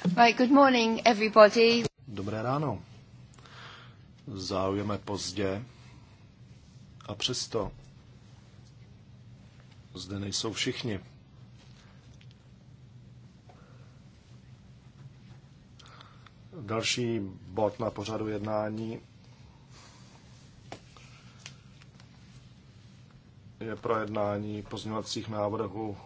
Right, good morning, everybody. Dobré ráno. Záujeme pozdě a přesto zde nejsou všichni. Další bod na pořadu jednání je projednání pozměňovacích návrhů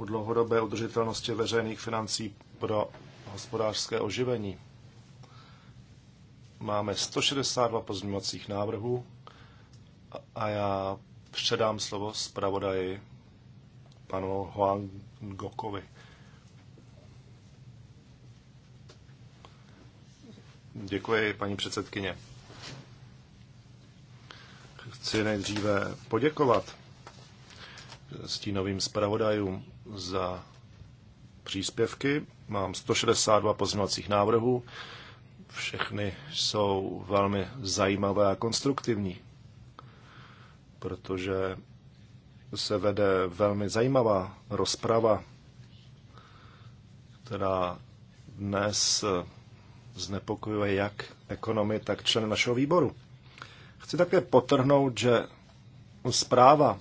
u dlouhodobé udržitelnosti veřejných financí pro hospodářské oživení. Máme 162 pozměňovacích návrhů a já předám slovo zpravodaji panu Hoang Gokovi. Děkuji, paní předsedkyně. Chci nejdříve poděkovat stínovým zpravodajům za příspěvky. Mám 162 pozměňovacích návrhů. Všechny jsou velmi zajímavé a konstruktivní, protože se vede velmi zajímavá rozprava, která dnes znepokojuje jak ekonomy, tak členy našeho výboru. Chci také potrhnout, že zpráva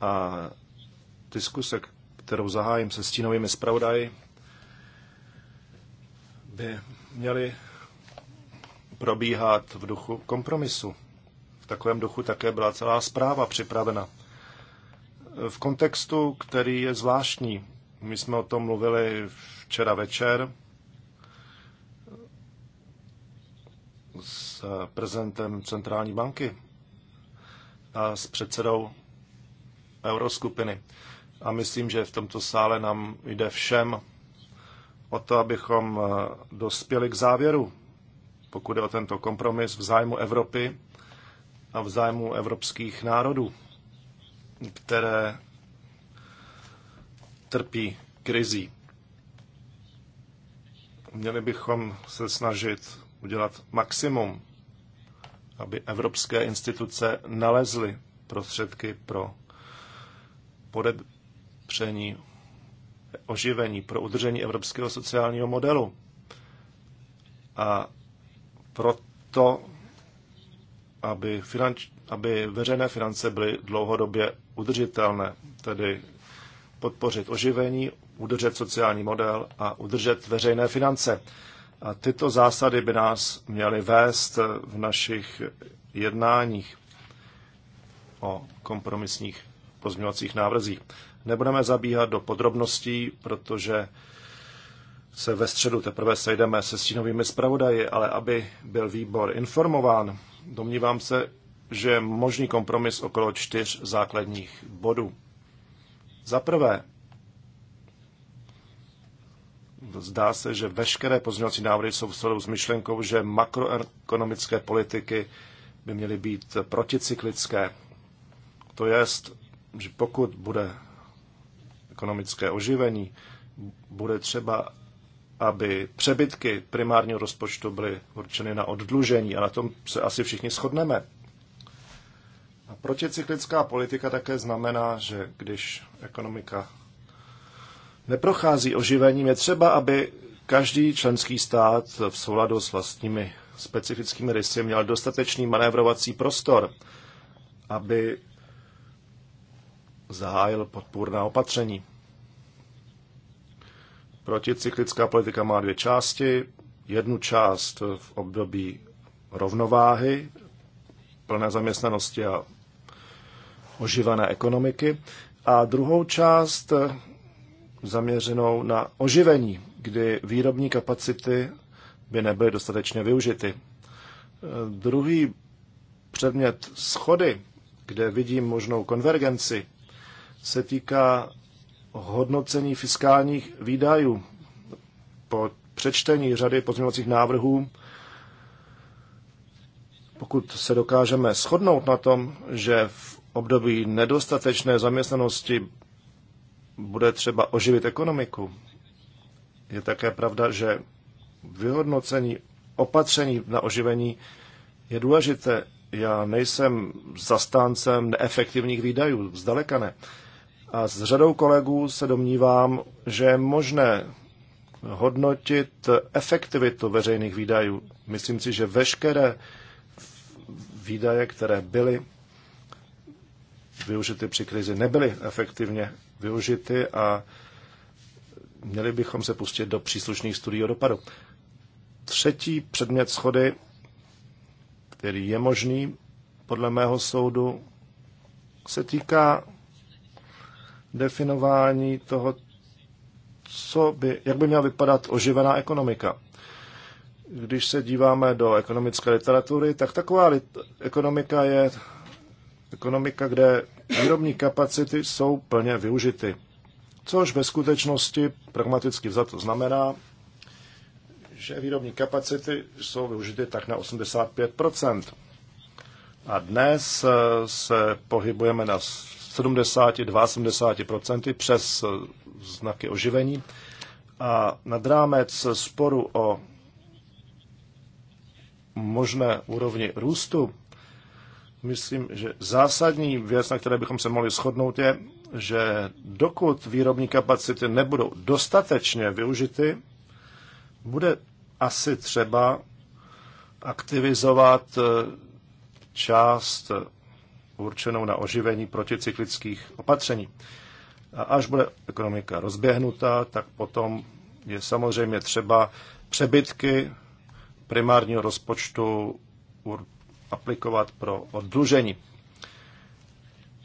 a diskuse, kterou zahájím se stínovými zpravodaji, by měly probíhat v duchu kompromisu. V takovém duchu také byla celá zpráva připravena. V kontextu, který je zvláštní, my jsme o tom mluvili včera večer s prezidentem Centrální banky a s předsedou euroskupiny. A myslím, že v tomto sále nám jde všem o to, abychom eh, dospěli k závěru, pokud je o tento kompromis v zájmu Evropy a v zájmu evropských národů, které trpí krizí. Měli bychom se snažit udělat maximum, aby evropské instituce nalezly prostředky pro opatření oživení pro udržení evropského sociálního modelu. A proto, aby, finanč, aby veřejné finance byly dlouhodobě udržitelné, tedy podpořit oživení, udržet sociální model a udržet veřejné finance. A tyto zásady by nás měly vést v našich jednáních o kompromisních pozměňovacích návrzích. Nebudeme zabíhat do podrobností, protože se ve středu teprve sejdeme se stínovými zpravodaji, ale aby byl výbor informován, domnívám se, že je možný kompromis okolo čtyř základních bodů. Za prvé, zdá se, že veškeré pozměňovací návrhy jsou v souladu s myšlenkou, že makroekonomické politiky by měly být proticyklické. To jest, že pokud bude ekonomické oživení, bude třeba, aby přebytky primárního rozpočtu byly určeny na oddlužení a na tom se asi všichni shodneme. A proticyklická politika také znamená, že když ekonomika neprochází oživením, je třeba, aby každý členský stát v souladu s vlastními specifickými rysy měl dostatečný manévrovací prostor, aby zahájil podpůrná opatření. Proticyklická politika má dvě části. Jednu část v období rovnováhy, plné zaměstnanosti a oživené ekonomiky a druhou část zaměřenou na oživení, kdy výrobní kapacity by nebyly dostatečně využity. Druhý předmět schody, kde vidím možnou konvergenci se týká hodnocení fiskálních výdajů. Po přečtení řady pozměňovacích návrhů, pokud se dokážeme shodnout na tom, že v období nedostatečné zaměstnanosti bude třeba oživit ekonomiku, je také pravda, že vyhodnocení opatření na oživení je důležité. Já nejsem zastáncem neefektivních výdajů, zdaleka ne. A s řadou kolegů se domnívám, že je možné hodnotit efektivitu veřejných výdajů. Myslím si, že veškeré výdaje, které byly využity při krizi, nebyly efektivně využity a měli bychom se pustit do příslušných studií o dopadu. Třetí předmět schody, který je možný, podle mého soudu, se týká definování toho, co by, jak by měla vypadat oživená ekonomika. Když se díváme do ekonomické literatury, tak taková ekonomika je ekonomika, kde výrobní kapacity jsou plně využity. Což ve skutečnosti pragmaticky to znamená, že výrobní kapacity jsou využity tak na 85 A dnes eh, se pohybujeme na 70-80 přes eh, znaky oživení. A nad rámec sporu o možné úrovni růstu, myslím, že zásadní věc, na které bychom se mohli shodnout, je, že dokud výrobní kapacity nebudou dostatečně využity, bude asi třeba aktivizovat eh, část určenou na oživení proticyklických opatření. A až bude ekonomika rozběhnutá, tak potom je samozřejmě třeba přebytky primárního rozpočtu aplikovat pro oddlužení.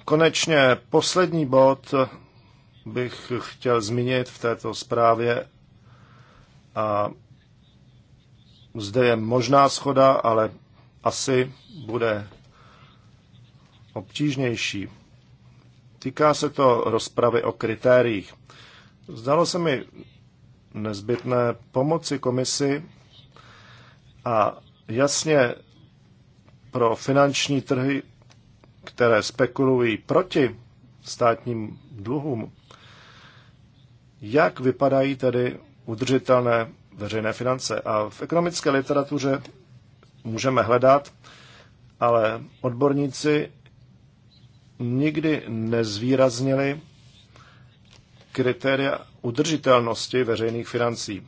Konečně poslední bod bych chtěl zmínit v této zprávě a zde je možná schoda, ale asi bude obtížnější. Týká se to rozpravy o kritériích. Zdalo se mi nezbytné pomoci komisi a jasně pro finanční trhy, které spekulují proti státním dluhům, jak vypadají tedy udržitelné veřejné finance. A v ekonomické literatuře můžeme hledat, ale odborníci nikdy nezvýraznili kritéria udržitelnosti veřejných financí.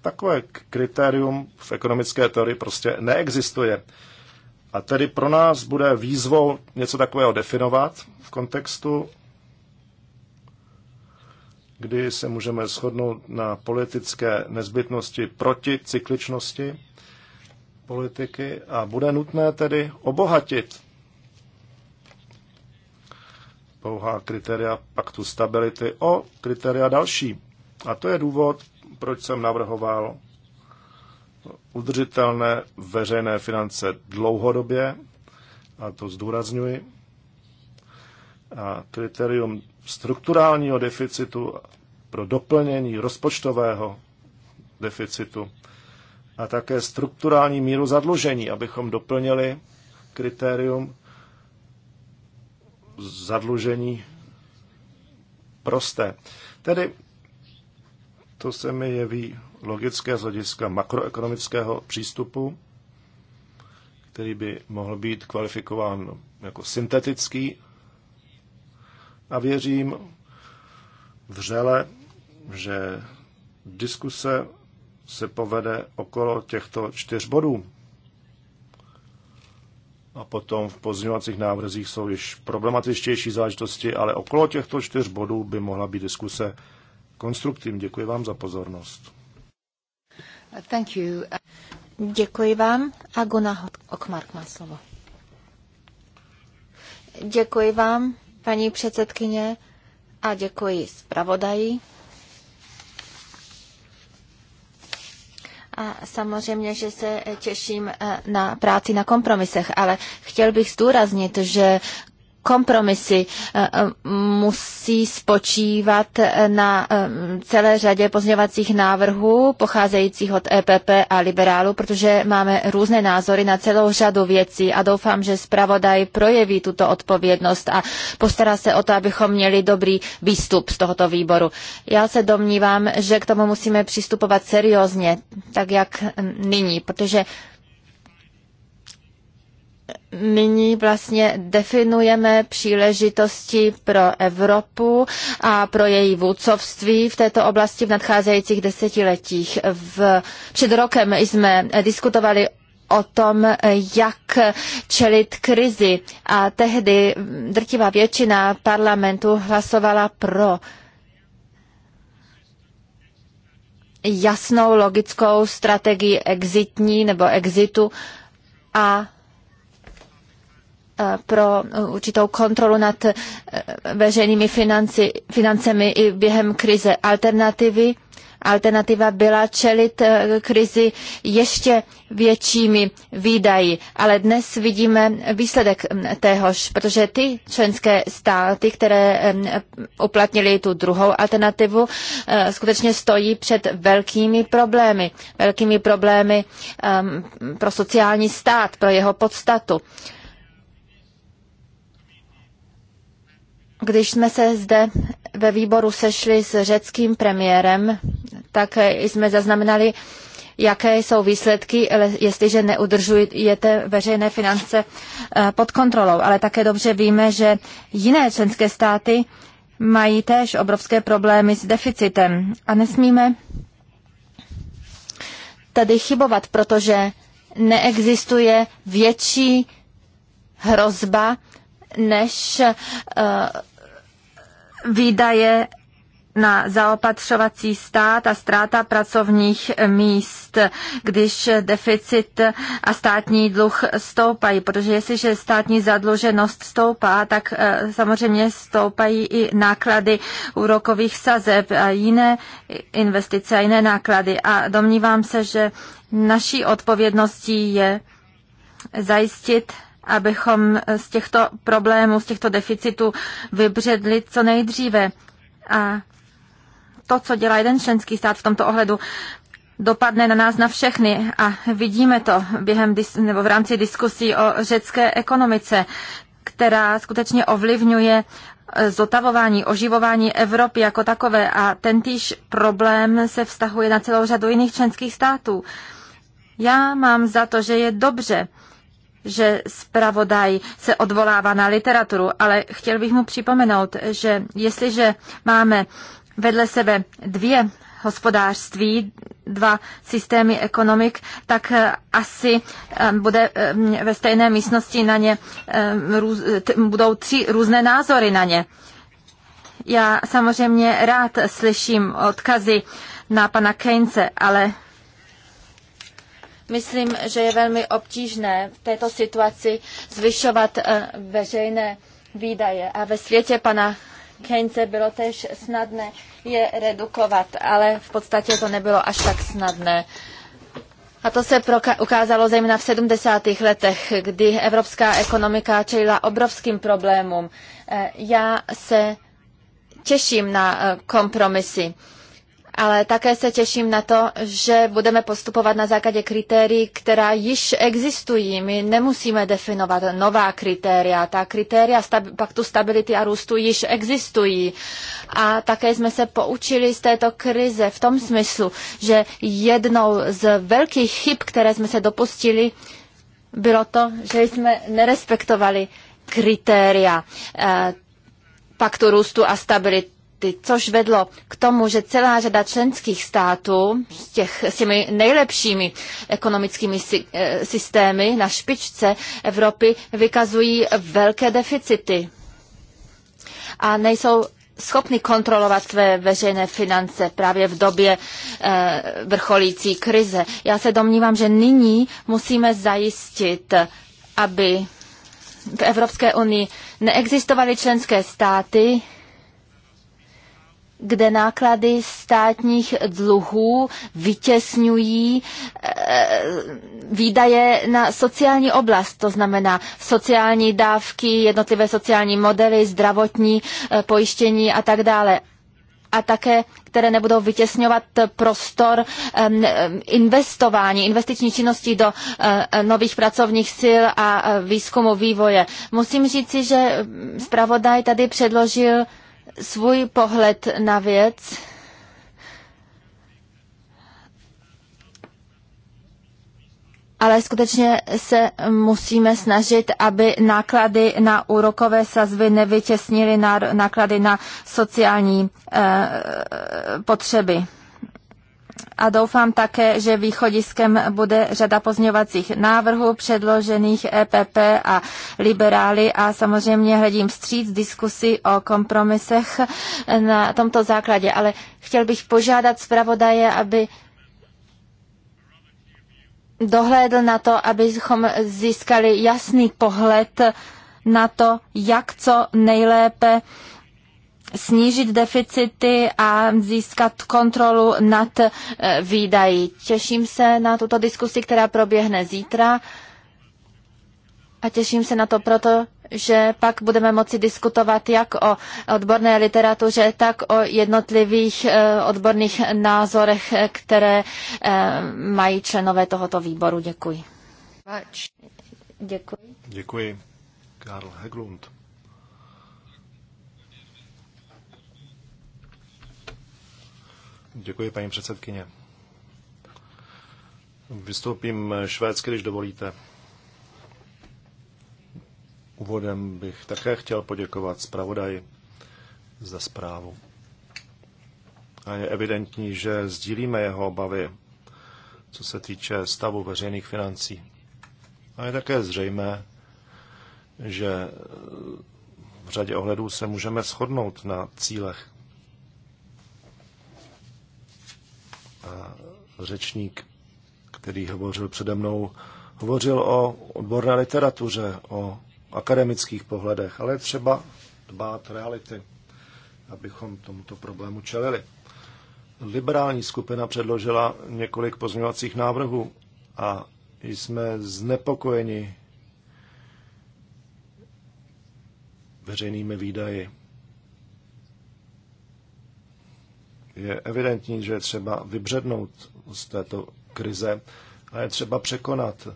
Takové kritérium v ekonomické teorii prostě neexistuje. A tedy pro nás bude výzvou něco takového definovat v kontextu, kdy se můžeme shodnout na politické nezbytnosti proti cykličnosti politiky a bude nutné tedy obohatit pouhá kritéria paktu stability o kritéria další. A to je důvod, proč jsem navrhoval udržitelné veřejné finance dlouhodobě, a to zdůrazňuji, a kritérium strukturálního deficitu pro doplnění rozpočtového deficitu a také strukturální míru zadlužení, abychom doplnili kritérium zadlužení prosté. Tedy to se mi jeví logické z hlediska makroekonomického přístupu, který by mohl být kvalifikován jako syntetický. A věřím vřele, že diskuse se povede okolo těchto čtyř bodů. A potom v pozměňovacích návrzích jsou již problematičtější záležitosti, ale okolo těchto čtyř bodů by mohla být diskuse konstruktivní. Děkuji vám za pozornost. Thank you. Děkuji vám. A Guna Okmark má slovo. Děkuji vám, paní předsedkyně, a děkuji zpravodaji. a samozřejmě, že se těším eh, na práci na kompromisech, ale chtěl bych zdůraznit, že kompromisy eh, eh, musí spočívat eh, na celé řadě pozměňovacích návrhů pocházejících od EPP a liberálu, protože máme různé názory na celou řadu věcí a doufám, že zpravodaj projeví tuto odpovědnost a postará se o to, abychom měli dobrý výstup z tohoto výboru. Já se domnívám, že k tomu musíme přistupovat seriózně, tak jak nyní, protože nyní vlastně definujeme příležitosti pro Evropu a pro její vůdcovství v této oblasti v nadcházejících desetiletích. V, před rokem jsme diskutovali o tom, jak čelit krizi a tehdy drtivá většina parlamentu hlasovala pro jasnou logickou strategii exitní nebo exitu a pro určitou kontrolu nad eh, veřejnými financi, financemi i během krize. Alternativy, alternativa byla čelit eh, krizi ještě většími výdaji, ale dnes vidíme výsledek mm, téhož, protože ty členské státy, které mm, uplatnili tu druhou alternativu, eh, skutečně stojí před velkými problémy. Velkými problémy ehm, pro sociální stát, pro jeho podstatu. Když jsme se zde ve výboru sešli s řeckým premiérem, tak jsme zaznamenali, jaké jsou výsledky, jestliže neudržujete veřejné finance eh, pod kontrolou. Ale také dobře víme, že jiné členské státy mají též obrovské problémy s deficitem. A nesmíme tady chybovat, protože neexistuje větší hrozba než eh, výdaje na zaopatřovací stát a ztráta pracovních míst, když deficit a státní dluh stoupají. Protože jestliže státní zadluženost stoupá, tak eh, samozřejmě stoupají i náklady úrokových sazeb a jiné investice a jiné náklady. A domnívám se, že naší odpovědností je zajistit abychom z těchto problémů, z těchto deficitů vybředli co nejdříve. A to, co dělá jeden členský stát v tomto ohledu, dopadne na nás na všechny a vidíme to během nebo v rámci diskusí o řecké ekonomice, která skutečně ovlivňuje eh, zotavování, oživování Evropy jako takové a tentýž problém se vztahuje na celou řadu jiných členských států. Já mám za to, že je dobře, že zpravodaj se odvolává na literaturu, ale chtěl bych mu připomenout, že jestliže máme vedle sebe dvě hospodářství, dva systémy ekonomik, tak eh, asi eh, bude eh, ve stejné místnosti na ně, budou tři různé názory na ně. Já samozřejmě rád slyším odkazy na pana Keynese, ale Myslím, že je velmi obtížné v této situaci zvyšovat eh, veřejné výdaje. A ve světě pana Keynese bylo tež snadné je redukovat, ale v podstatě to nebylo až tak snadné. A to se ukázalo zejména v 70. letech, kdy evropská ekonomika čelila obrovským problémům. Eh, já se těším na eh, kompromisy ale také se těším na to, že budeme postupovat na základě kritérií, která již existují. My nemusíme definovat nová kritéria. Ta kritéria paktu stability a růstu již existují. A také jsme se poučili z této krize v tom smyslu, že jednou z velkých chyb, které jsme se dopustili, bylo to, že jsme nerespektovali kritéria eh, paktu růstu a stability ty, což vedlo k tomu, že celá řada členských států s, těch, s těmi nejlepšími ekonomickými sy, eh, systémy na špičce Evropy vykazují velké deficity a nejsou schopni kontrolovat své veřejné finance právě v době e, vrcholící krize. Já se domnívám, že nyní musíme zajistit, aby v Evropské unii neexistovaly členské státy, kde náklady státních dluhů vytěsňují eh, výdaje na sociální oblast, to znamená sociální dávky, jednotlivé sociální modely, zdravotní eh, pojištění a tak dále a také, které nebudou vytěsňovat prostor investování, investiční činnosti do eh, nových pracovních sil a výzkumu vývoje. Musím říci, že mm, zpravodaj tady předložil svůj pohled na věc. Ale skutečně se musíme snažit, aby náklady na úrokové sazby nevytěsnily náklady na sociální eh, potřeby a doufám také, že východiskem bude řada pozměňovacích návrhů předložených EPP a liberály a samozřejmě hledím vstříc diskusi o kompromisech na tomto základě. Ale chtěl bych požádat zpravodaje, aby dohlédl na to, abychom získali jasný pohled na to, jak co nejlépe snížit deficity a získat kontrolu nad eh, výdají. Těším se na tuto diskusi, která proběhne zítra a těším se na to proto, že pak budeme moci diskutovat jak o odborné literatuře, tak o jednotlivých eh, odborných názorech, které eh, mají členové tohoto výboru. Děkuji. Děkuji. Děkuji. Karl Heglund. Děkuji, paní předsedkyně. Vystoupím švédsky, když dovolíte. Úvodem bych také chtěl poděkovat zpravodaji za zprávu. A je evidentní, že sdílíme jeho obavy, co se týče stavu veřejných financí. A je také zřejmé, že v řadě ohledů se můžeme shodnout na cílech řečník, který hovořil přede mnou, hovořil o odborné literatuře, o akademických pohledech, ale třeba dbát reality, abychom tomuto problému čelili. Liberální skupina předložila několik pozměňovacích návrhů a jsme znepokojeni veřejnými výdaji Je evidentní, že je třeba vybřednout z této krize a je třeba překonat.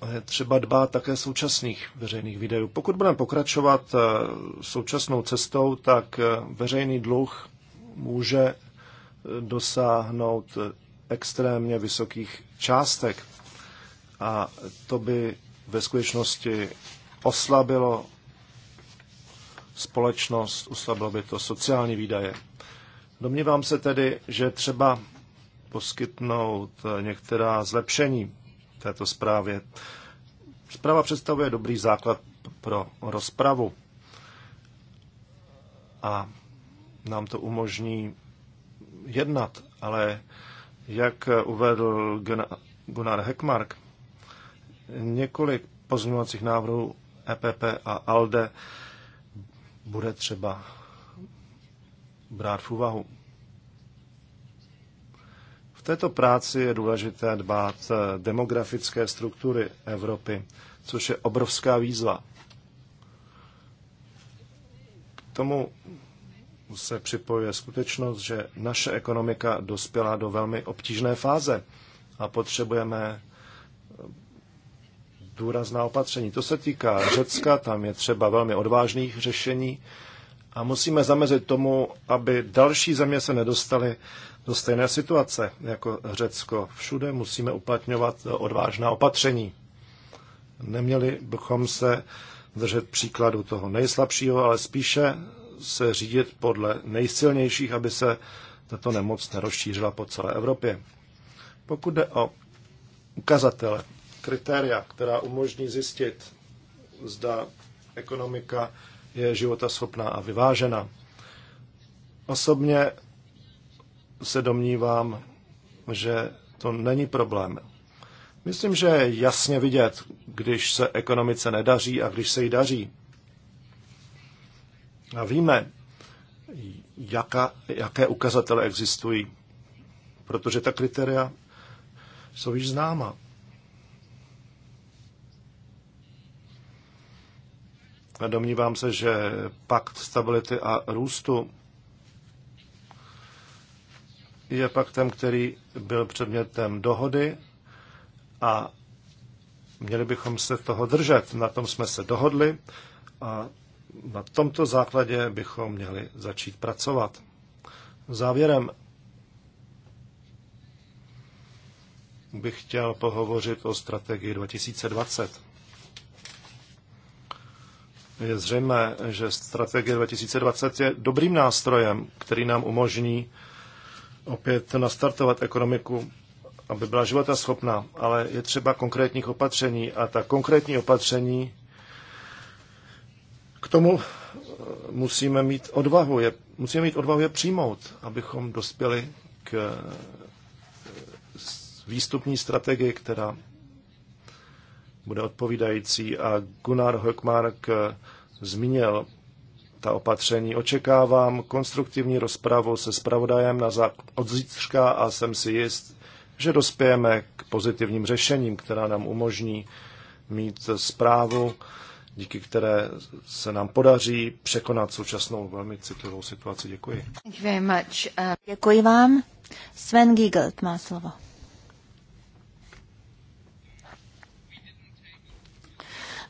A je třeba dbát také současných veřejných videů. Pokud budeme pokračovat eh, současnou cestou, tak eh, veřejný dluh může eh, dosáhnout extrémně vysokých částek. A to by ve skutečnosti oslabilo společnost, uslabilo by to sociální výdaje. Domnívám se tedy, že třeba poskytnout některá zlepšení této zprávě. Zpráva představuje dobrý základ pro rozpravu a nám to umožní jednat, ale jak uvedl Gunnar Heckmark, několik pozměňovacích návrhů EPP a ALDE bude třeba brát v úvahu. V této práci je důležité dbát eh, demografické struktury Evropy, což je obrovská výzva. K tomu se připojuje skutečnost, že naše ekonomika dospěla do velmi obtížné fáze a potřebujeme důrazná opatření. To se týká Řecka, tam je třeba velmi odvážných řešení a musíme zamezit tomu, aby další země se nedostaly do stejné situace jako Řecko. Všude musíme uplatňovat odvážná opatření. Neměli bychom se držet příkladu toho nejslabšího, ale spíše se řídit podle nejsilnějších, aby se tato nemoc nerozšířila po celé Evropě. Pokud jde o ukazatele kritéria, která umožní zjistit, zda ekonomika je životaschopná a vyvážená. Osobně se domnívám, že to není problém. Myslím, že je jasně vidět, když se ekonomice nedaří a když se jí daří. A víme, jaka, jaké ukazatele existují, protože ta kritéria jsou již známa. Domnívám se, že pakt stability a růstu je paktem, který byl předmětem dohody a měli bychom se toho držet. Na tom jsme se dohodli a na tomto základě bychom měli začít pracovat. Závěrem bych chtěl pohovořit o strategii 2020. Je zřejmé, že strategie 2020 je dobrým nástrojem, který nám umožní opět nastartovat ekonomiku, aby byla života schopná, ale je třeba konkrétních opatření a ta konkrétní opatření k tomu eh, musíme mít odvahu, je, musíme mít odvahu je přijmout, abychom dospěli k eh, výstupní strategii, která bude odpovídající a Gunnar Hökmark eh, zmínil ta opatření. Očekávám konstruktivní rozpravu se spravodajem na zá... od zítřka a jsem si jist, že dospějeme k pozitivním řešením, která nám umožní mít zprávu, díky které se nám podaří překonat současnou velmi citlivou situaci. Děkuji. Děkuji vám. Sven Giegelt má slovo.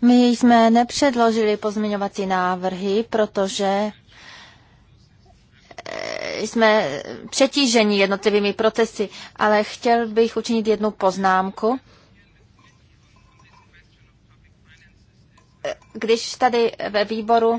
My jsme nepředložili pozměňovací návrhy, protože eh, jsme přetíženi jednotlivými procesy, ale chtěl bych učinit jednu poznámku. Eh, když tady ve výboru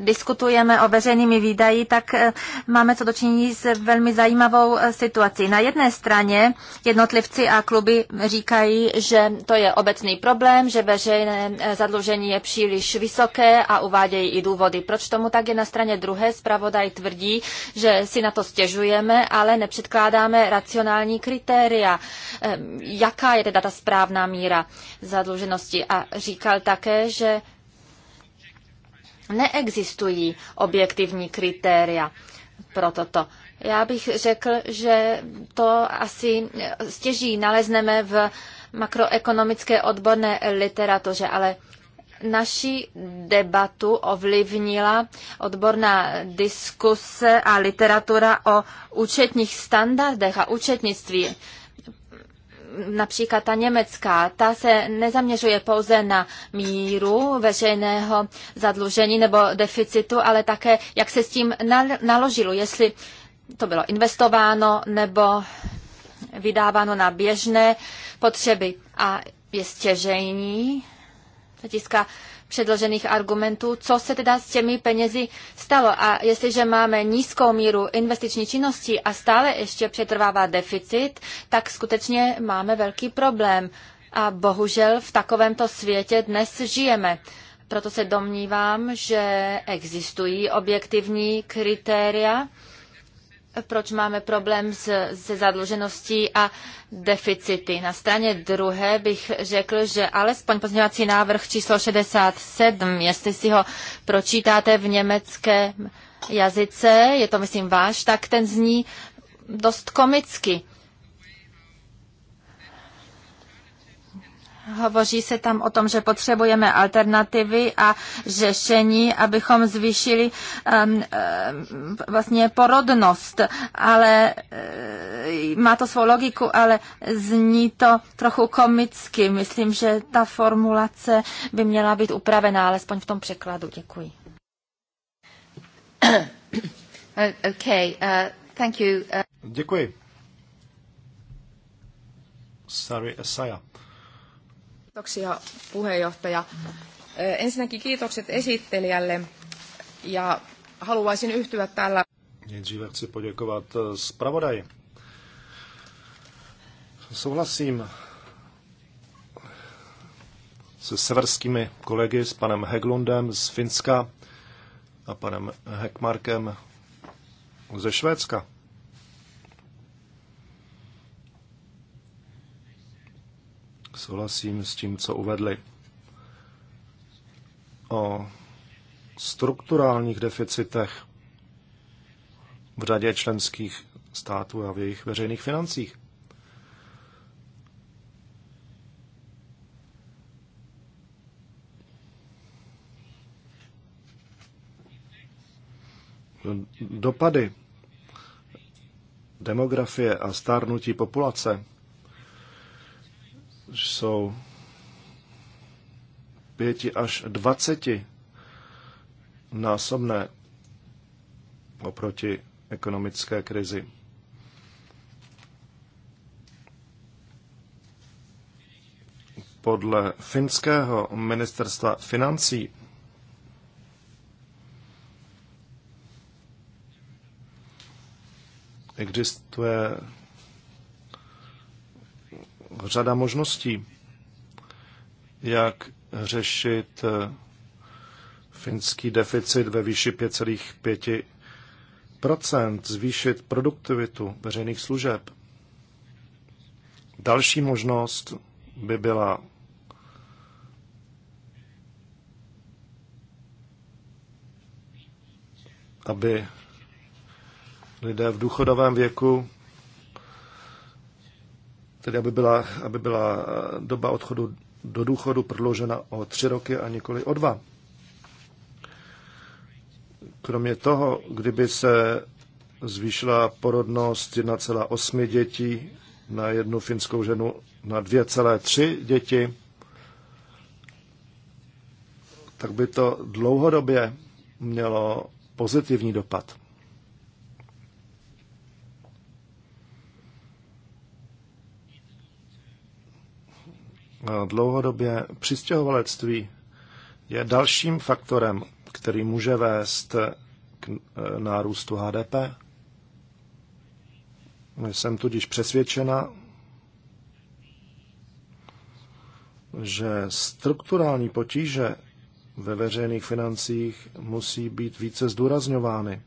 diskutujeme o veřejnými výdaji, tak eh, máme co dočinění s velmi zajímavou eh, situací. Na jedné straně jednotlivci a kluby říkají, že to je obecný problém, že veřejné eh, zadlužení je příliš vysoké a uvádějí i důvody. Proč tomu tak je na straně druhé? Spravodaj tvrdí, že si na to stěžujeme, ale nepředkládáme racionální kritéria. Jaká je teda ta správná míra zadluženosti? A říkal také, že neexistují objektivní kritéria pro toto. Já bych řekl, že to asi stěží nalezneme v makroekonomické odborné literatuře, ale naši debatu ovlivnila odborná diskuse a literatura o účetních standardech a účetnictví například ta německá, ta se nezaměřuje pouze na míru veřejného zadlužení nebo deficitu, ale také, jak se s tím naložilo, jestli to bylo investováno nebo vydáváno na běžné potřeby. A je stěžejní hlediska předložených argumentů, co se teda s těmi penězi stalo. A jestliže máme nízkou míru investiční činnosti a stále ještě přetrvává deficit, tak skutečně máme velký problém. A bohužel v takovémto světě dnes žijeme. Proto se domnívám, že existují objektivní kritéria, proč máme problém s, se zadlužeností a deficity. Na straně druhé bych řekl, že alespoň pozměňovací návrh číslo 67, jestli si ho pročítáte v německém jazyce, je to myslím váš, tak ten zní dost komicky. Hovoří se tam o tom, že potřebujeme alternativy a řešení, abychom zvýšili um, um, vlastně porodnost, ale um, má to svou logiku, ale zní to trochu komicky. Myslím, že ta formulace by měla být upravená, alespoň v tom překladu. Děkuji. okay, uh, thank you. Uh... Děkuji. Sari Asaya. Kiitoksia puheenjohtaja. Ensinnäkin kiitokset esittelijälle ja haluaisin yhtyä täällä. Nejdříve chci poděkovat e, zpravodaji. Souhlasím se severskými kolegy, s panem Heglundem z Finska a panem Hekmarkem ze Švédska. souhlasím s tím, co uvedli o strukturálních deficitech v řadě členských států a v jejich veřejných financích. Dopady demografie a stárnutí populace jsou pěti až dvaceti násobné oproti ekonomické krizi. Podle finského ministerstva financí existuje řada možností, jak řešit eh, finský deficit ve výši 5,5 zvýšit produktivitu veřejných služeb. Další možnost by byla aby lidé v důchodovém věku tedy aby byla, aby byla eh, doba odchodu do důchodu prodloužena o tři roky a nikoli o dva. Kromě toho, kdyby se zvýšila porodnost 1,8 dětí na jednu finskou ženu na 2,3 děti, tak by to dlouhodobě mělo pozitivní dopad. Eh, dlouhodobě přistěhovalectví je dalším faktorem, který může vést k eh, nárůstu HDP. Jsem tudíž přesvědčena, že strukturální potíže ve veřejných financích musí být více zdůrazňovány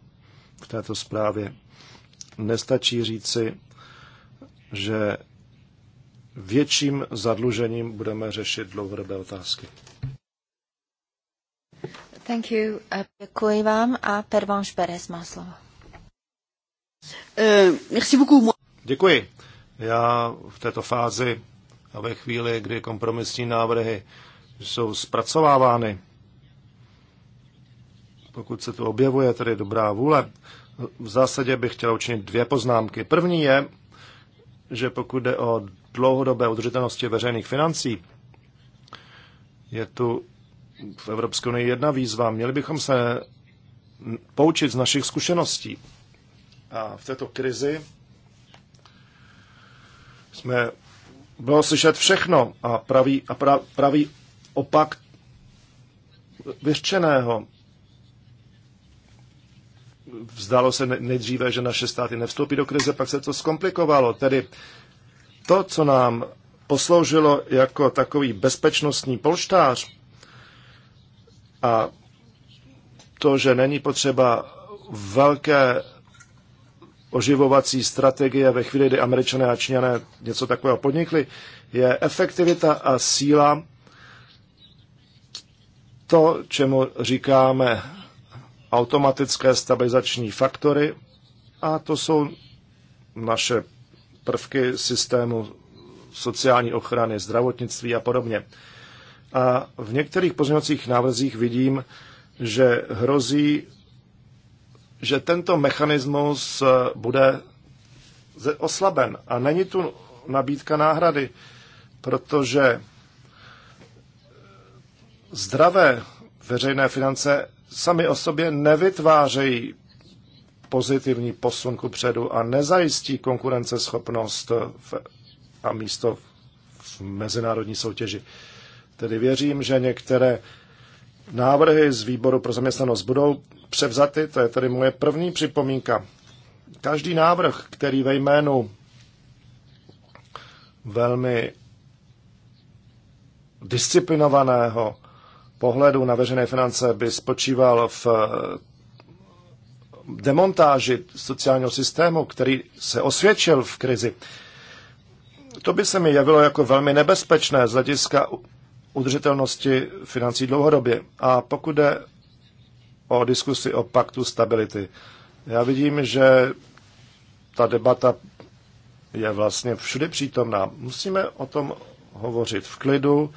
v této zprávě. Nestačí říci, že větším zadlužením budeme řešit dlouhodobé otázky. Thank you. Děkuji vám a Pervanš Perez má slovo. Eh, děkuji. Já v této fázi a ve chvíli, kdy kompromisní návrhy jsou zpracovávány, pokud se tu objevuje tedy dobrá vůle, v zásadě bych chtěl učinit dvě poznámky. První je, že pokud jde o dlouhodobé udržitelnosti veřejných financí, je tu v Evropské unii jedna výzva. Měli bychom se poučit z našich zkušeností. A v této krizi jsme bylo slyšet všechno a pravý, a pra, pravý opak vyřčeného. Vzdalo se nejdříve, že naše státy nevstoupí do krize, pak se to zkomplikovalo. Tedy to, co nám posloužilo jako takový bezpečnostní polštář a to, že není potřeba velké oživovací strategie ve chvíli, kdy američané a číňané něco takového podnikli, je efektivita a síla to, čemu říkáme automatické stabilizační faktory a to jsou naše prvky systému sociální ochrany, zdravotnictví a podobně. A v některých pozměňovacích návrzích vidím, že hrozí, že tento mechanismus eh, bude oslaben. A není tu nabídka náhrady, protože eh, zdravé veřejné finance sami o sobě nevytvářejí pozitivní posun ku předu a nezajistí konkurenceschopnost v, a místo v mezinárodní soutěži. Tedy věřím, že některé návrhy z výboru pro zaměstnanost budou převzaty. To je tedy moje první připomínka. Každý návrh, který ve jménu velmi disciplinovaného pohledu na veřejné finance by spočíval v eh, demontáži sociálního systému, který se osvědčil v krizi, to by se mi javilo jako velmi nebezpečné z hlediska udržitelnosti financí dlouhodobě. A pokud jde o diskusi o paktu stability, já vidím, že ta debata je vlastně všude přítomná. Musíme o tom hovořit v klidu,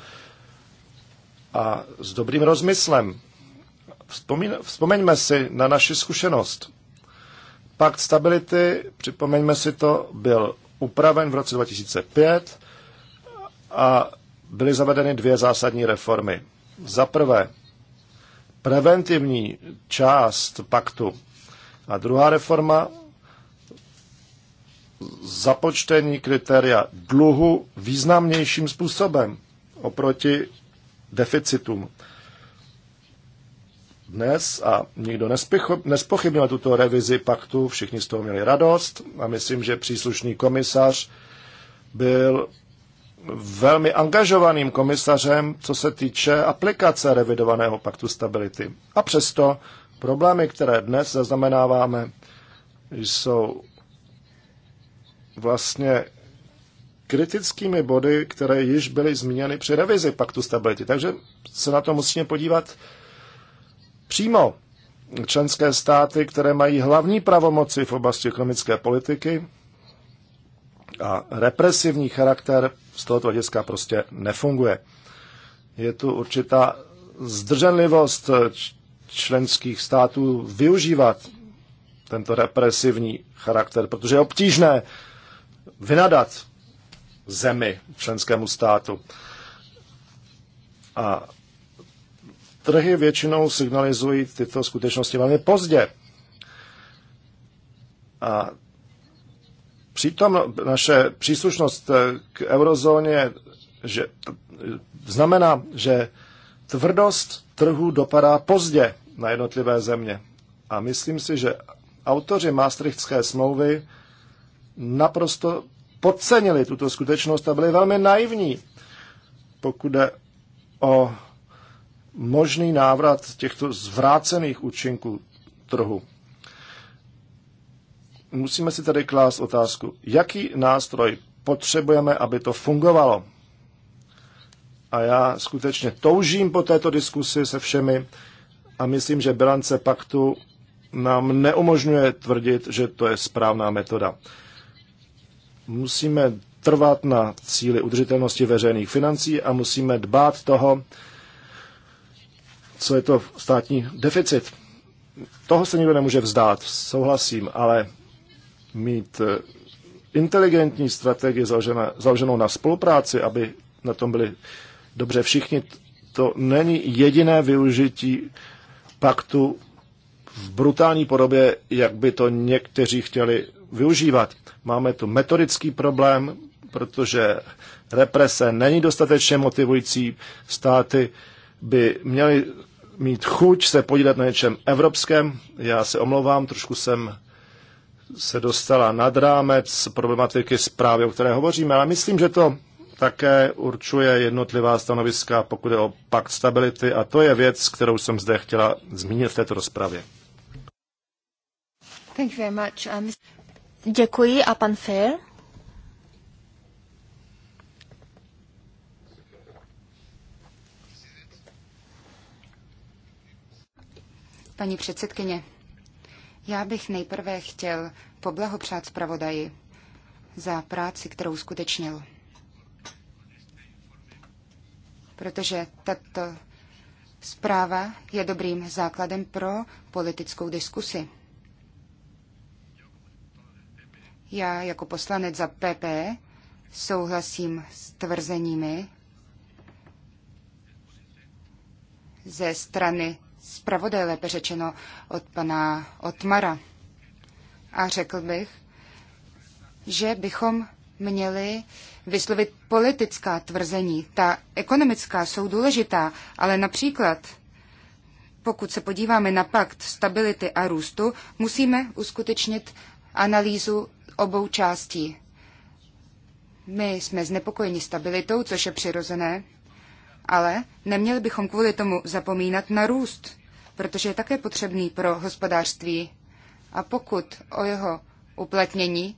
a s dobrým rozmyslem. Vzpomín, vzpomeňme si na naši zkušenost. Pakt stability, připomeňme si to, byl upraven v roce 2005 a byly zavedeny dvě zásadní reformy. Za prvé, preventivní část paktu a druhá reforma započtení kritéria dluhu významnějším způsobem oproti deficitům. Dnes, a nikdo nespochybnil tuto revizi paktu, všichni z toho měli radost a myslím, že příslušný komisař byl velmi angažovaným komisařem, co se týče aplikace revidovaného paktu stability. A přesto problémy, které dnes zaznamenáváme, jsou vlastně kritickými body, které již byly zmíněny při revizi paktu stability. Takže se na to musíme podívat přímo. Členské státy, které mají hlavní pravomoci v oblasti ekonomické politiky a represivní charakter z tohoto hlediska prostě nefunguje. Je tu určitá zdrženlivost členských států využívat tento represivní charakter, protože je obtížné vynadat zemi, členskému státu. A trhy většinou signalizují tyto skutečnosti velmi pozdě. A přitom naše příslušnost k eurozóně že, znamená, že tvrdost trhu dopadá pozdě na jednotlivé země. A myslím si, že autoři Maastrichtské smlouvy naprosto podcenili tuto skutečnost a byli velmi naivní, pokud jde o možný návrat těchto zvrácených účinků trhu. Musíme si tedy klást otázku, jaký nástroj potřebujeme, aby to fungovalo. A já skutečně toužím po této diskusi se všemi a myslím, že bilance paktu nám neumožňuje tvrdit, že to je správná metoda musíme trvat na cíli udržitelnosti veřejných financí a musíme dbát toho, co je to státní deficit. Toho se nikdo nemůže vzdát, souhlasím, ale mít eh, inteligentní strategii založenou na spolupráci, aby na tom byli dobře všichni, to není jediné využití paktu v brutální podobě, jak by to někteří chtěli využívat. Máme tu metodický problém, protože represe není dostatečně motivující. Státy by měly mít chuť se podílet na něčem evropském. Já se omlouvám, trošku jsem se dostala nad rámec problematiky zprávy, o které hovoříme, ale myslím, že to také určuje jednotlivá stanoviska, pokud je o pakt stability a to je věc, kterou jsem zde chtěla zmínit v této rozpravě. Uh, Děkuji a pan Fair. Paní předsedkyně, já bych nejprve chtěl poblahopřát zpravodaji za práci, kterou skutečnil. Protože tato zpráva je dobrým základem pro politickou diskusi. Já jako poslanec za PP souhlasím s tvrzeními ze strany zpravodaje, lépe řečeno od pana Otmara. A řekl bych, že bychom měli vyslovit politická tvrzení. Ta ekonomická jsou důležitá, ale například, pokud se podíváme na pakt stability a růstu, musíme uskutečnit analýzu obou částí. My jsme znepokojeni stabilitou, což je přirozené, ale neměli bychom kvůli tomu zapomínat na růst, protože je také potřebný pro hospodářství. A pokud o jeho uplatnění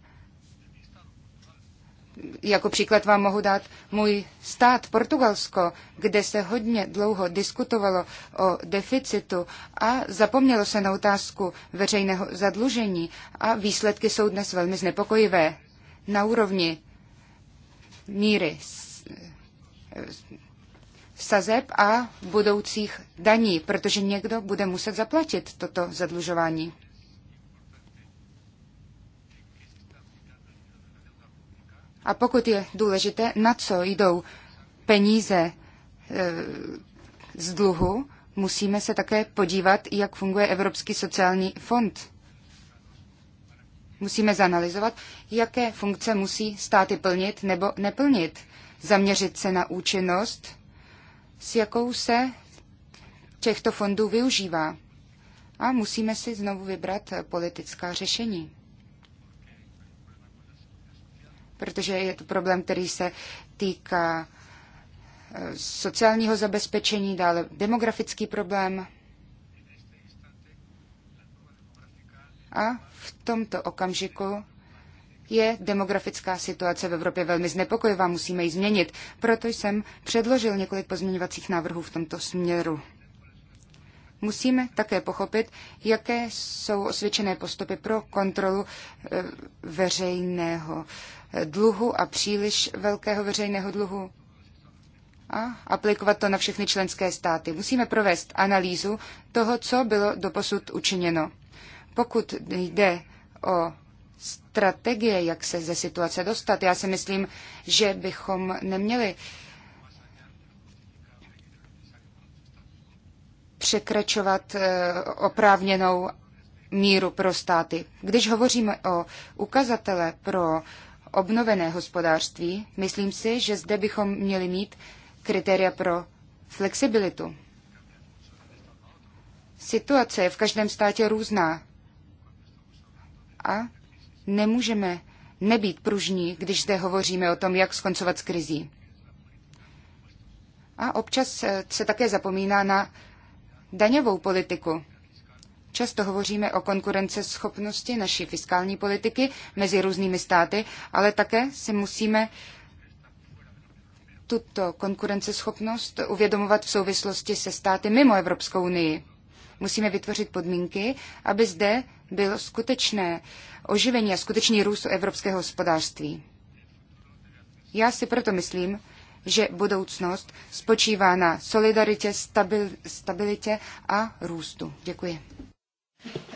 jako příklad vám mohu dát můj stát Portugalsko, kde se hodně dlouho diskutovalo o deficitu a zapomnělo se na otázku veřejného zadlužení a výsledky jsou dnes velmi znepokojivé. Na úrovni míry sazeb a budoucích daní, protože někdo bude muset zaplatit toto zadlužování. A pokud je důležité, na co jdou peníze e, z dluhu, musíme se také podívat, jak funguje Evropský sociální fond. Musíme zanalizovat, jaké funkce musí státy plnit nebo neplnit. Zaměřit se na účinnost, s jakou se těchto fondů využívá. A musíme si znovu vybrat politická řešení protože je to problém, který se týká eh, sociálního zabezpečení, dále demografický problém. A v tomto okamžiku je demografická situace v Evropě velmi znepokojivá, musíme ji změnit. Proto jsem předložil několik pozměňovacích návrhů v tomto směru. Musíme také pochopit, jaké jsou osvědčené postupy pro kontrolu eh, veřejného eh, dluhu a příliš velkého veřejného dluhu a aplikovat to na všechny členské státy. Musíme provést analýzu toho, co bylo doposud učiněno. Pokud jde o strategie, jak se ze situace dostat, já si myslím, že bychom neměli uh, překračovat eh, oprávněnou míru pro státy. Když hovoříme o ukazatele pro obnovené hospodářství, myslím si, že zde bychom měli mít kritéria pro flexibilitu. Situace je v každém státě různá a nemůžeme nebýt pružní, když zde hovoříme o tom, jak skoncovat s krizí. A občas eh, se také zapomíná na daňovou politiku. Často hovoříme o konkurenceschopnosti naší fiskální politiky mezi různými státy, ale také si musíme tuto konkurenceschopnost uvědomovat v souvislosti se státy mimo Evropskou unii. Musíme vytvořit podmínky, aby zde bylo skutečné oživení a skutečný růst evropského hospodářství. Já si proto myslím, že budoucnost spočívá na solidaritě, stabil, stabilitě a růstu. Děkuji.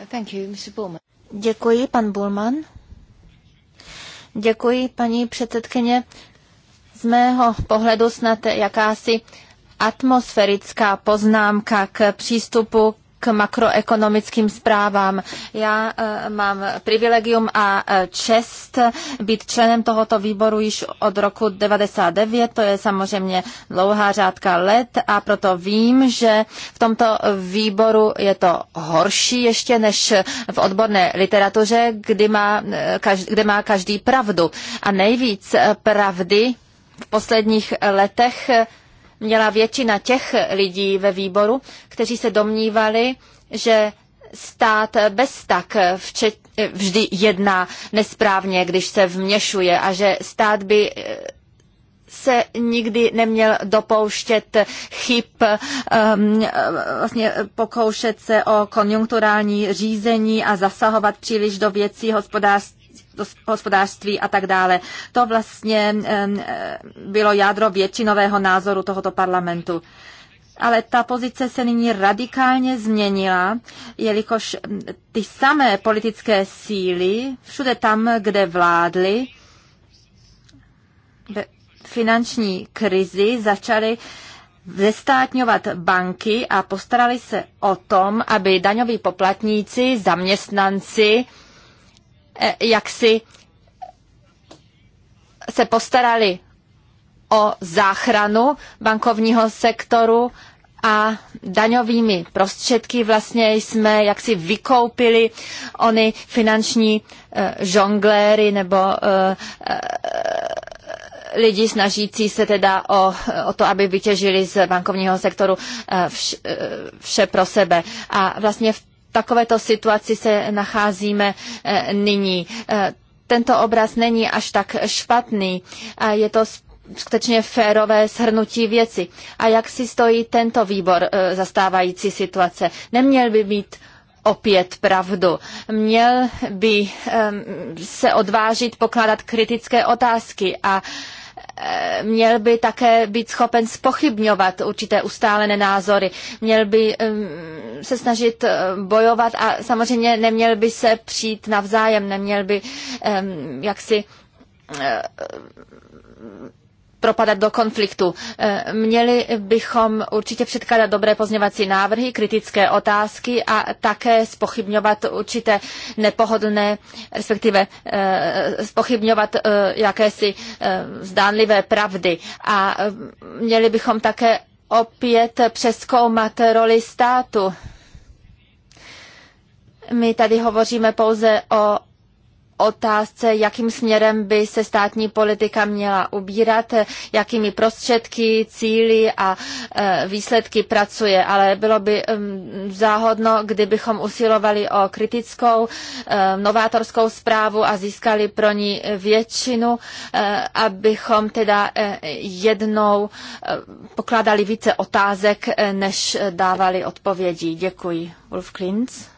Thank you, Mr. Bullman. Děkuji, pan Bulman. Děkuji, paní předsedkyně. Z mého pohledu snad jakási atmosférická poznámka k přístupu k makroekonomickým zprávám. Já eh, mám privilegium a eh, čest být členem tohoto výboru již od roku 99, to je samozřejmě dlouhá řádka let a proto vím, že v tomto výboru je to horší ještě než v odborné literatuře, kdy má, eh, kde má každý pravdu. A nejvíc pravdy v posledních letech měla většina těch lidí ve výboru, kteří se domnívali, že stát bez tak včet, vždy jedná nesprávně, když se vměšuje a že stát by eh, se nikdy neměl dopouštět chyb, um, vlastně pokoušet se o konjunkturální řízení a zasahovat příliš do věcí hospodářství hospodářství a tak dále. To vlastně bylo jádro většinového názoru tohoto parlamentu. Ale ta pozice se nyní radikálně změnila, jelikož ty samé politické síly všude tam, kde vládly, finanční krizi začaly zestátňovat banky a postarali se o tom, aby daňoví poplatníci, zaměstnanci, Eh, jak si se postarali o záchranu bankovního sektoru a daňovými prostředky vlastně jsme jaksi vykoupili ony finanční eh, žongléry nebo eh, lidi snažící se teda o, o to, aby vytěžili z bankovního sektoru vš, vše pro sebe. A vlastně v takovéto situaci se nacházíme eh, nyní. Eh, tento obraz není až tak špatný. Je to skutečně férové shrnutí věci. A jak si stojí tento výbor eh, zastávající situace? Neměl by být opět pravdu. Měl by ehm, se odvážit pokládat kritické otázky a Eh, měl by také být schopen spochybňovat určité ustálené názory, měl by se snažit eh, bojovat a samozřejmě neměl by se přijít navzájem, neměl by jaksi eh, propadat do konfliktu. E, měli bychom určitě předkládat dobré pozněvací návrhy, kritické otázky a také spochybňovat určité nepohodlné, respektive e, spochybňovat e, jakési zdánlivé pravdy. A měli bychom také opět přeskoumat roli státu. My tady hovoříme pouze o otázce, jakým směrem by se státní politika měla ubírat, jakými prostředky, cíly a e, výsledky pracuje, ale bylo by záhodno, kdybychom usilovali o kritickou, e, novátorskou zprávu a získali pro ní většinu, e, abychom teda jednou pokládali více otázek, než dávali odpovědi. Děkuji. Wolf Klintz.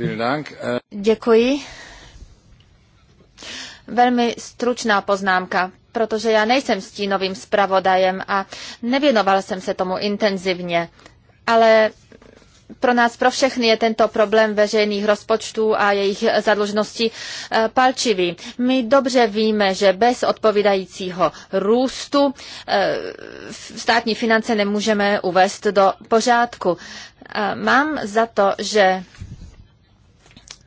Äh, Děkuji. Velmi stručná poznámka, protože já nejsem stínovým zpravodajem a nevěnoval jsem se tomu intenzivně, ale pro nás, pro všechny je tento problém veřejných rozpočtů a jejich zadlužnosti eh, palčivý. My dobře víme, že bez odpovídajícího růstu eh, státní finance nemůžeme uvést do pořádku. Eh, mám za to, že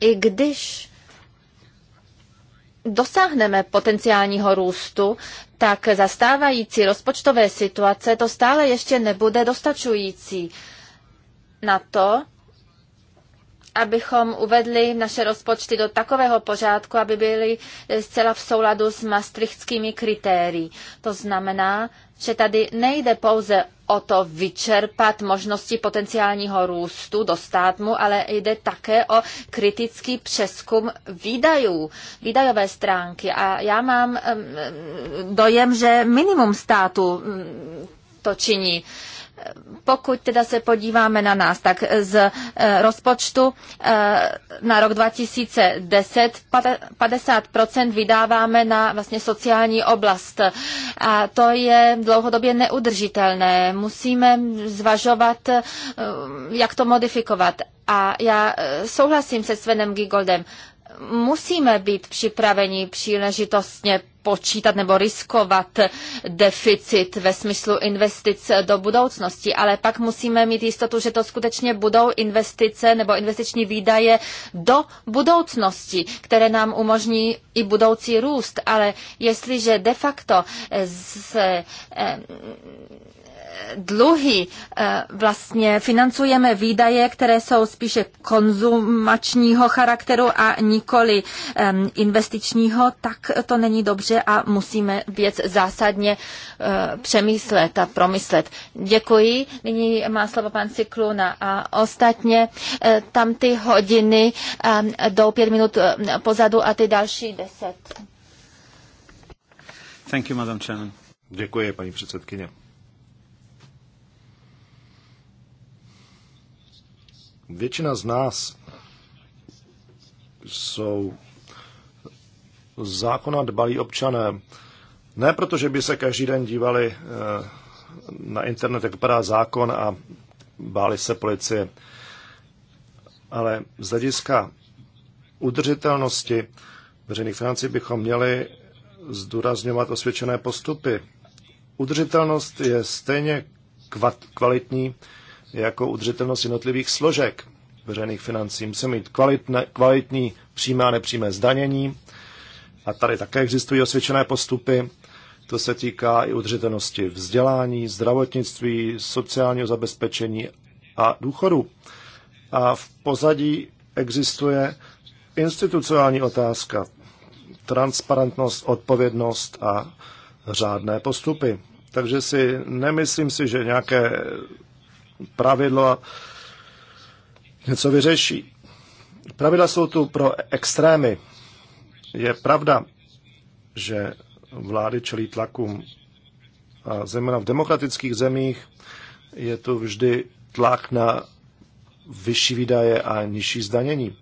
i když dosáhneme potenciálního růstu, tak zastávající rozpočtové situace to stále ještě nebude dostačující na to, abychom uvedli naše rozpočty do takového pořádku, aby byly zcela v souladu s maastrichtskými kritérii. To znamená, že tady nejde pouze o to vyčerpat možnosti potenciálního růstu, dostat mu, ale jde také o kritický přeskum výdajů, výdajové stránky. A já mám dojem, že minimum státu to činí. Pokud teda se podíváme na nás, tak z eh, rozpočtu eh, na rok 2010 50% vydáváme na vlastně sociální oblast. A to je dlouhodobě neudržitelné. Musíme zvažovat, eh, jak to modifikovat. A já souhlasím se Svenem Gigoldem musíme být připraveni příležitostně počítat nebo riskovat deficit ve smyslu investic do budoucnosti, ale pak musíme mít jistotu, že to skutečně budou investice nebo investiční výdaje do budoucnosti, které nám umožní i budoucí růst. Ale jestliže de facto z, eh, dluhy e, vlastně financujeme výdaje, které jsou spíše konzumačního charakteru a nikoli investičního, tak to není dobře a musíme věc zásadně e, přemýšlet a promyslet. Děkuji. Nyní má slovo pan Cikluna a ostatně e, tam ty hodiny do pět minut pozadu a ty další deset. Thank you, Madam Chairman. Děkuji, paní předsedkyně. Většina z nás jsou zákona dbalí občané. Ne proto, že by se každý den dívali eh, na internet, jak vypadá zákon a báli se policie, ale z hlediska udržitelnosti veřejných financí bychom měli zdůrazňovat osvědčené postupy. Udržitelnost je stejně kvalitní jako udržitelnost jednotlivých složek veřejných financí. Musíme mít kvalitne, kvalitní přímé a nepřímé zdanění a tady také existují osvědčené postupy. To se týká i udržitelnosti vzdělání, zdravotnictví, sociálního zabezpečení a důchodu. A v pozadí existuje institucionální otázka, transparentnost, odpovědnost a řádné postupy. Takže si nemyslím si, že nějaké pravidlo a něco vyřeší. Pravidla jsou tu pro extrémy. Je pravda, že vlády čelí tlakům. A zejména v demokratických zemích je tu vždy tlak na vyšší výdaje a nižší zdanění.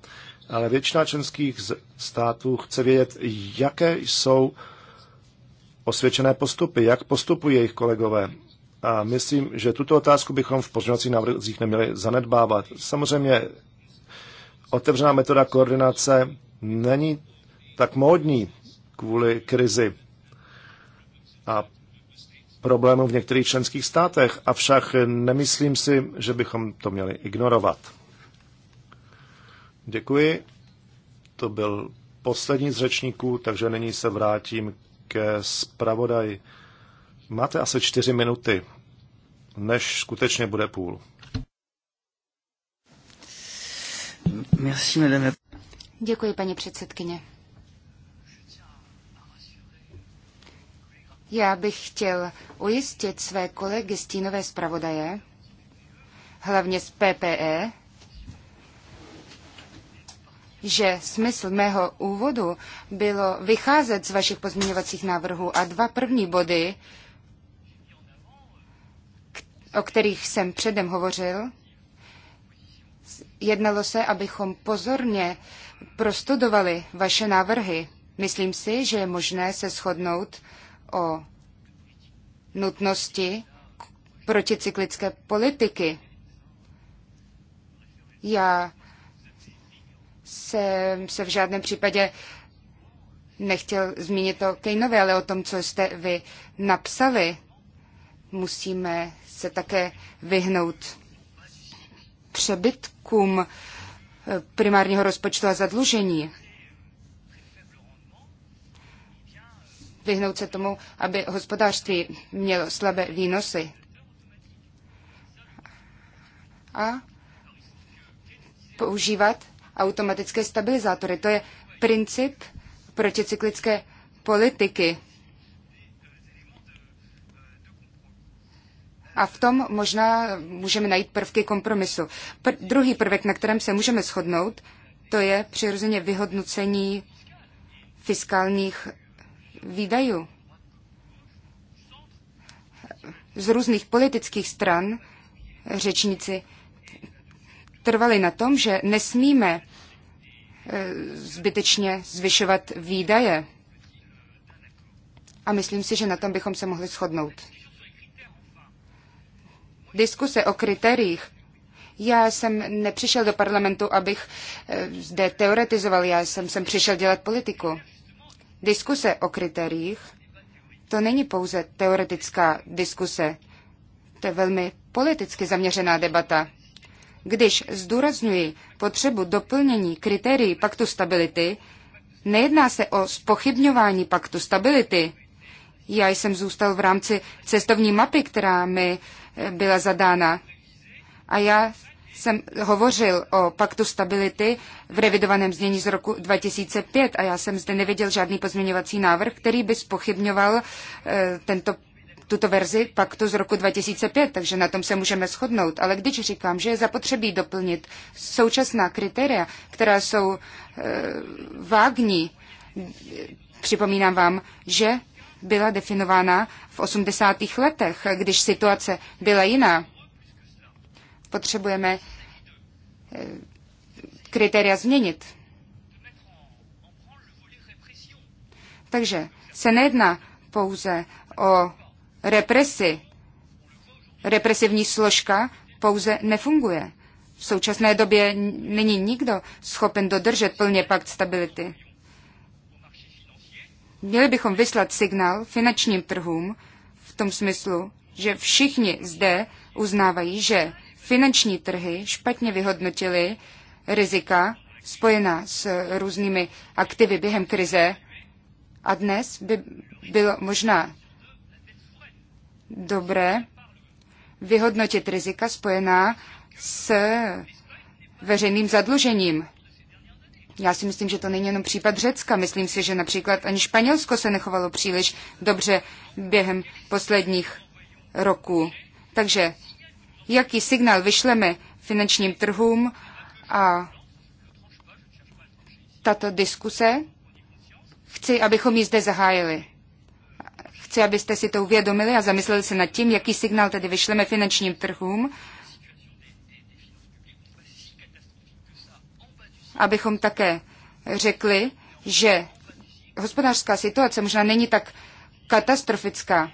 Ale většina členských států chce vědět, jaké jsou osvědčené postupy, jak postupují jejich kolegové a myslím, že tuto otázku bychom v pozměňovacích návrzích neměli zanedbávat. Samozřejmě otevřená metoda koordinace není tak módní kvůli krizi a problémů v některých členských státech, avšak nemyslím si, že bychom to měli ignorovat. Děkuji. To byl poslední z řečníků, takže nyní se vrátím ke zpravodaji. Máte asi čtyři minuty, než skutečně bude půl. Děkuji, paní předsedkyně. Já bych chtěl ujistit své kolegy stínové zpravodaje, hlavně z PPE, že smysl mého úvodu bylo vycházet z vašich pozměňovacích návrhů a dva první body o kterých jsem předem hovořil, jednalo se, abychom pozorně prostudovali vaše návrhy. Myslím si, že je možné se shodnout o nutnosti proticyklické politiky. Já jsem se v žádném případě nechtěl zmínit o Kejnovi, ale o tom, co jste vy napsali. Musíme se také vyhnout přebytkům eh, primárního rozpočtu a zadlužení. Vyhnout se tomu, aby hospodářství mělo slabé výnosy. A používat automatické stabilizátory. To je princip proticyklické politiky. a v tom možná můžeme najít prvky kompromisu. Pr- druhý prvek, na kterém se můžeme shodnout, to je přirozeně vyhodnocení fiskálních výdajů z různých politických stran řečníci trvali na tom, že nesmíme e, zbytečně zvyšovat výdaje. A myslím si, že na tom bychom se mohli shodnout. Diskuse o kritériích. Já jsem nepřišel do parlamentu, abych eh, zde teoretizoval, já jsem sem přišel dělat politiku. Diskuse o kritériích, to není pouze teoretická diskuse, to je velmi politicky zaměřená debata. Když zdůrazňuji potřebu doplnění kritérií paktu stability, nejedná se o spochybňování paktu stability. Já jsem zůstal v rámci cestovní mapy, která mi byla zadána. A já jsem hovořil o paktu stability v revidovaném znění z roku 2005 a já jsem zde neviděl žádný pozměňovací návrh, který by spochybňoval e, tento tuto verzi paktu z roku 2005, takže na tom se můžeme shodnout. Ale když říkám, že je zapotřebí doplnit současná kritéria, která jsou e, vágní, připomínám vám, že byla definována v 80. letech, když situace byla jiná. Potřebujeme eh, kritéria změnit. Takže se nejedná pouze o represi. Represivní složka pouze nefunguje. V současné době není nikdo schopen dodržet plně pakt stability. Měli bychom vyslat signál finančním trhům v tom smyslu, že všichni zde uznávají, že finanční trhy špatně vyhodnotily rizika spojená s různými aktivy během krize a dnes by bylo možná dobré vyhodnotit rizika spojená s veřejným zadlužením. Já si myslím, že to není jenom případ Řecka. Myslím si, že například ani Španělsko se nechovalo příliš dobře během posledních roků. Takže jaký signál vyšleme finančním trhům a tato diskuse, chci, abychom ji zde zahájili. Chci, abyste si to uvědomili a zamysleli se nad tím, jaký signál tedy vyšleme finančním trhům abychom také řekli, že hospodářská situace možná není tak katastrofická.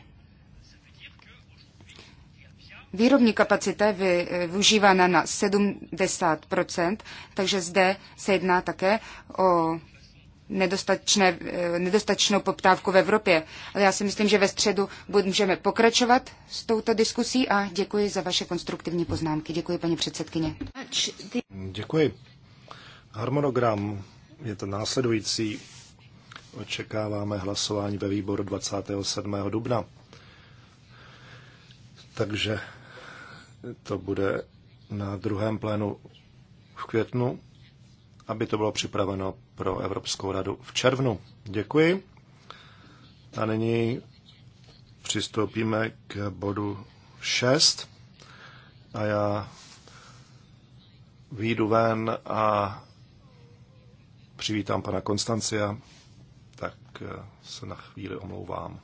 Výrobní kapacita je využívána na 70 takže zde se jedná také o nedostatečnou poptávku v Evropě. Ale já si myslím, že ve středu můžeme pokračovat s touto diskusí a děkuji za vaše konstruktivní poznámky. Děkuji, paní předsedkyně. Děkuji. Harmonogram je to následující. Očekáváme hlasování ve výboru 27. dubna. Takže to bude na druhém plénu v květnu, aby to bylo připraveno pro Evropskou radu v červnu. Děkuji. A nyní přistoupíme k bodu 6 a já výjdu ven a přivítám pana Konstancia, tak eh, se na chvíli omlouvám.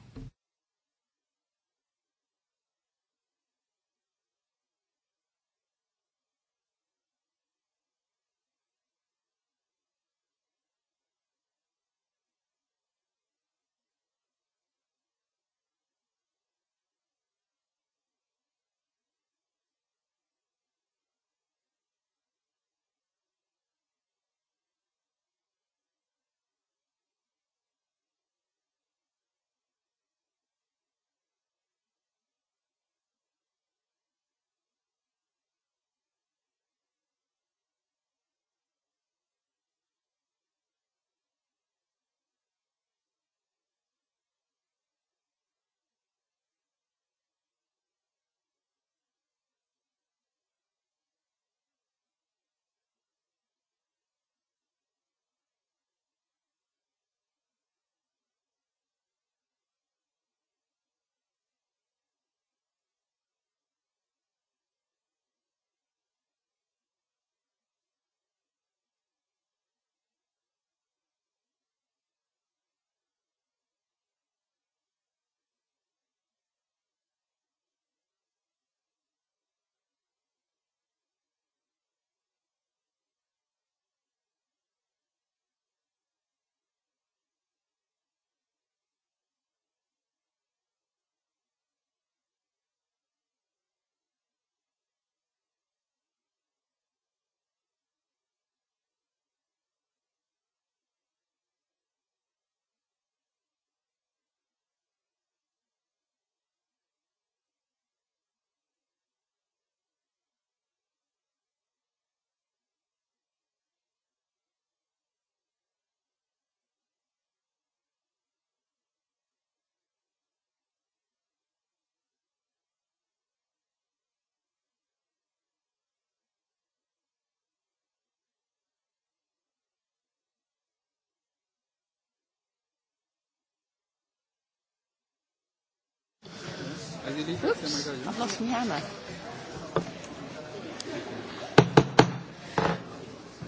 Oops, I've lost my hammer.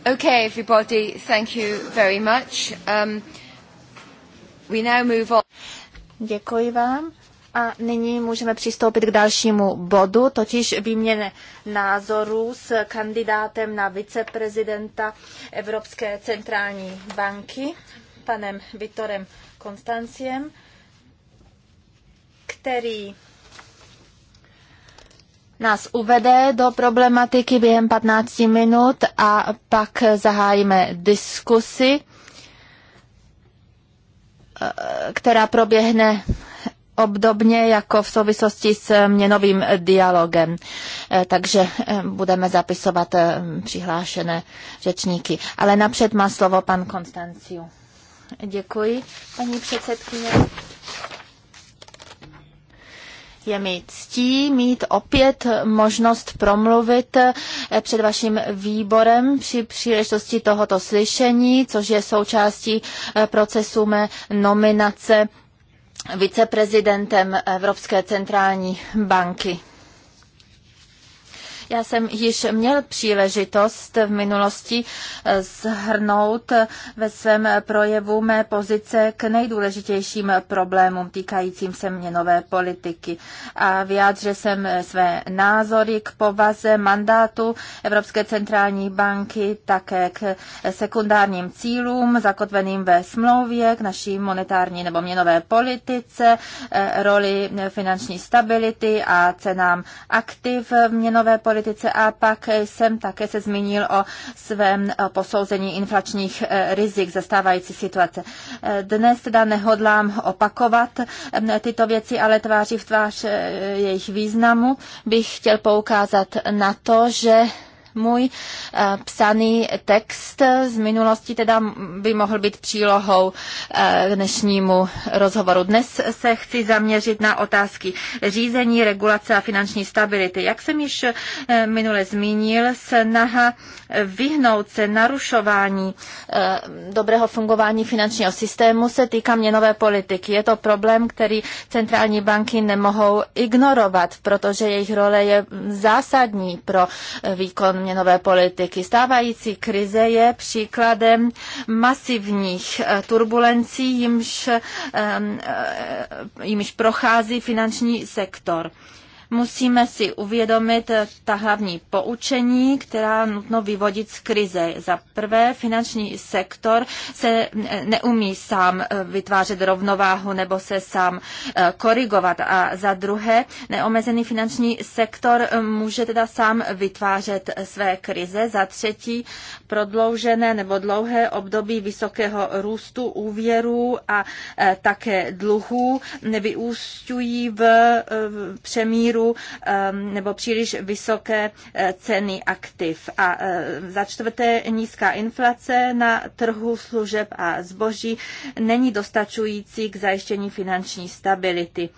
Okay, everybody, thank you very much. Um, we now move on. Děkuji vám. A nyní můžeme přistoupit k dalšímu bodu, totiž výměně názorů s kandidátem na viceprezidenta Evropské centrální banky, panem Vitorem Konstanciem, který nás uvede do problematiky během 15 minut a pak zahájíme diskusi, eh, která proběhne obdobně jako v souvislosti s eh, měnovým dialogem. Eh, takže budeme zapisovat přihlášené řečníky. Ale napřed má slovo pan Konstanciu. Děkuji, paní předsedkyně. Je mi ctí mít opět možnost promluvit eh, před vaším výborem při příležitosti tohoto slyšení, což je součástí eh, procesu mé nominace viceprezidentem Evropské centrální banky. Já jsem již měl příležitost v minulosti zhrnout eh, eh, ve svém projevu mé pozice k nejdůležitějším problémům týkajícím se měnové politiky a vyjádřil jsem eh, své názory k povaze mandátu Evropské centrální banky, také k sekundárním cílům zakotveným ve smlouvě, k naší monetární nebo měnové politice, roli finanční stability a cenám aktiv v měnové politice politice a pak jsem také se zmínil o svém eh, posouzení inflačních eh, rizik stávající situace. Eh, dnes teda nehodlám opakovat ehm, tyto věci, ale tváří v tvář jejich významu bych chtěl poukázat na to, že můj eh, psaný text z minulosti teda by mohl být přílohou eh, dnešnímu rozhovoru. Dnes se chci zaměřit na otázky řízení, regulace a finanční stability. Jak jsem již eh, minule zmínil, snaha vyhnout se narušování dobrého fungování finančního systému se týká měnové politiky. Je to problém, který centrální banky nemohou ignorovat, protože jejich role je zásadní pro výkon měnové politiky. Stávající krize je příkladem masivních eh, turbulencí, jimž, eh, eh, jimž prochází finanční sektor. Musíme si uvědomit ta hlavní poučení, která nutno vyvodit z krize. Za prvé, finanční sektor se neumí sám eh, vytvářet rovnováhu nebo se sám eh, korigovat. A za druhé, neomezený finanční sektor eh, může teda sám vytvářet své krize. Za třetí, prodloužené nebo dlouhé období vysokého růstu úvěrů a také dluhů nevyústňují v přemíru fondů ehm, nebo příliš vysoké eh, ceny aktiv. A eh, za čtvrté nízká inflace na trhu služeb a zboží není dostačující k zajištění finanční stability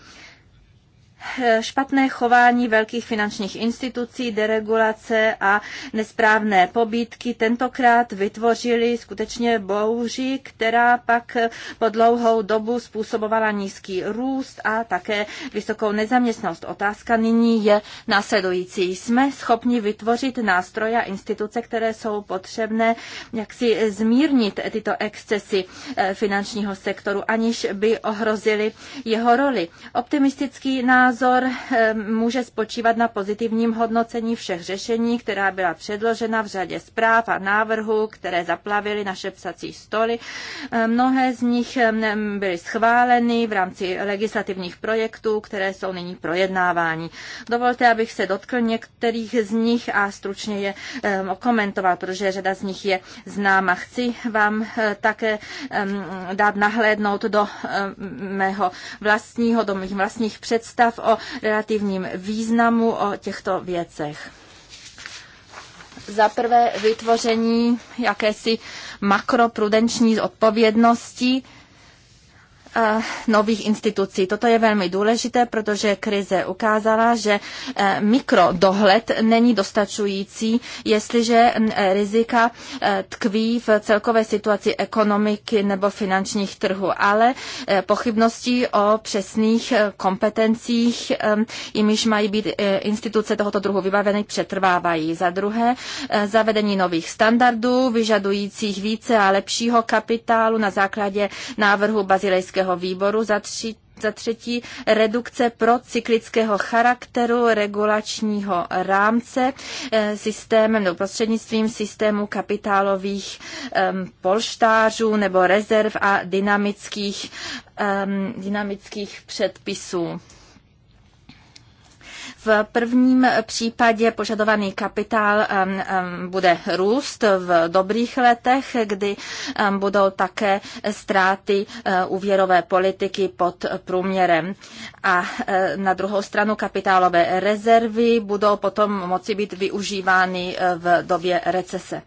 špatné chování velkých finančních institucí, deregulace a nesprávné pobídky tentokrát vytvořily skutečně bouři, která pak po dlouhou dobu způsobovala nízký růst a také vysokou nezaměstnost. Otázka nyní je následující. Jsme schopni vytvořit nástroje a instituce, které jsou potřebné, jak si zmírnit tyto excesy eh, finančního sektoru, aniž by ohrozili jeho roli. Optimistický názor názor eh, může spočívat na pozitivním hodnocení všech řešení, která byla předložena v řadě zpráv a návrhů, které zaplavily naše psací stoly. Eh, mnohé z nich eh, byly schváleny v rámci legislativních projektů, které jsou nyní projednávání. Dovolte, abych se dotkl některých z nich a stručně je komentoval, protože řada z nich je známa. Chci vám také dát nahlédnout do mého vlastního, do mých vlastních představ o relativním významu o těchto věcech. Za prvé vytvoření jakési makroprudenční odpovědnosti nových institucí. Toto je velmi důležité, protože krize ukázala, že e, mikrodohled není dostačující, jestliže e, rizika e, tkví v celkové situaci ekonomiky nebo finančních trhů, ale pochybnosti o přesných kompetencích, jimiž mají být instituce tohoto druhu vybaveny, přetrvávají. Za druhé, zavedení nových standardů, vyžadujících více a lepšího kapitálu na základě návrhu bazilejského Evropského výboru, za, tři, za třetí redukce pro cyklického charakteru regulačního rámce eh, systémem nebo prostřednictvím systému kapitálových um, polštářů nebo rezerv a dynamických, um, dynamických předpisů. V prvním případě požadovaný kapitál bude růst v dobrých letech, kdy budou také ztráty e, úvěrové politiky pod průměrem. A e, na druhou stranu kapitálové rezervy budou potom moci být využívány e, v době recese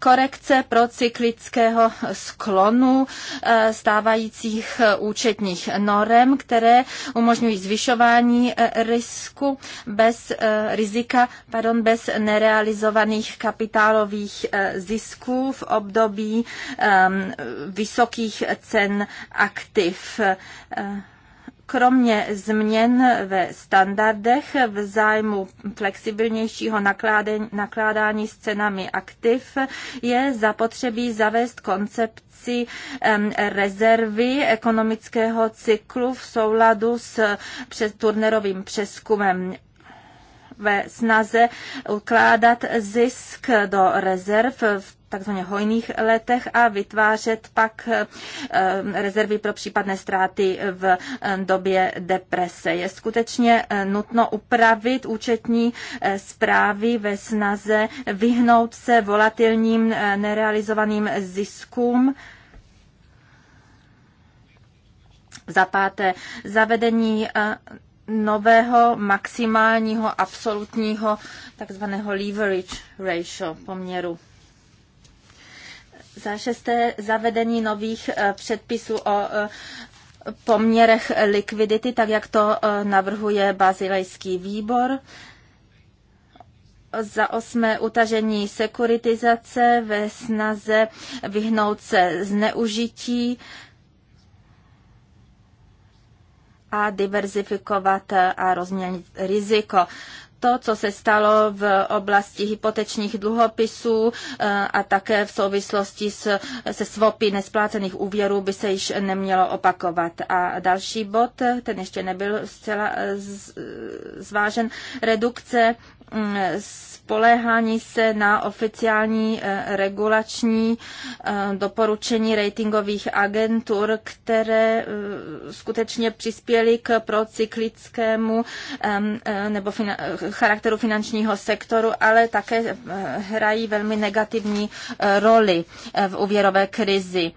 korekce pro cyklického sklonu eh, stávajících eh, účetních norem, které umožňují zvyšování eh, risku bez rizika, pardon, bez nerealizovaných kapitálových zisků v období ehm, vysokých cen aktiv kromě změn ve standardech v zájmu flexibilnějšího nakládání s cenami aktiv je zapotřebí zavést koncepci rezervy ekonomického cyklu v souladu s turnerovým přeskumem ve snaze ukládat zisk do rezerv v takzvaně hojných letech a vytvářet pak eh, eh, rezervy pro případné ztráty v eh, době deprese. Je skutečně nutno upravit účetní zprávy ve snaze vyhnout se volatilním nerealizovaným ziskům. Za páté, zavedení nového maximálního absolutního takzvaného leverage ratio poměru za šesté zavedení nových eh, předpisů o eh, poměrech likvidity, tak jak to eh, navrhuje bazilejský výbor. Za osmé utažení sekuritizace ve snaze vyhnout se zneužití a diverzifikovat a rozměnit riziko to, co se stalo v oblasti hypotečních dluhopisů eh, a také v souvislosti s, se svopy nesplácených úvěrů by se již nemělo opakovat. A další bod, ten ještě nebyl zcela eh, eh, zvážen, redukce Mm, spolehání se na oficiální eh, regulační eh, doporučení ratingových agentur, které eh, skutečně přispěly k procyklickému nebo fina, charakteru finančního sektoru, ale také hrají velmi negativní roli v úvěrové krizi.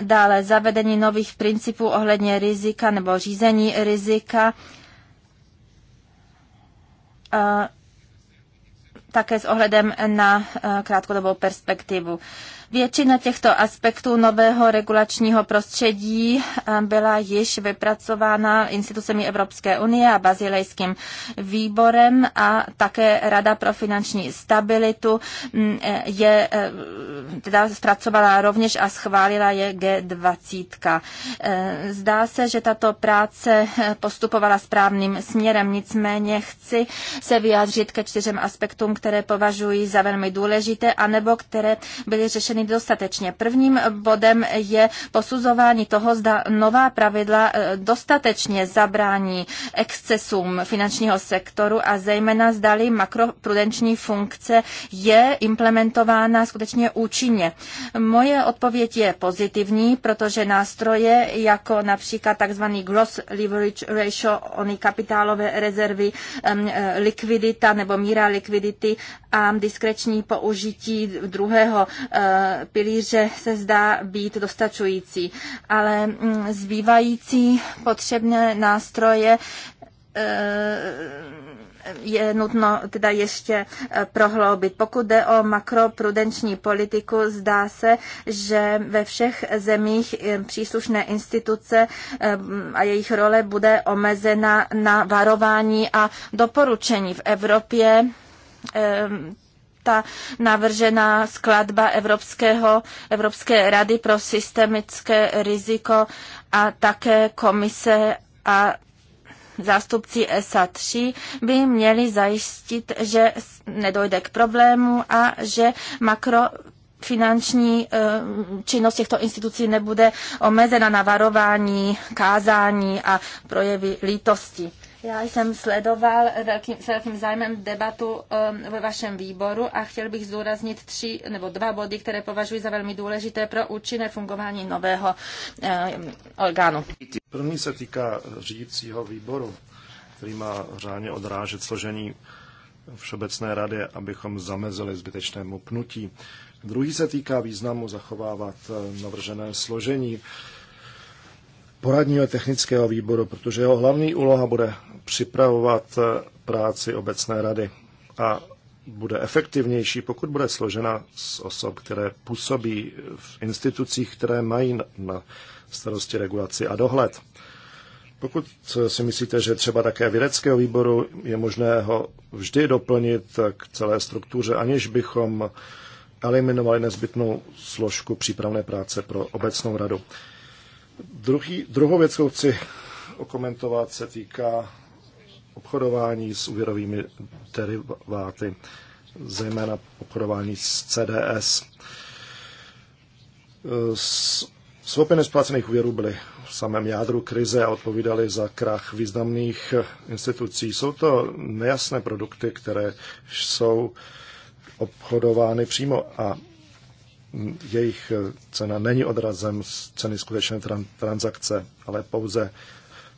Dále zavedení nových principů ohledně rizika nebo řízení rizika také s ohledem na eh, krátkodobou perspektivu. Většina těchto aspektů nového regulačního prostředí eh, byla již vypracována institucemi Evropské unie a Bazilejským výborem a také Rada pro finanční stabilitu mm, eh, je, eh, teda zpracovala rovněž a schválila je G20. Zdá se, že tato práce postupovala správným směrem, nicméně chci se vyjádřit ke čtyřem aspektům, které považuji za velmi důležité, anebo které byly řešeny vyjádřeny dostatečně. Prvním bodem je posuzování toho, zda nová pravidla eh, dostatečně zabrání excesům finančního sektoru a zejména zdali makroprudenční funkce je implementována skutečně účinně. Moje odpověď je pozitivní, protože nástroje jako například tzv. gross leverage ratio, ony kapitálové rezervy, eh, likvidita nebo míra likvidity a diskreční použití druhého eh, pilíře se zdá být dostačující, ale mm, zbývající potřebné nástroje eh, je nutno teda ještě eh, prohloubit. Pokud jde o makroprudenční politiku, zdá se, že ve všech zemích eh, příslušné instituce a jejich role bude omezena na varování a doporučení. V Evropě ta navržená skladba Evropského, Evropské rady pro systemické riziko a také komise a zástupci ESA 3 by měli zajistit, že nedojde k problému a že makro finanční eh, činnost těchto institucí nebude omezena na varování, kázání a projevy lítosti. Já jsem sledoval velkým, velkým zájmem debatu um, ve vašem výboru a chtěl bych zdůraznit tři nebo dva body, které považuji za velmi důležité pro účinné fungování nového um, orgánu. První se týká řídícího výboru, který má řádně odrážet složení Všeobecné rady, abychom zamezili zbytečnému pnutí. Druhý se týká významu zachovávat navržené složení poradního technického výboru, protože jeho hlavní úloha bude připravovat eh, práci obecné rady a bude efektivnější, pokud bude složena z osob, které působí v institucích, které mají na starosti regulaci a dohled. Pokud eh, si myslíte, že třeba také vědeckého výboru je možné ho vždy doplnit eh, k celé struktuře, aniž bychom eliminovali nezbytnou složku přípravné práce pro obecnou radu. Druhý, druhou věc, kterou chci okomentovat, se týká obchodování s úvěrovými deriváty, zejména obchodování s CDS. Svopiny splacených úvěrů byly v samém jádru krize a odpovídaly za krach významných institucí. Jsou to nejasné produkty, které jsou obchodovány přímo a jejich eh, cena není odrazem z ceny skutečné transakce, ale pouze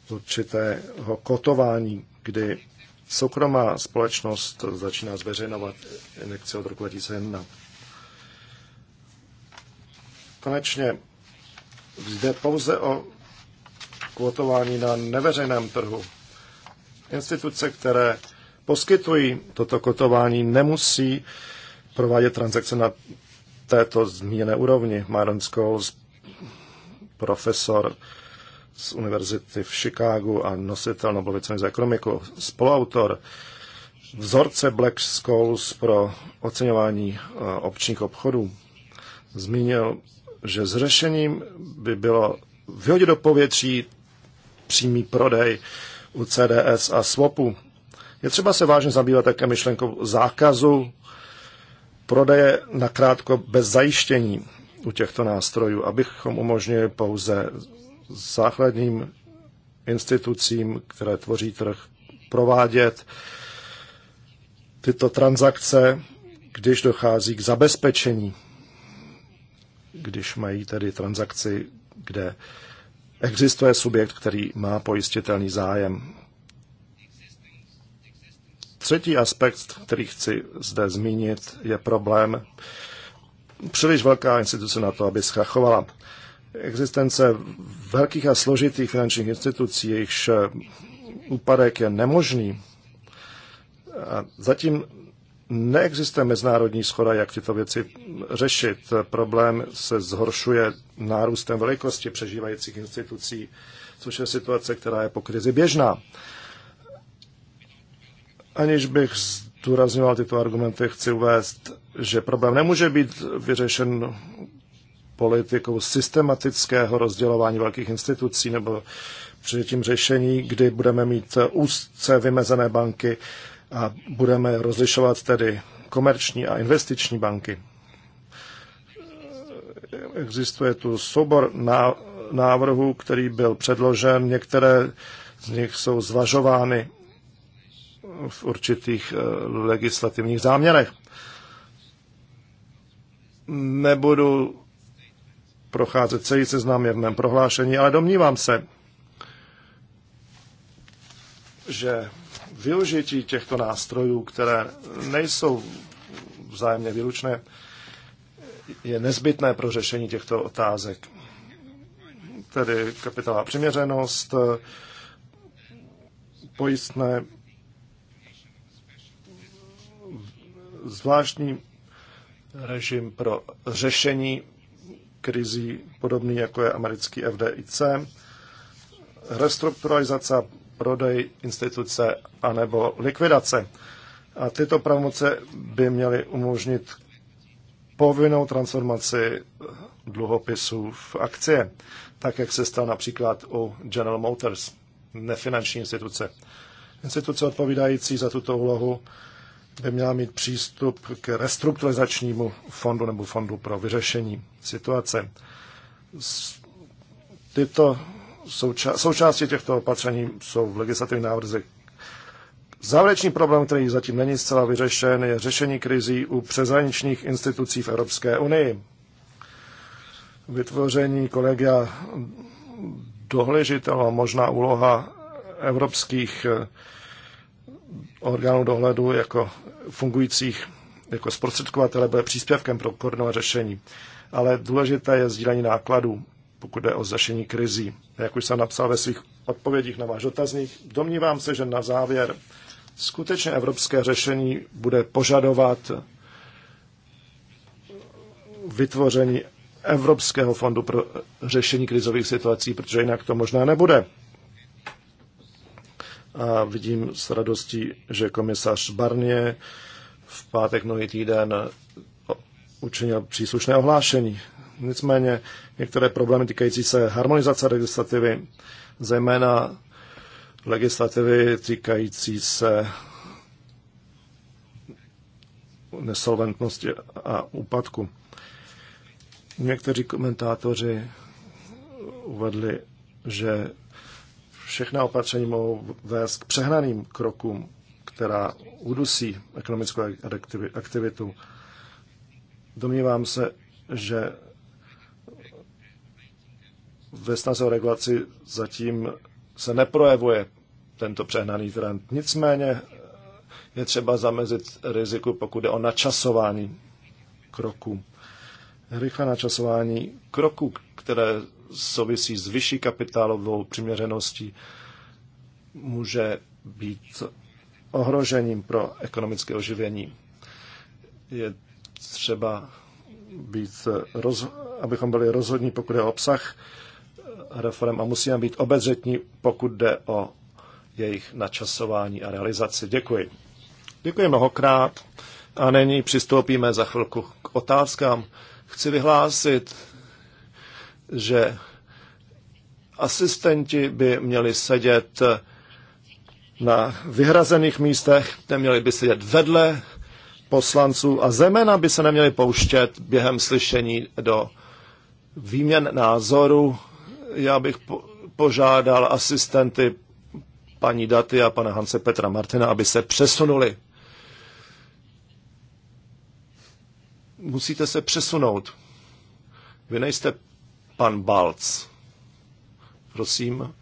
z určitého kotování, kdy soukromá společnost začíná zveřejnovat injekci od roku 2001. Konečně jde pouze o kvotování na neveřejném trhu. Instituce, které poskytují toto kotování, nemusí provádět transakce na této zmíněné úrovni. Myron Scholes, profesor z univerzity v Chicagu a nositel Nobelovy ceny za ekonomiku, spoluautor vzorce Black Scholes pro oceňování eh, občních obchodů, zmínil, že s řešením by bylo vyhodit do povětří přímý prodej u CDS a swapu. Je třeba se vážně zabývat také myšlenkou zákazu prodeje nakrátko bez zajištění u těchto nástrojů, abychom umožnili pouze základním institucím, které tvoří trh, provádět tyto transakce, když dochází k zabezpečení, když mají tedy transakci, kde existuje subjekt, který má pojistitelný zájem. Třetí aspekt, který chci zde zmínit, je problém příliš velká instituce na to, aby schachovala. Existence velkých a složitých finančních institucí, jejichž úpadek je nemožný. A zatím neexistuje mezinárodní schoda, jak tyto věci řešit. Problém se zhoršuje nárůstem velikosti přežívajících institucí, což je situace, která je po krizi běžná. Aniž bych zdůrazňoval tyto argumenty, chci uvést, že problém nemůže být vyřešen politikou systematického rozdělování velkých institucí nebo přijetím řešení, kdy budeme mít úzce vymezené banky a budeme rozlišovat tedy komerční a investiční banky. Existuje tu soubor návrhů, který byl předložen. Některé z nich jsou zvažovány v určitých eh, legislativních záměrech. Nebudu procházet celý seznam je v mém prohlášení, ale domnívám se, že využití těchto nástrojů, které nejsou vzájemně výlučné, je nezbytné pro řešení těchto otázek. Tedy kapitálová přiměřenost, pojistné zvláštní režim pro řešení krizí, podobný jako je americký FDIC, restrukturalizace a prodej instituce anebo likvidace. A tyto pravomoce by měly umožnit povinnou transformaci dluhopisů v akcie, tak jak se stalo například u General Motors, nefinanční instituce. Instituce odpovídající za tuto úlohu by měla mít přístup k restrukturalizačnímu fondu nebo fondu pro vyřešení situace. Tyto souča- součástí těchto opatření jsou v legislativní návrzech. Závěrečný problém, který zatím není zcela vyřešen, je řešení krizí u přezraničních institucí v Evropské unii. Vytvoření kolegia dohležitelů a možná úloha evropských orgánů dohledu jako fungujících jako zprostředkovatele bude příspěvkem pro koordinovat řešení. Ale důležité je sdílení nákladů, pokud jde o zašení krizí. Jak už jsem napsal ve svých odpovědích na váš dotazník, domnívám se, že na závěr skutečně evropské řešení bude požadovat vytvoření Evropského fondu pro řešení krizových situací, protože jinak to možná nebude a vidím s radostí, že komisař Barnier v pátek minulý týden učinil příslušné ohlášení. Nicméně některé problémy týkající se harmonizace legislativy, zejména legislativy týkající se nesolventnosti a úpadku. Někteří komentátoři uvedli, že všechna opatření mohou vést k přehnaným krokům, která udusí ekonomickou aktivitu. Domnívám se, že ve snaze o regulaci zatím se neprojevuje tento přehnaný trend. Nicméně je třeba zamezit riziku, pokud je o načasování kroků. Rychlé načasování kroků, které souvisí s vyšší kapitálovou přiměřeností, může být ohrožením pro ekonomické oživení. Je třeba být, roz, abychom byli rozhodní, pokud je o obsah reform a musíme být obezřetní, pokud jde o jejich načasování a realizaci. Děkuji. Děkuji mnohokrát a nyní přistoupíme za chvilku k otázkám. Chci vyhlásit že asistenti by měli sedět na vyhrazených místech, neměli by sedět vedle poslanců a zejména by se neměli pouštět během slyšení do výměn názoru. Já bych požádal asistenty paní Daty a pana Hanse Petra Martina, aby se přesunuli. Musíte se přesunout. Vy nejste pan Balc. Prosím.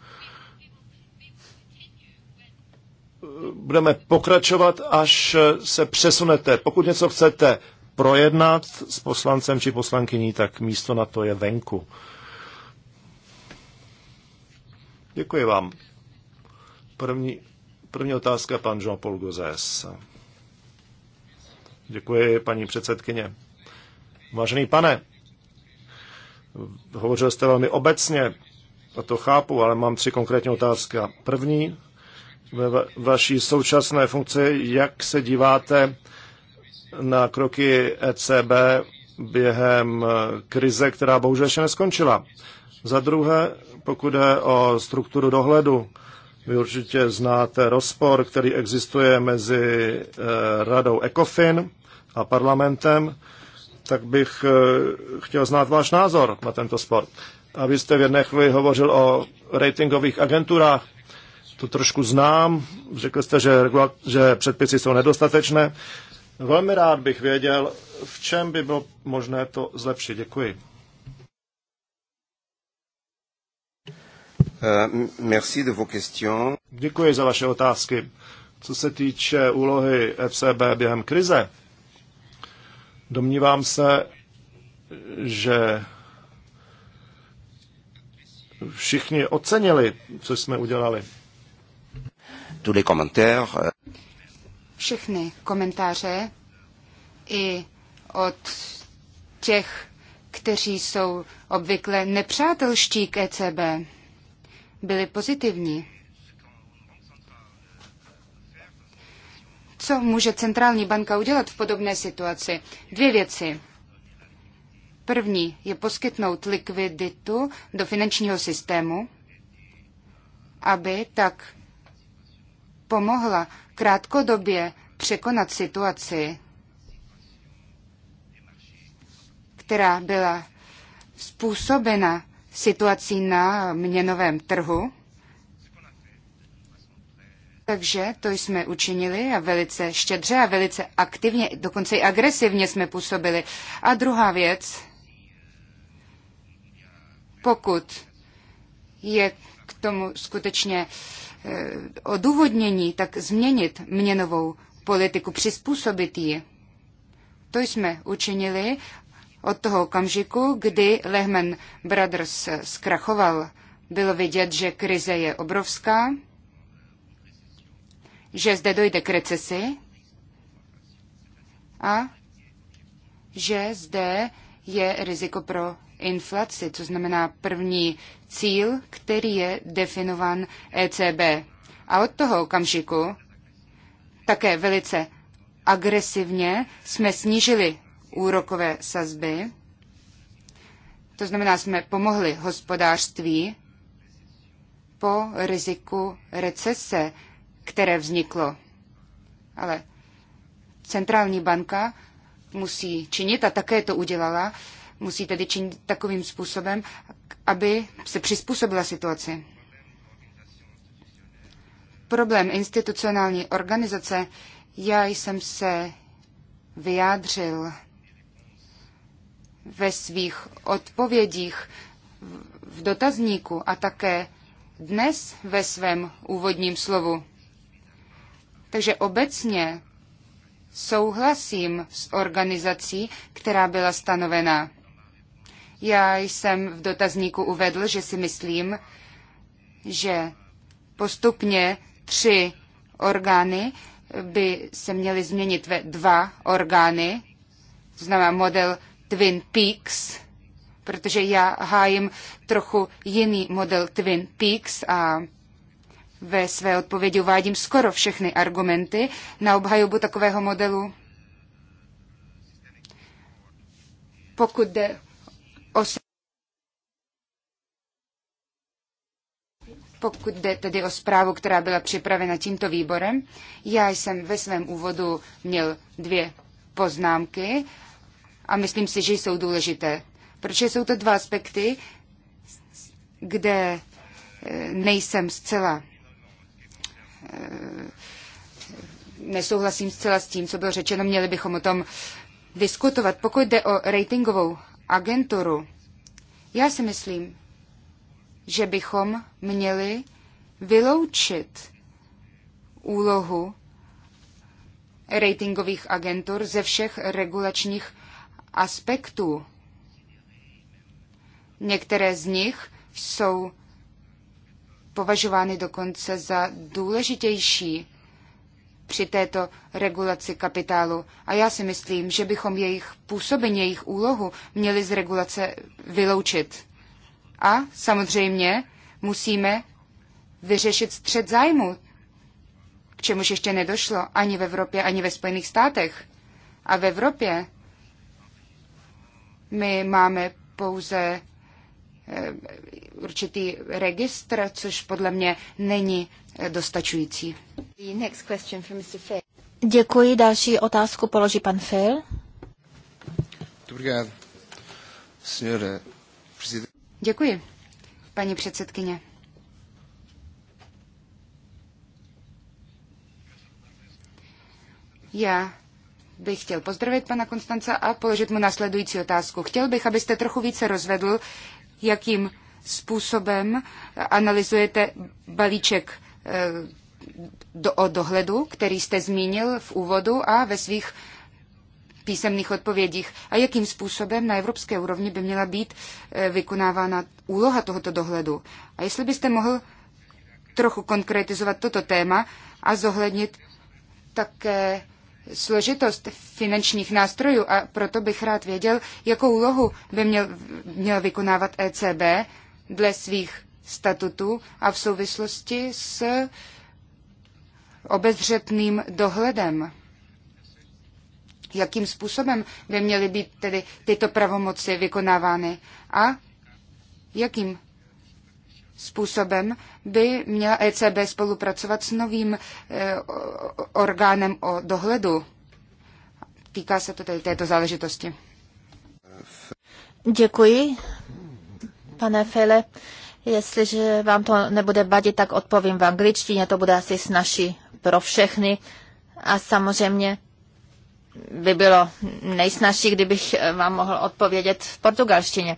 Budeme pokračovat, až se přesunete. Pokud něco chcete projednat s poslancem či poslankyní, tak místo na to je venku. Děkuji vám. První, první otázka pan Jean-Paul Gozes. Děkuji, paní předsedkyně. Vážený pane, Hovořil jste velmi obecně, a to chápu, ale mám tři konkrétní otázky. První, ve vaší současné funkci, jak se díváte na kroky ECB během eh, krize, která bohužel ještě neskončila. Za druhé, pokud je o strukturu dohledu, vy určitě znáte rozpor, který existuje mezi eh, radou ECOFIN a parlamentem tak bych eh, chtěl znát váš názor na tento sport. A vy jste v jedné chvíli hovořil o ratingových agenturách, to trošku znám, řekl jste, že, že předpisy jsou nedostatečné. Velmi rád bych věděl, v čem by bylo možné to zlepšit. Děkuji. Uh, merci de vos questions. Děkuji za vaše otázky. Co se týče úlohy FCB během krize, Domnívám se, že všichni ocenili, co jsme udělali. Euh, Všechny komentáře i od těch, kteří jsou obvykle nepřátelští k ECB, byly pozitivní. Co může centrální banka udělat v podobné situaci? Dvě věci. První je poskytnout likviditu do finančního systému, aby tak pomohla krátkodobě překonat situaci, která byla způsobena situací na měnovém trhu takže to jsme učinili a velice štědře a velice aktivně, dokonce i agresivně jsme působili. A druhá věc, pokud je k tomu skutečně e, odůvodnění, tak změnit měnovou politiku, přizpůsobit ji. To jsme učinili od toho okamžiku, kdy Lehman Brothers zkrachoval. Bylo vidět, že krize je obrovská že zde dojde k recesi a že zde je riziko pro inflaci, co znamená první cíl, který je definovan ECB. A od toho okamžiku také velice agresivně jsme snížili úrokové sazby, to znamená, jsme pomohli hospodářství po riziku recese, které vzniklo. Ale centrální banka musí činit, a také to udělala, musí tedy činit takovým způsobem, aby se přizpůsobila situaci. Problém institucionální organizace, já jsem se vyjádřil ve svých odpovědích v dotazníku a také dnes ve svém úvodním slovu. Takže obecně souhlasím s organizací, která byla stanovena. Já jsem v dotazníku uvedl, že si myslím, že postupně tři orgány by se měly změnit ve dva orgány, to znamená model Twin Peaks, protože já hájím trochu jiný model Twin Peaks a ve své odpovědi uvádím skoro všechny argumenty na obhajobu takového modelu. Pokud jde o pokud jde tedy o zprávu, která byla připravena tímto výborem. Já jsem ve svém úvodu měl dvě poznámky a myslím si, že jsou důležité. Protože jsou to dva aspekty, kde eh, nejsem zcela Eh, nesouhlasím zcela s tím, co bylo řečeno, měli bychom o tom diskutovat. Pokud jde o ratingovou agenturu, já si myslím, že bychom měli vyloučit úlohu ratingových agentur ze všech regulačních aspektů. Některé z nich jsou považovány dokonce za důležitější při této regulaci kapitálu. A já si myslím, že bychom jejich působení, jejich úlohu měli z regulace vyloučit. A samozřejmě musíme vyřešit střed zájmu, k čemuž ještě nedošlo ani v Evropě, ani ve Spojených státech. A v Evropě my máme pouze eh, určitý registr, což podle mě není eh, dostačující. Děkuji. Další otázku položí pan Phil. Eh, Děkuji, paní předsedkyně. Já bych chtěl pozdravit pana Konstanca a položit mu následující otázku. Chtěl bych, abyste trochu více rozvedl, jakým způsobem analyzujete balíček eh, do, o dohledu, který jste zmínil v úvodu a ve svých písemných odpovědích a jakým způsobem na evropské úrovni by měla být eh, vykonávána úloha tohoto dohledu. A jestli byste mohl trochu konkretizovat toto téma a zohlednit také složitost finančních nástrojů a proto bych rád věděl, jakou úlohu by měl, měl vykonávat ECB dle svých statutů a v souvislosti s obezřetným dohledem. Jakým způsobem by měly být tedy tyto pravomoci vykonávány a jakým způsobem by měla ECB spolupracovat s novým e, orgánem o dohledu. Týká se to tedy této záležitosti. Děkuji, Pane Fele, jestliže vám to nebude vadit, tak odpovím v angličtině, to bude asi snaží pro všechny. A samozřejmě by bylo nejsnažší, kdybych vám mohl odpovědět v portugalštině.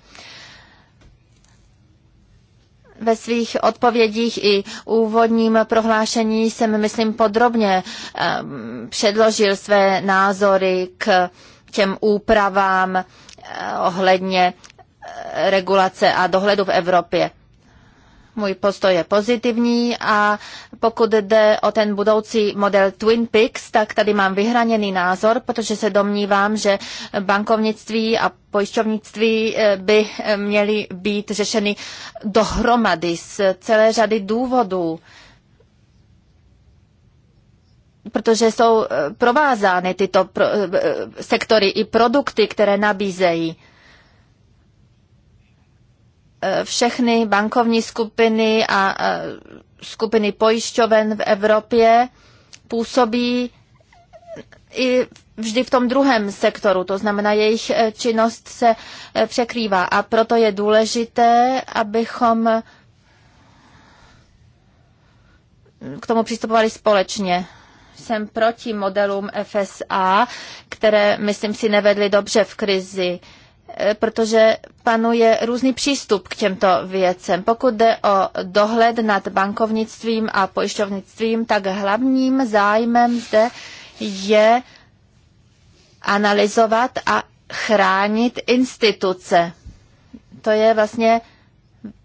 Ve svých odpovědích i úvodním prohlášení jsem, myslím, podrobně ehm, předložil své názory k těm úpravám eh, ohledně regulace a dohledu v Evropě. Můj postoj je pozitivní a pokud jde o ten budoucí model Twin Peaks, tak tady mám vyhraněný názor, protože se domnívám, že bankovnictví a pojišťovnictví eh, by eh, měly být řešeny dohromady z celé řady důvodů protože jsou eh, provázány tyto pro, sektory i produkty, které nabízejí. Eh, všechny bankovní skupiny a eh, skupiny pojišťoven v Evropě působí i vždy v tom druhém sektoru, to znamená, jejich eh, činnost se překrývá a proto je důležité, abychom k tomu přistupovali společně. Jsem proti modelům FSA, které, myslím si, nevedly dobře v krizi. Eh, protože panuje různý přístup k těmto věcem. Pokud jde o dohled nad bankovnictvím a pojišťovnictvím, tak hlavním zájmem zde je analyzovat a chránit instituce. To je vlastně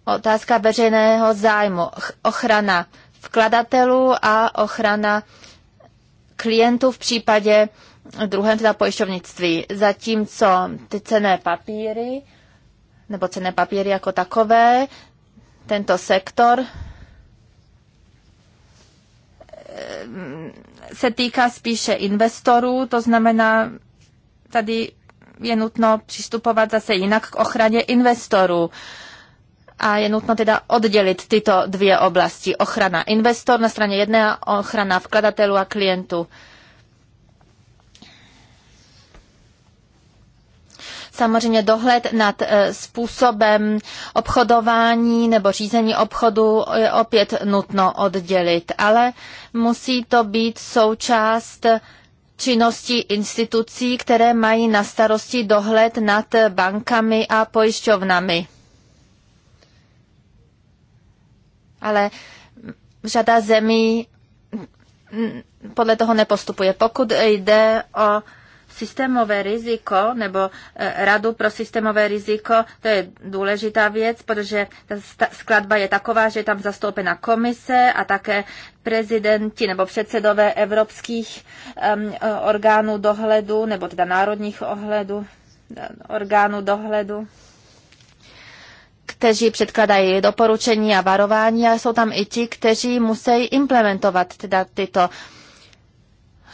otázka veřejného zájmu. Ochrana vkladatelů a ochrana klientů v případě druhém teda pojišťovnictví. Zatímco ty cené papíry, nebo cené papíry jako takové, tento sektor eh, se týká spíše investorů, to znamená, tady je nutno přistupovat zase jinak k ochraně investorů. A je nutno teda oddělit tyto dvě oblasti. Ochrana investor na straně jedné a ochrana vkladatelů a klientů samozřejmě dohled nad eh, způsobem obchodování nebo řízení obchodu je opět nutno oddělit, ale musí to být součást činnosti institucí, které mají na starosti dohled nad bankami a pojišťovnami. Ale řada zemí podle toho nepostupuje. Pokud jde o systémové riziko nebo eh, radu pro systémové riziko, to je důležitá věc, protože ta skladba je taková, že je tam zastoupena komise a také prezidenti nebo předsedové evropských um, orgánů dohledu nebo teda národních ohledu, orgánů dohledu kteří předkladají doporučení a varování, a jsou tam i ti, kteří musí implementovat teda tyto,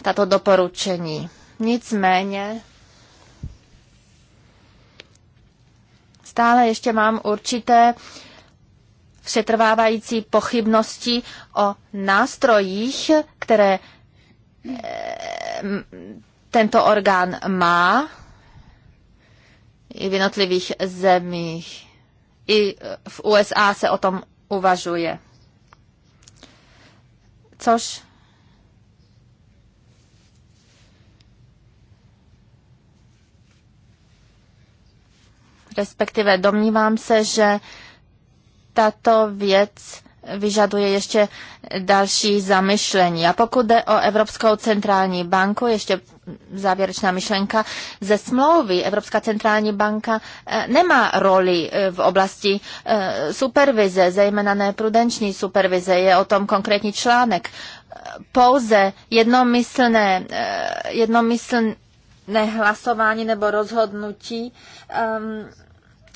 tato doporučení. Nicméně stále ještě mám určité přetrvávající pochybnosti o nástrojích, které eh, tento orgán má i v jednotlivých zemích. I eh, v USA se o tom uvažuje. Což respektive domnívám se, že tato věc vyžaduje ještě další zamyšlení. A pokud jde o Evropskou centrální banku, ještě závěrečná myšlenka, ze smlouvy Evropská centrální banka eh, nemá roli eh, v oblasti eh, supervize, zejména neprudenční supervize, je o tom konkrétní článek. Pouze jednomyslné, jednomyslné hlasování nebo rozhodnutí um,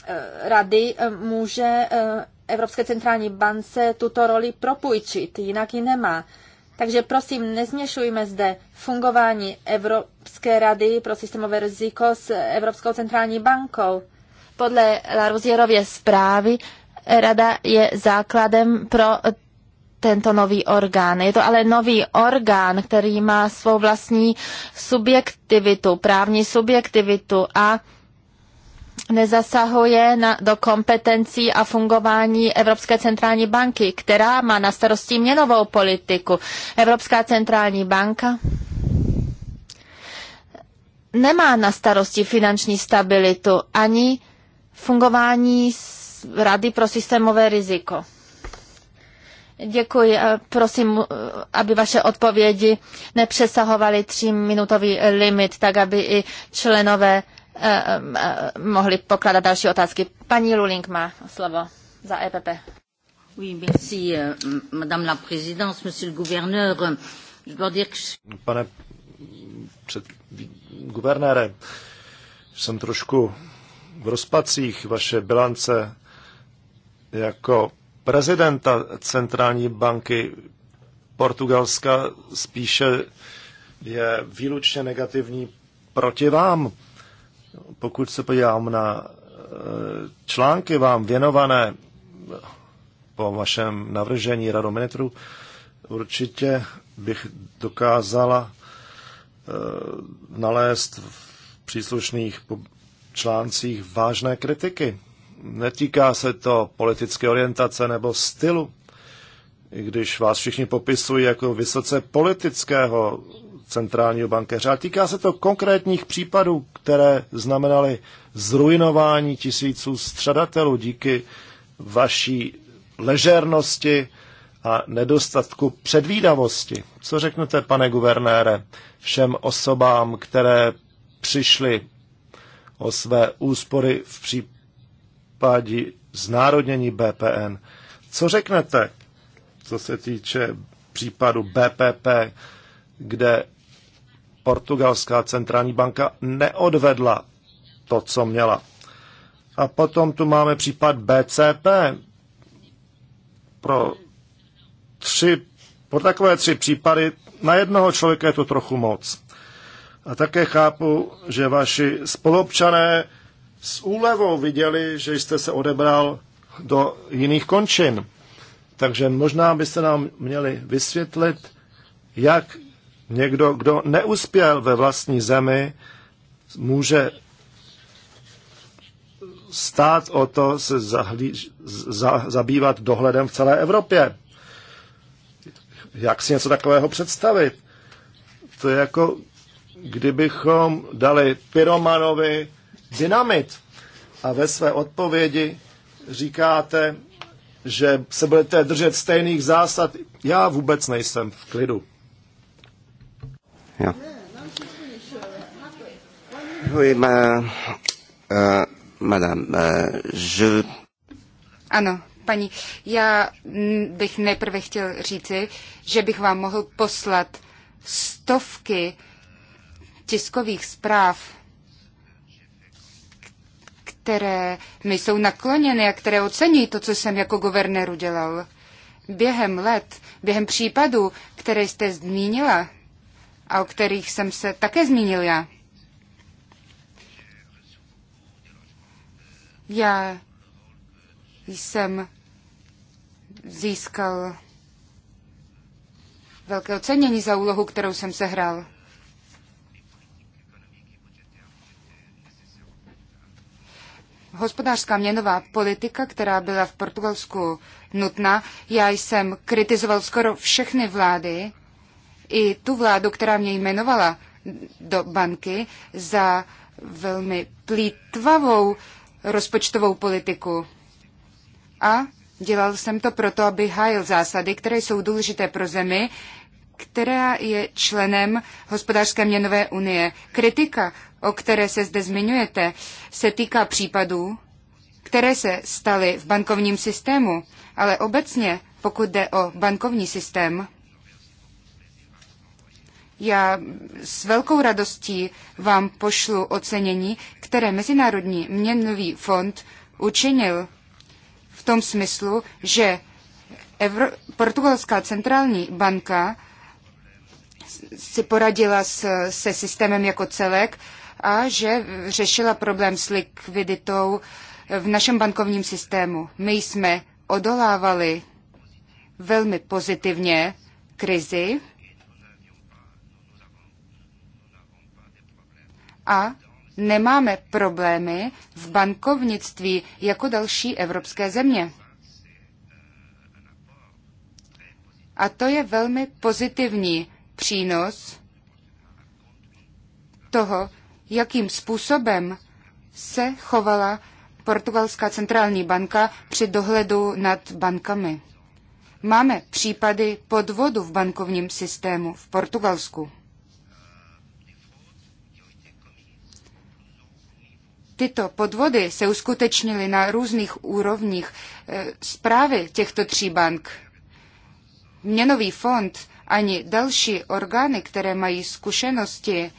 Eh, rady eh, může eh, Evropské centrální bance tuto roli propůjčit, jinak ji nemá. Takže prosím, nezměšujme zde fungování Evropské rady pro systémové riziko s Evropskou centrální bankou. Podle Larozierově zprávy rada je základem pro tento nový orgán. Je to ale nový orgán, který má svou vlastní subjektivitu, právní subjektivitu a nezasahuje na, do kompetencí a fungování Evropské centrální banky, která má na starosti měnovou politiku. Evropská centrální banka nemá na starosti finanční stabilitu ani fungování Rady pro systémové riziko. Děkuji. Prosím, aby vaše odpovědi nepřesahovaly tříminutový limit, tak aby i členové Eh, eh, mohli pokládat další otázky. Paní Luling má slovo za EPP. Oui, merci, eh, madame la présidence, monsieur le gouverneur. Je dois dire que... Pane před, guvernére, jsem trošku v rozpacích vaše bilance jako prezidenta centrální banky Portugalska spíše je výlučně negativní proti vám. Pokud se podívám na eh, články vám věnované po vašem navržení radometru, určitě bych dokázala eh, nalézt v příslušných článcích vážné kritiky. Netýká se to politické orientace nebo stylu, i když vás všichni popisují jako vysoce politického centrálního bankéře. A týká se to konkrétních případů, které znamenaly zrujnování tisíců střadatelů díky vaší ležernosti a nedostatku předvídavosti. Co řeknete, pane guvernére, všem osobám, které přišly o své úspory v případě znárodnění BPN? Co řeknete, co se týče případu BPP, kde portugalská centrální banka neodvedla to, co měla. A potom tu máme případ BCP. Pro, tři, pro takové tři případy na jednoho člověka je to trochu moc. A také chápu, že vaši spolupčané s úlevou viděli, že jste se odebral do jiných končin. Takže možná byste nám měli vysvětlit, jak Někdo, kdo neuspěl ve vlastní zemi, může stát o to se zahlí, za, zabývat dohledem v celé Evropě. Jak si něco takového představit? To je jako, kdybychom dali pyromanovi dynamit a ve své odpovědi říkáte, že se budete držet stejných zásad. Já vůbec nejsem v klidu. Jo. Oui, ma, uh, madame, uh, je... Ano, paní, já bych nejprve chtěl říci, že bych vám mohl poslat stovky tiskových zpráv, které mi jsou nakloněny a které ocení to, co jsem jako guvernér udělal. Během let, během případů, které jste zmínila, a o kterých jsem se také zmínil já. Já jsem získal velké ocenění za úlohu, kterou jsem sehrál. Hospodářská měnová politika, která byla v Portugalsku nutná, já jsem kritizoval skoro všechny vlády, i tu vládu, která mě jmenovala do banky za velmi plítvavou rozpočtovou politiku. A dělal jsem to proto, aby hájil zásady, které jsou důležité pro zemi, která je členem hospodářské měnové unie. Kritika, o které se zde zmiňujete, se týká případů, které se staly v bankovním systému, ale obecně, pokud jde o bankovní systém, já s velkou radostí vám pošlu ocenění, které Mezinárodní měnový fond učinil v tom smyslu, že Evro- Portugalská centrální banka si poradila s, se systémem jako celek a že řešila problém s likviditou v našem bankovním systému. My jsme odolávali velmi pozitivně krizi a nemáme problémy v bankovnictví jako další evropské země. A to je velmi pozitivní přínos toho, jakým způsobem se chovala portugalská centrální banka při dohledu nad bankami. Máme případy podvodu v bankovním systému v Portugalsku. tyto podvody se uskutečnily na různých úrovních eh, zprávy těchto tří bank. Měnový fond ani další orgány, které mají zkušenosti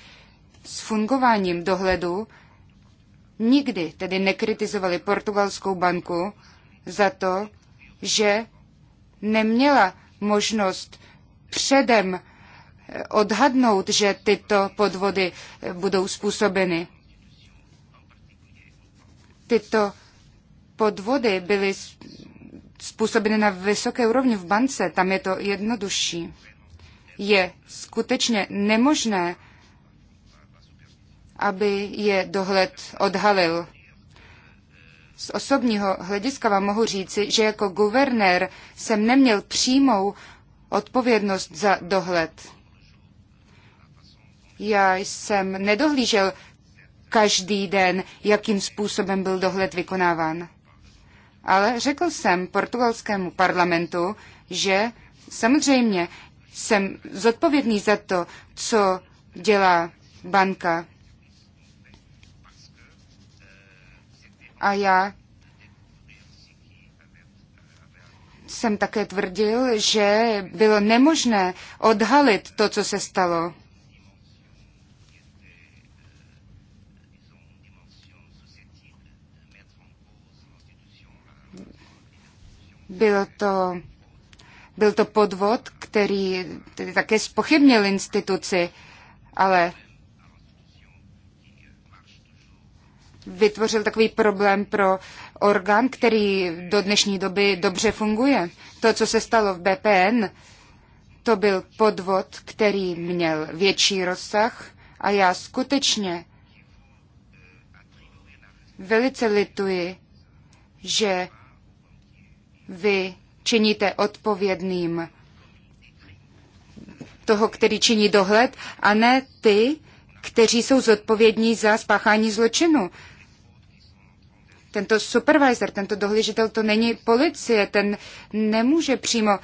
s fungováním dohledu, nikdy tedy nekritizovali portugalskou banku za to, že neměla možnost předem eh, odhadnout, že tyto podvody eh, budou způsobeny tyto podvody byly způsobeny na vysoké úrovni v bance, tam je to jednodušší. Je skutečně nemožné, aby je dohled odhalil. Z osobního hlediska vám mohu říci, že jako guvernér jsem neměl přímou odpovědnost za dohled. Já jsem nedohlížel každý den, jakým způsobem byl dohled vykonáván. Ale řekl jsem portugalskému parlamentu, že samozřejmě jsem zodpovědný za to, co dělá banka. A já jsem také tvrdil, že bylo nemožné odhalit to, co se stalo. Byl to, byl to podvod, který tedy také spochybnil instituci, ale vytvořil takový problém pro orgán, který do dnešní doby dobře funguje. To, co se stalo v BPN, to byl podvod, který měl větší rozsah a já skutečně velice lituji, že vy činíte odpovědným toho, který činí dohled, a ne ty, kteří jsou zodpovědní za spáchání zločinu. Tento supervisor, tento dohlížitel, to není policie, ten nemůže přímo e,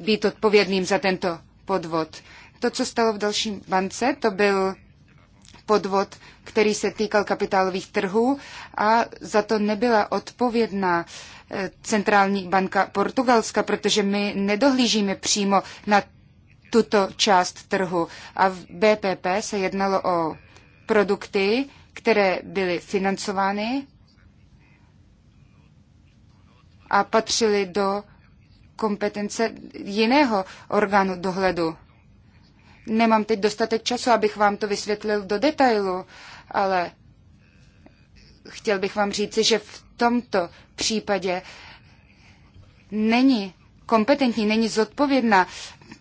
být odpovědným za tento podvod. To, co stalo v dalším bance, to byl podvod, který se týkal kapitálových trhů a za to nebyla odpovědná eh, centrální banka Portugalska, protože my nedohlížíme přímo na tuto část trhu. A v BPP se jednalo o produkty, které byly financovány a patřily do kompetence jiného orgánu dohledu. Nemám teď dostatek času, abych vám to vysvětlil do detailu, ale chtěl bych vám říci, že v tomto případě není kompetentní, není zodpovědná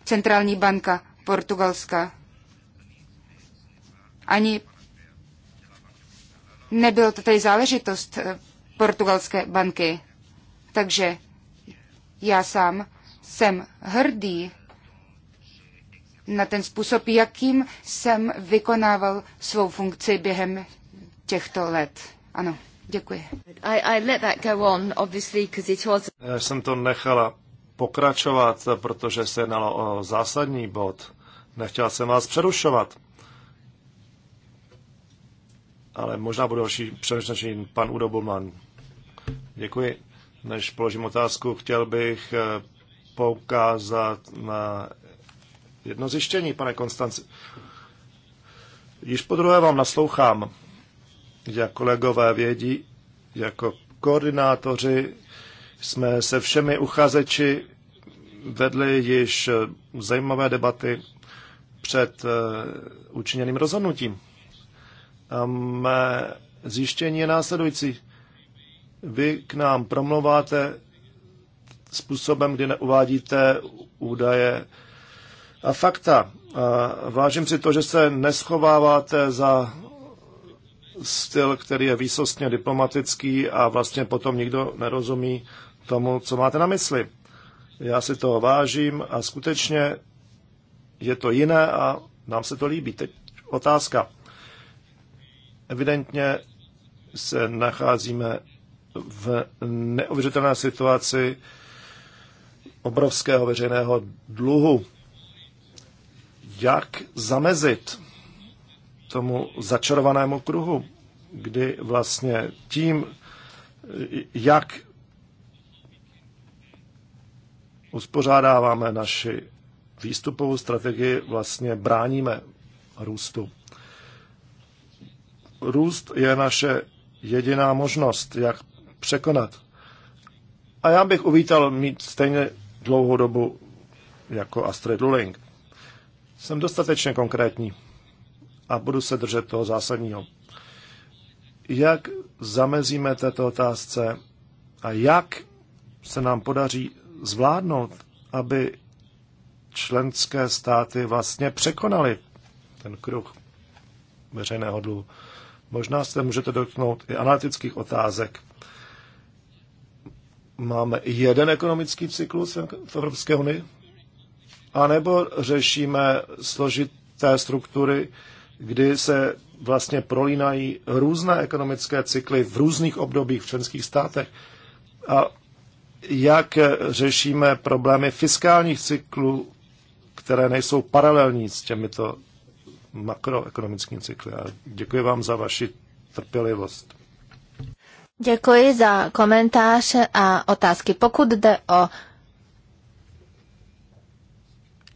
centrální banka Portugalska. Ani nebylo to tady záležitost eh, portugalské banky. Takže já sám jsem hrdý na ten způsob, jakým jsem vykonával svou funkci během těchto let. Ano, děkuji. I, I let that go on, it was... Já jsem to nechala pokračovat, protože se jednalo o zásadní bod. Nechtěla jsem vás přerušovat. Ale možná bude další přerušení pan Udo Bulman. Děkuji. Než položím otázku, chtěl bych eh, poukázat na jedno zjištění, pane Konstanci. Již po druhé vám naslouchám, jak kolegové vědí, jako koordinátoři jsme se všemi uchazeči vedli již zajímavé debaty před eh, učiněným rozhodnutím. A mé zjištění je následující. Vy k nám promluváte způsobem, kdy neuvádíte údaje fakta. Vážím si to, že se neschováváte za styl, který je výsostně diplomatický a vlastně potom nikdo nerozumí tomu, co máte na mysli. Já si toho vážím a skutečně je to jiné a nám se to líbí. Teď otázka. Evidentně se nacházíme v neuvěřitelné situaci obrovského veřejného dluhu jak zamezit tomu začarovanému kruhu, kdy vlastně tím, jak uspořádáváme naši výstupovou strategii, vlastně bráníme růstu. Růst je naše jediná možnost, jak překonat. A já bych uvítal mít stejně dlouhou dobu jako Astrid Luling. Jsem dostatečně konkrétní a budu se držet toho zásadního. Jak zamezíme této otázce a jak se nám podaří zvládnout, aby členské státy vlastně překonaly ten kruh veřejného dluhu. Možná se můžete dotknout i analytických otázek. Máme jeden ekonomický cyklus v Evropské unii, anebo řešíme složité struktury, kdy se vlastně prolínají různé ekonomické cykly v různých obdobích v členských státech. A jak řešíme problémy fiskálních cyklů, které nejsou paralelní s těmito makroekonomickými cykly. A děkuji vám za vaši trpělivost. Děkuji za komentář a otázky. Pokud jde o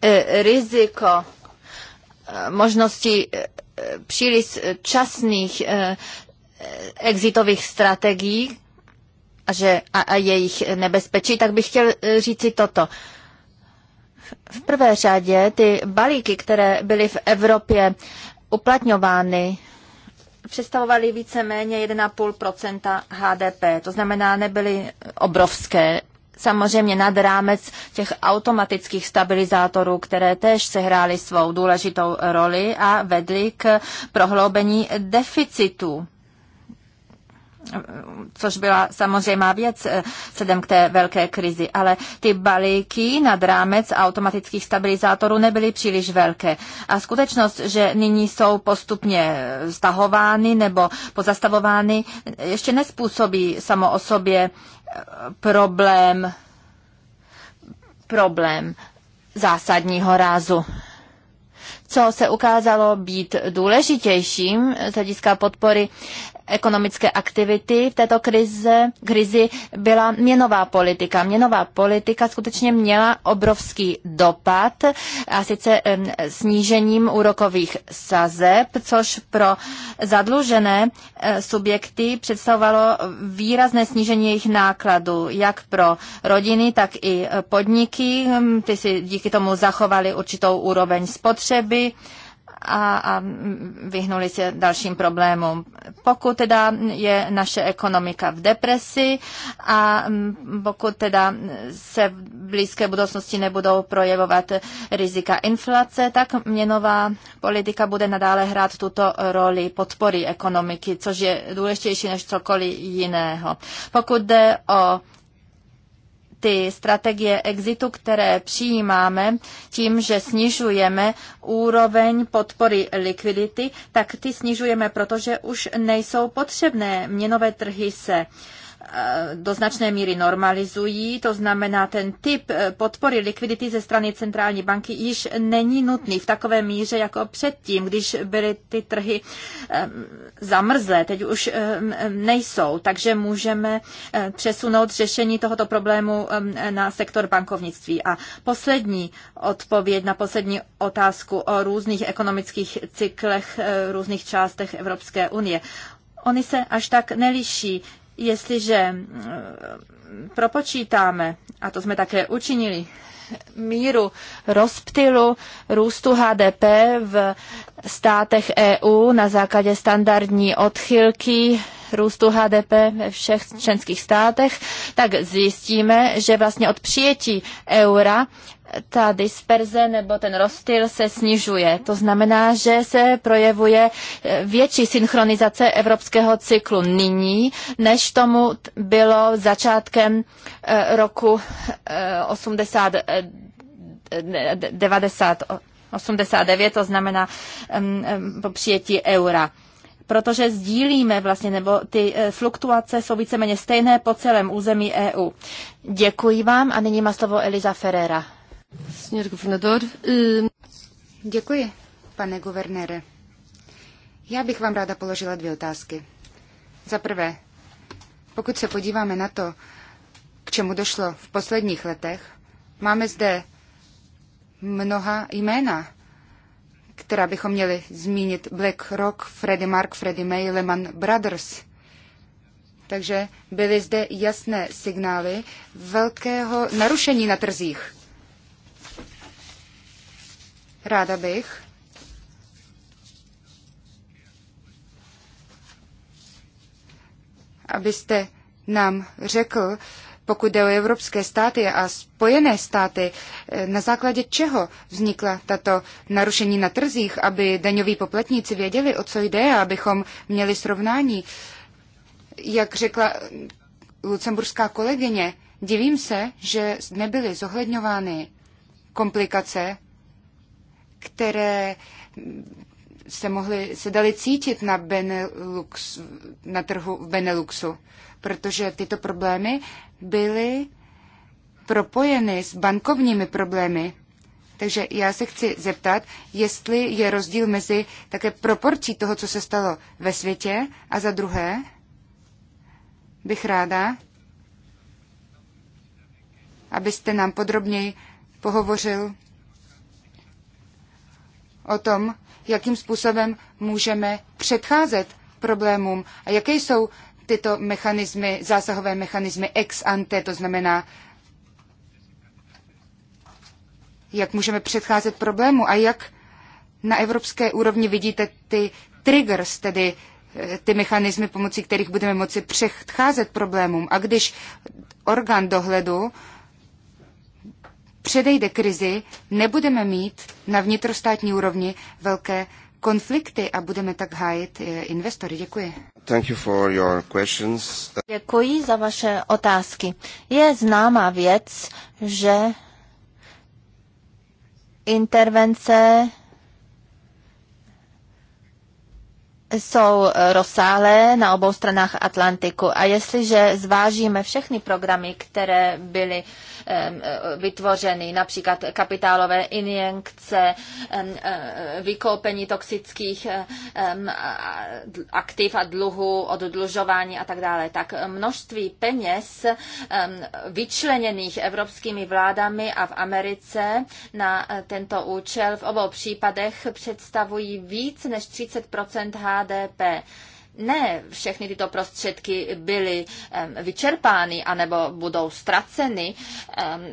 E, riziko e, možnosti e, příliš časných exitových strategií a, že, a, a jejich nebezpečí, tak bych chtěl říci toto. V prvé řadě ty balíky, které byly v Evropě uplatňovány, představovaly více-méně 1,5 HDP. To znamená, nebyly obrovské samozřejmě nad rámec těch automatických stabilizátorů, které též sehrály svou důležitou roli a vedly k prohloubení deficitu což byla samozřejmá věc eh, vzhledem k té velké krizi, ale ty balíky nad rámec automatických stabilizátorů nebyly příliš velké. A skutečnost, že nyní jsou postupně stahovány nebo pozastavovány, ještě nespůsobí samo o sobě problém, problém zásadního rázu. Co se ukázalo být důležitějším z hlediska podpory ekonomické aktivity v této krize, krizi byla měnová politika. Měnová politika skutečně měla obrovský dopad a sice snížením úrokových sazeb, což pro zadlužené e, subjekty představovalo výrazné snížení jejich nákladů, jak pro rodiny, tak i podniky. Ty si díky tomu zachovali určitou úroveň spotřeby, a, a vyhnuli se dalším problémům. Pokud teda je naše ekonomika v depresi a pokud teda se v blízké budoucnosti nebudou projevovat rizika inflace, tak měnová politika bude nadále hrát tuto roli podpory ekonomiky, což je důležitější než cokoliv jiného. Pokud jde o ty strategie exitu, které přijímáme tím, že snižujeme úroveň podpory likvidity, tak ty snižujeme, protože už nejsou potřebné. Měnové trhy se uh, Eh, do značné míry normalizují, to znamená, ten typ eh, podpory likvidity ze strany centrální banky již není nutný v takové míře jako předtím, když byly ty trhy eh, zamrzlé, teď už nejsou, takže můžeme přesunout řešení tohoto problému na sektor bankovnictví. A poslední odpověď na poslední otázku o různých ekonomických cyklech, různých částech Evropské unie. Oni se až tak neliší. Jestliže eh, propočítáme, a to jsme také učinili, míru rozptylu růstu HDP v státech EU na základě standardní odchylky růstu HDP ve všech členských státech, tak zjistíme, že vlastně od přijetí eura ta disperze nebo ten rozstyl se snižuje. To znamená, že se projevuje eh, větší synchronizace evropského cyklu nyní, než tomu bylo začátkem eh, roku 80, eh, 89, to znamená po přijetí eura protože sdílíme vlastně, nebo ty fluktuace jsou víceméně stejné po celém území EU. Děkuji vám a nyní má slovo Eliza Ferrera. Eh, Děkuji, pane guvernére. Já bych vám ráda položila dvě otázky. Za prvé, pokud se podíváme na to, k čemu došlo v posledních letech, máme zde mnoha jména, která bychom měli zmínit. Black Rock, Freddie Mark, Freddie May, Lehman Brothers. Takže byly zde jasné signály velkého narušení na trzích. Ráda bych, abyste nám řekl, pokud jde o evropské státy a spojené státy, na základě čeho vznikla tato narušení na trzích, aby daňoví poplatníci věděli, o co jde a abychom měli srovnání. Jak řekla lucemburská kolegyně, divím se, že nebyly zohledňovány komplikace které se, mohly, se dali cítit na, Benelux, na trhu v Beneluxu, protože tyto problémy byly propojeny s bankovními problémy. Takže já se chci zeptat, jestli je rozdíl mezi také proporcí toho, co se stalo ve světě, a za druhé bych ráda, abyste nám podrobněji pohovořil o tom, jakým způsobem můžeme předcházet problémům a jaké jsou tyto mechanismy, zásahové mechanismy ex ante, to znamená, jak můžeme předcházet problému a jak na evropské úrovni vidíte ty triggers, tedy eh, ty mechanismy, pomocí kterých budeme moci předcházet problémům. A když orgán dohledu předejde krizi, nebudeme mít na vnitrostátní úrovni velké konflikty a budeme tak hájit eh, investory. Děkuji. Thank you for your questions. Děkuji za vaše otázky. Je známá věc, že intervence jsou eh, rozsáhlé na obou stranách Atlantiku a jestliže zvážíme všechny programy, které byly uh, Eh, vytvořeny, například kapitálové injekce, eh, vykoupení toxických aktiv a dluhu, oddlužování a tak dále. Tak množství peněz vyčleněných evropskými vládami a v Americe na eh, tento účel v obou případech představují víc než 30 HDP ne všechny tyto prostředky byly vyčerpány anebo budou ztraceny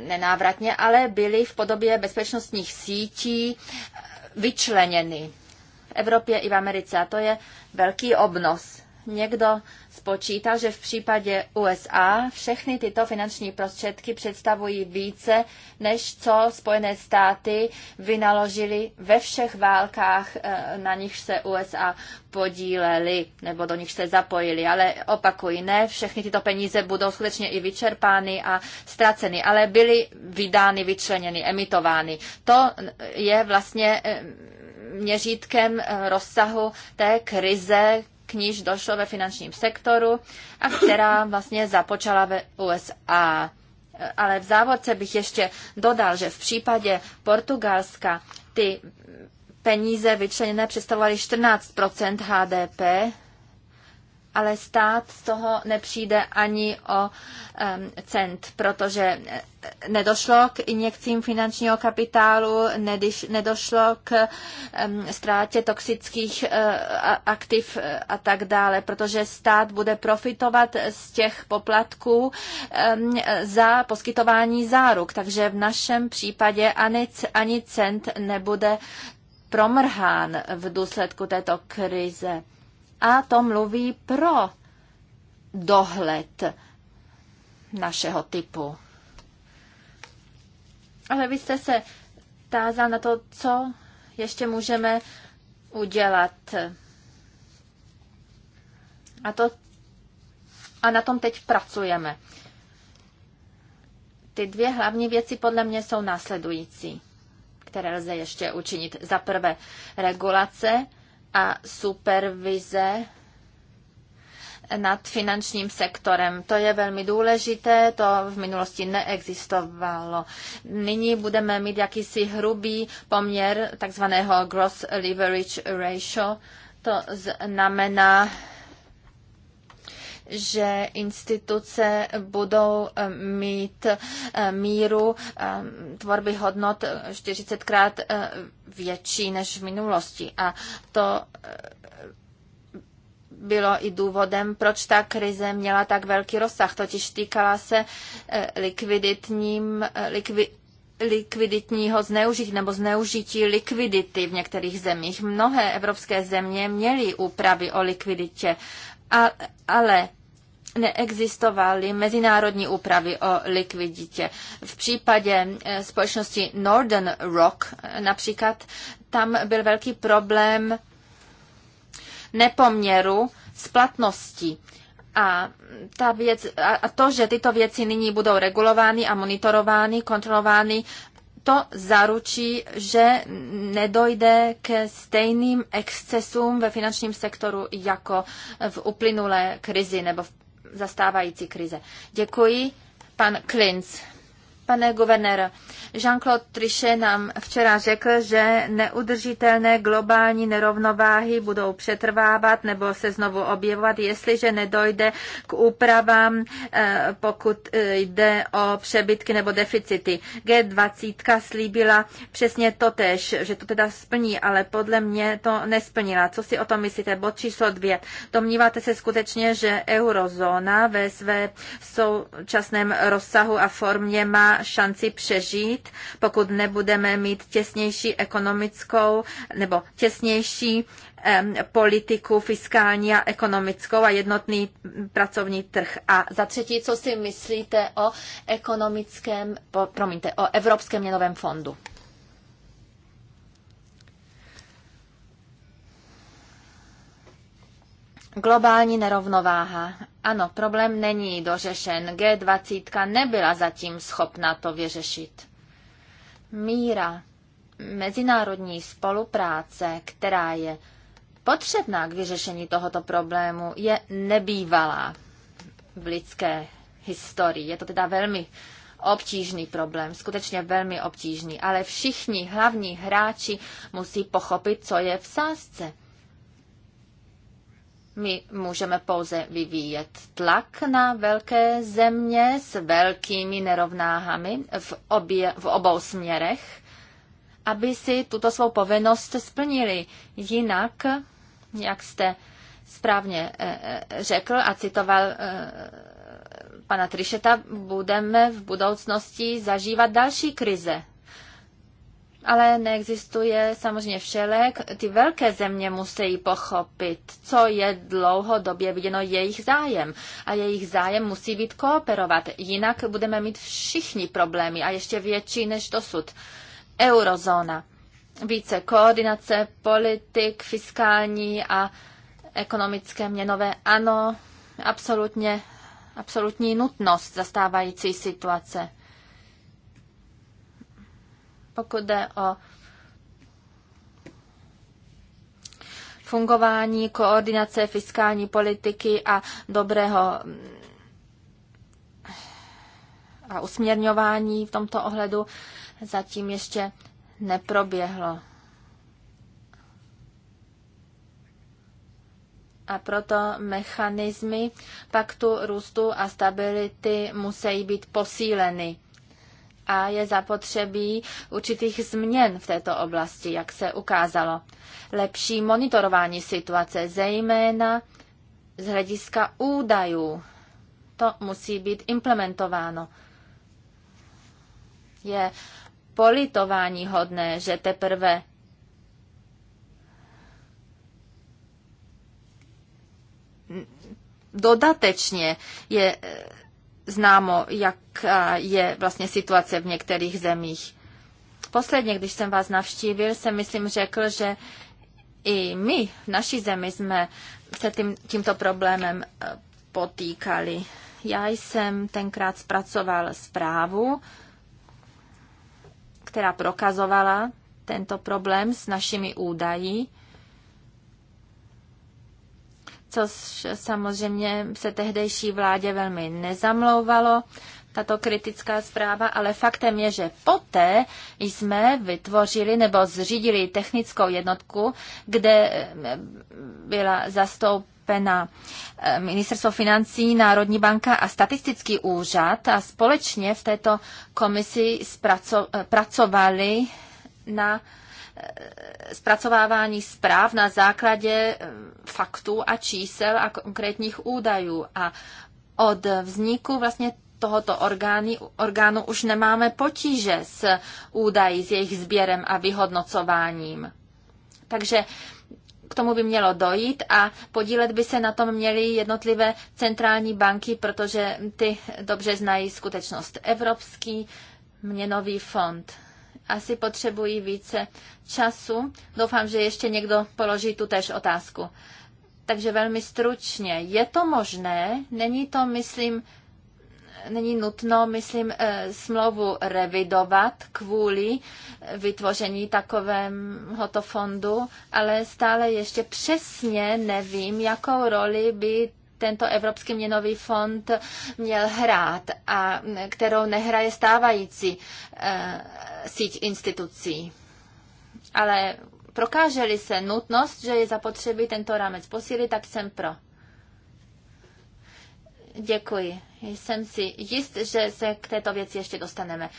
nenávratně, ale byly v podobě bezpečnostních sítí eh, vyčleněny v Evropě i v Americe. A to je velký obnos. Někdo spočítal, že v případě USA všechny tyto finanční prostředky představují více, než co Spojené státy vynaložili ve všech válkách, eh, na nich se USA podíleli nebo do nich se zapojili. Ale opakuji, ne, všechny tyto peníze budou skutečně i vyčerpány a ztraceny, ale byly vydány, vyčleněny, emitovány. To je vlastně eh, měřítkem eh, rozsahu té krize, k níž došlo ve finančním sektoru a která vlastně započala ve USA. Ale v závodce bych ještě dodal, že v případě Portugalska ty peníze vyčleněné představovaly 14 HDP ale stát z toho nepřijde ani o um, cent, protože eh, nedošlo k injekcím finančního kapitálu, nediš, nedošlo k um, ztrátě toxických uh, aktiv eh, a tak dále, protože stát bude profitovat z těch poplatků um, za poskytování záruk. Takže v našem případě ani, ani cent nebude promrhán v důsledku této krize a to mluví pro dohled našeho typu. Ale vy jste se tázal na to, co ještě můžeme udělat. A, to, a na tom teď pracujeme. Ty dvě hlavní věci podle mě jsou následující, které lze ještě učinit. Za prvé regulace a supervize nad finančním sektorem. To je velmi důležité, to v minulosti neexistovalo. Nyní budeme mít jakýsi hrubý poměr takzvaného gross leverage ratio, to znamená že instituce budou eh, mít eh, míru eh, tvorby hodnot 40krát větší než v minulosti. A to bylo i důvodem, proč ta krize měla tak velký rozsah. Totiž týkala se likviditním, likvi, likviditního zneužití nebo zneužití likvidity v některých zemích. Mnohé evropské země měly úpravy o likviditě, a, ale neexistovaly mezinárodní úpravy o likviditě. V případě eh, společnosti Northern Rock eh, například tam byl velký problém nepoměru splatnosti A, ta věc, a to, že tyto věci nyní budou regulovány a monitorovány, kontrolovány, to zaručí, že nedojde ke stejným excesům ve finančním sektoru jako v uplynulé krizi nebo v zastávající krize. Děkuji. Pan Klinz. Pane guvernére, Jean-Claude Trichet nám včera řekl, že neudržitelné globální nerovnováhy budou přetrvávat nebo se znovu objevovat, jestliže nedojde k úpravám, eh, pokud eh, jde o přebytky nebo deficity. G20 slíbila přesně totež, že to teda splní, ale podle mě to nesplnila. Co si o tom myslíte? Bod číslo dvě. Domníváte se skutečně, že eurozóna ve své současném rozsahu a formě má šanci přežít, pokud nebudeme mít těsnější ekonomickou nebo těsnější politiku fiskální a ekonomickou a jednotný pracovní trh. A za třetí, co si myslíte o ekonomickém, promiňte, o Evropském měnovém fondu? Globální nerovnováha ano, problém není dořešen. G20 nebyla zatím schopna to vyřešit. Míra mezinárodní spolupráce, která je potřebná k vyřešení tohoto problému, je nebývalá v lidské historii. Je to teda velmi obtížný problém, skutečně velmi obtížný, ale všichni hlavní hráči musí pochopit, co je v sázce. My můžeme pouze vyvíjet tlak na velké země s velkými nerovnáhami v, obě, v obou směrech, aby si tuto svou povinnost splnili. Jinak, jak jste správně eh, eh, řekl a citoval eh, pana Trišeta, budeme v budoucnosti zažívat další krize ale neexistuje samozřejmě všelek. Ty velké země musí pochopit, co je dlouhodobě viděno jejich zájem. A jejich zájem musí být kooperovat, jinak budeme mít všichni problémy a ještě větší než dosud. Eurozóna. Více koordinace politik, fiskální a ekonomické měnové. Ano, absolutně, absolutní nutnost zastávající situace. Pokud jde o fungování, koordinace fiskální politiky a dobrého mm, a usměrňování v tomto ohledu zatím ještě neproběhlo. A proto mechanismy paktu růstu a stability musí být posíleny a je zapotřebí určitých změn v této oblasti, jak se ukázalo. Lepší monitorování situace, zejména z hlediska údajů. To musí být implementováno. Je politování hodné, že teprve dodatečně je známo, jak eh, je vlastně situace v některých zemích. Posledně, když jsem vás navštívil, jsem myslím řekl, že i my v naší zemi jsme se tím, tímto problémem eh, potýkali. Já jsem tenkrát zpracoval zprávu, která prokazovala tento problém s našimi údaji což samozřejmě se tehdejší vládě velmi nezamlouvalo, tato kritická zpráva, ale faktem je, že poté jsme vytvořili nebo zřídili technickou jednotku, kde eh, byla zastoupena eh, Ministerstvo financí, Národní banka a statistický úřad a společně v této komisi eh, pracovali na zpracovávání zpráv na základě eh, faktů a čísel a konkrétních údajů. A od vzniku vlastně tohoto orgány, orgánu už nemáme potíže s údaji, s jejich sběrem a vyhodnocováním. Takže k tomu by mělo dojít a podílet by se na tom měly jednotlivé centrální banky, protože ty dobře znají skutečnost. Evropský měnový fond asi potřebují více času. Doufám, že ještě někdo položí tu tež otázku. Takže velmi stručně. Je to možné? Není to, myslím, není nutno, myslím, eh, smlouvu revidovat kvůli eh, vytvoření takového fondu, ale stále ještě přesně nevím, jakou roli by tento Evropský měnový fond měl hrát a kterou nehraje stávající eh, síť institucí. Ale prokáželi se nutnost, že je zapotřebí tento rámec posílit, tak jsem pro. Děkuji. Jsem si jist, že se k této věci ještě dostaneme.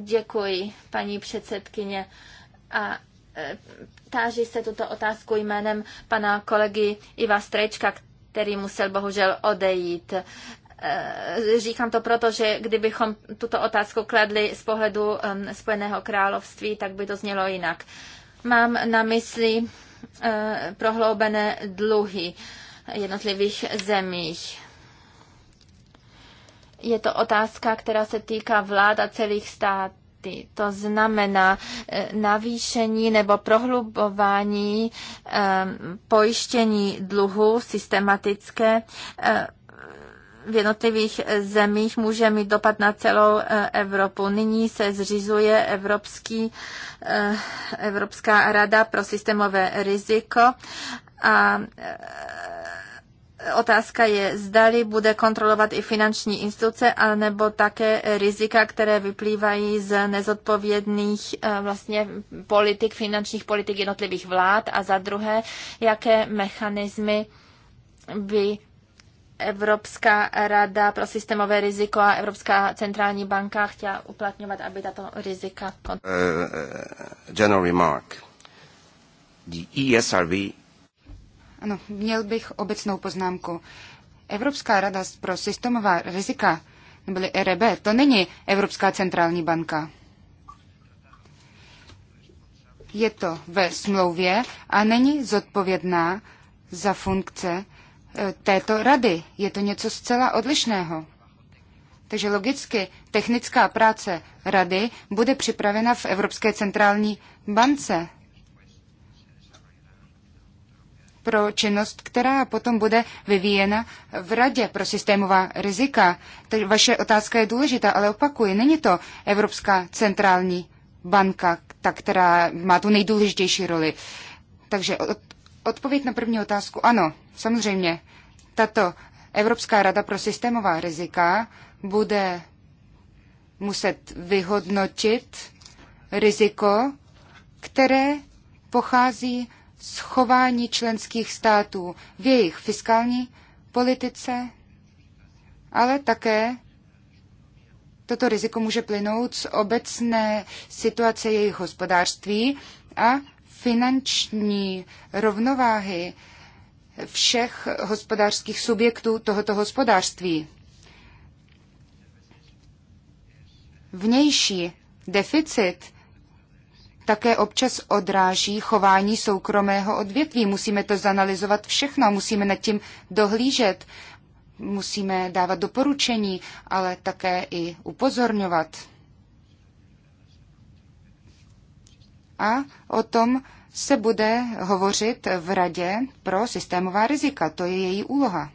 Děkuji, paní předsedkyně. A táží se tuto otázku jménem pana kolegy Iva Strečka, který musel bohužel odejít. E, říkám to proto, že kdybychom tuto otázku kladli z pohledu Spojeného království, tak by to znělo jinak. Mám na mysli e, prohloubené dluhy jednotlivých zemích. Je to otázka, která se týká vlád a celých států státy. To znamená e, navýšení nebo prohlubování e, pojištění dluhu systematické e, v jednotlivých zemích může mít dopad na celou Evropu. Nyní se zřizuje Evropský, Evropská rada pro systémové riziko a Otázka je, zdali bude kontrolovat i finanční instituce, anebo také rizika, které vyplývají z nezodpovědných eh, vlastně politik, finančních politik jednotlivých vlád a za druhé, jaké mechanismy by Evropská rada pro systémové riziko a Evropská centrální banka chtěla uplatňovat, aby tato rizika... Uh, general remark. The ESRB ano, měl bych obecnou poznámku. Evropská rada pro systémová rizika, neboli ERB, to není Evropská centrální banka. Je to ve smlouvě a není zodpovědná za funkce e, této rady. Je to něco zcela odlišného. Takže logicky technická práce rady bude připravena v Evropské centrální bance pro činnost, která potom bude vyvíjena v Radě pro systémová rizika. Takže vaše otázka je důležitá, ale opakuji, není to Evropská centrální banka, ta, která má tu nejdůležitější roli. Takže od, odpověď na první otázku, ano, samozřejmě. Tato Evropská rada pro systémová rizika bude muset vyhodnotit riziko, které pochází schování členských států v jejich fiskální politice, ale také toto riziko může plynout z obecné situace jejich hospodářství a finanční rovnováhy všech hospodářských subjektů tohoto hospodářství. Vnější deficit také občas odráží chování soukromého odvětví. Musíme to zanalizovat všechno, musíme nad tím dohlížet, musíme dávat doporučení, ale také i upozorňovat. A o tom se bude hovořit v Radě pro systémová rizika. To je její úloha.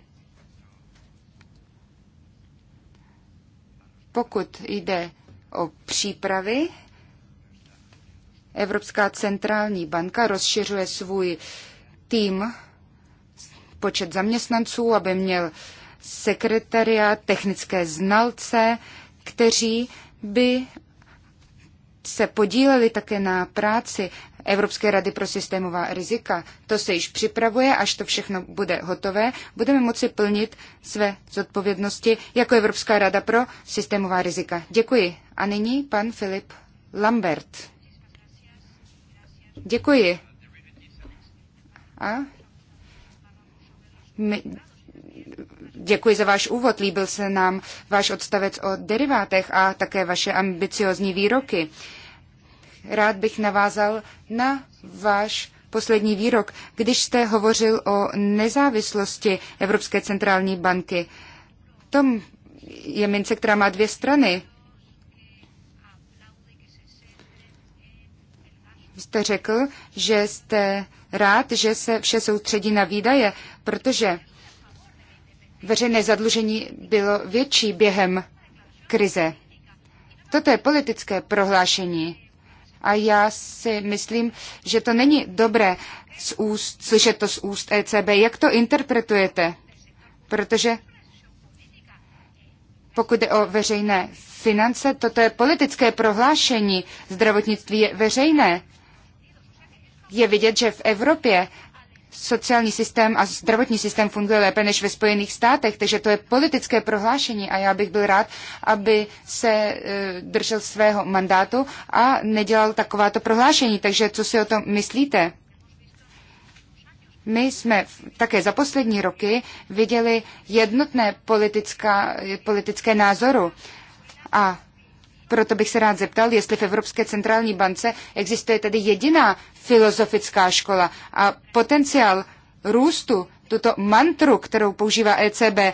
Pokud jde o přípravy Evropská centrální banka rozšiřuje svůj tým, počet zaměstnanců, aby měl sekretariat, technické znalce, kteří by se podíleli také na práci Evropské rady pro systémová rizika. To se již připravuje, až to všechno bude hotové, budeme moci plnit své zodpovědnosti jako Evropská rada pro systémová rizika. Děkuji. A nyní pan Filip Lambert. Děkuji. A? My, Děkuji za váš úvod, líbil se nám váš odstavec o derivátech a také vaše ambiciozní výroky. Rád bych navázal na váš poslední výrok, když jste hovořil o nezávislosti Evropské centrální banky. Tom je mince, která má dvě strany. jste řekl, že jste rád, že se vše soustředí na výdaje, protože veřejné zadlužení bylo větší během krize. Toto je politické prohlášení a já si myslím, že to není dobré z úst, slyšet to z úst ECB. Jak to interpretujete? Protože pokud je o veřejné finance, toto je politické prohlášení. Zdravotnictví je veřejné je vidět, že v Evropě sociální systém a zdravotní systém funguje lépe než ve Spojených státech, takže to je politické prohlášení a já bych byl rád, aby se e, držel svého mandátu a nedělal takováto prohlášení. Takže co si o tom myslíte? My jsme také za poslední roky viděli jednotné politická, politické názoru a proto bych se rád zeptal, jestli v Evropské centrální bance existuje tedy jediná filozofická škola a potenciál růstu, tuto mantru, kterou používá ECB, eh,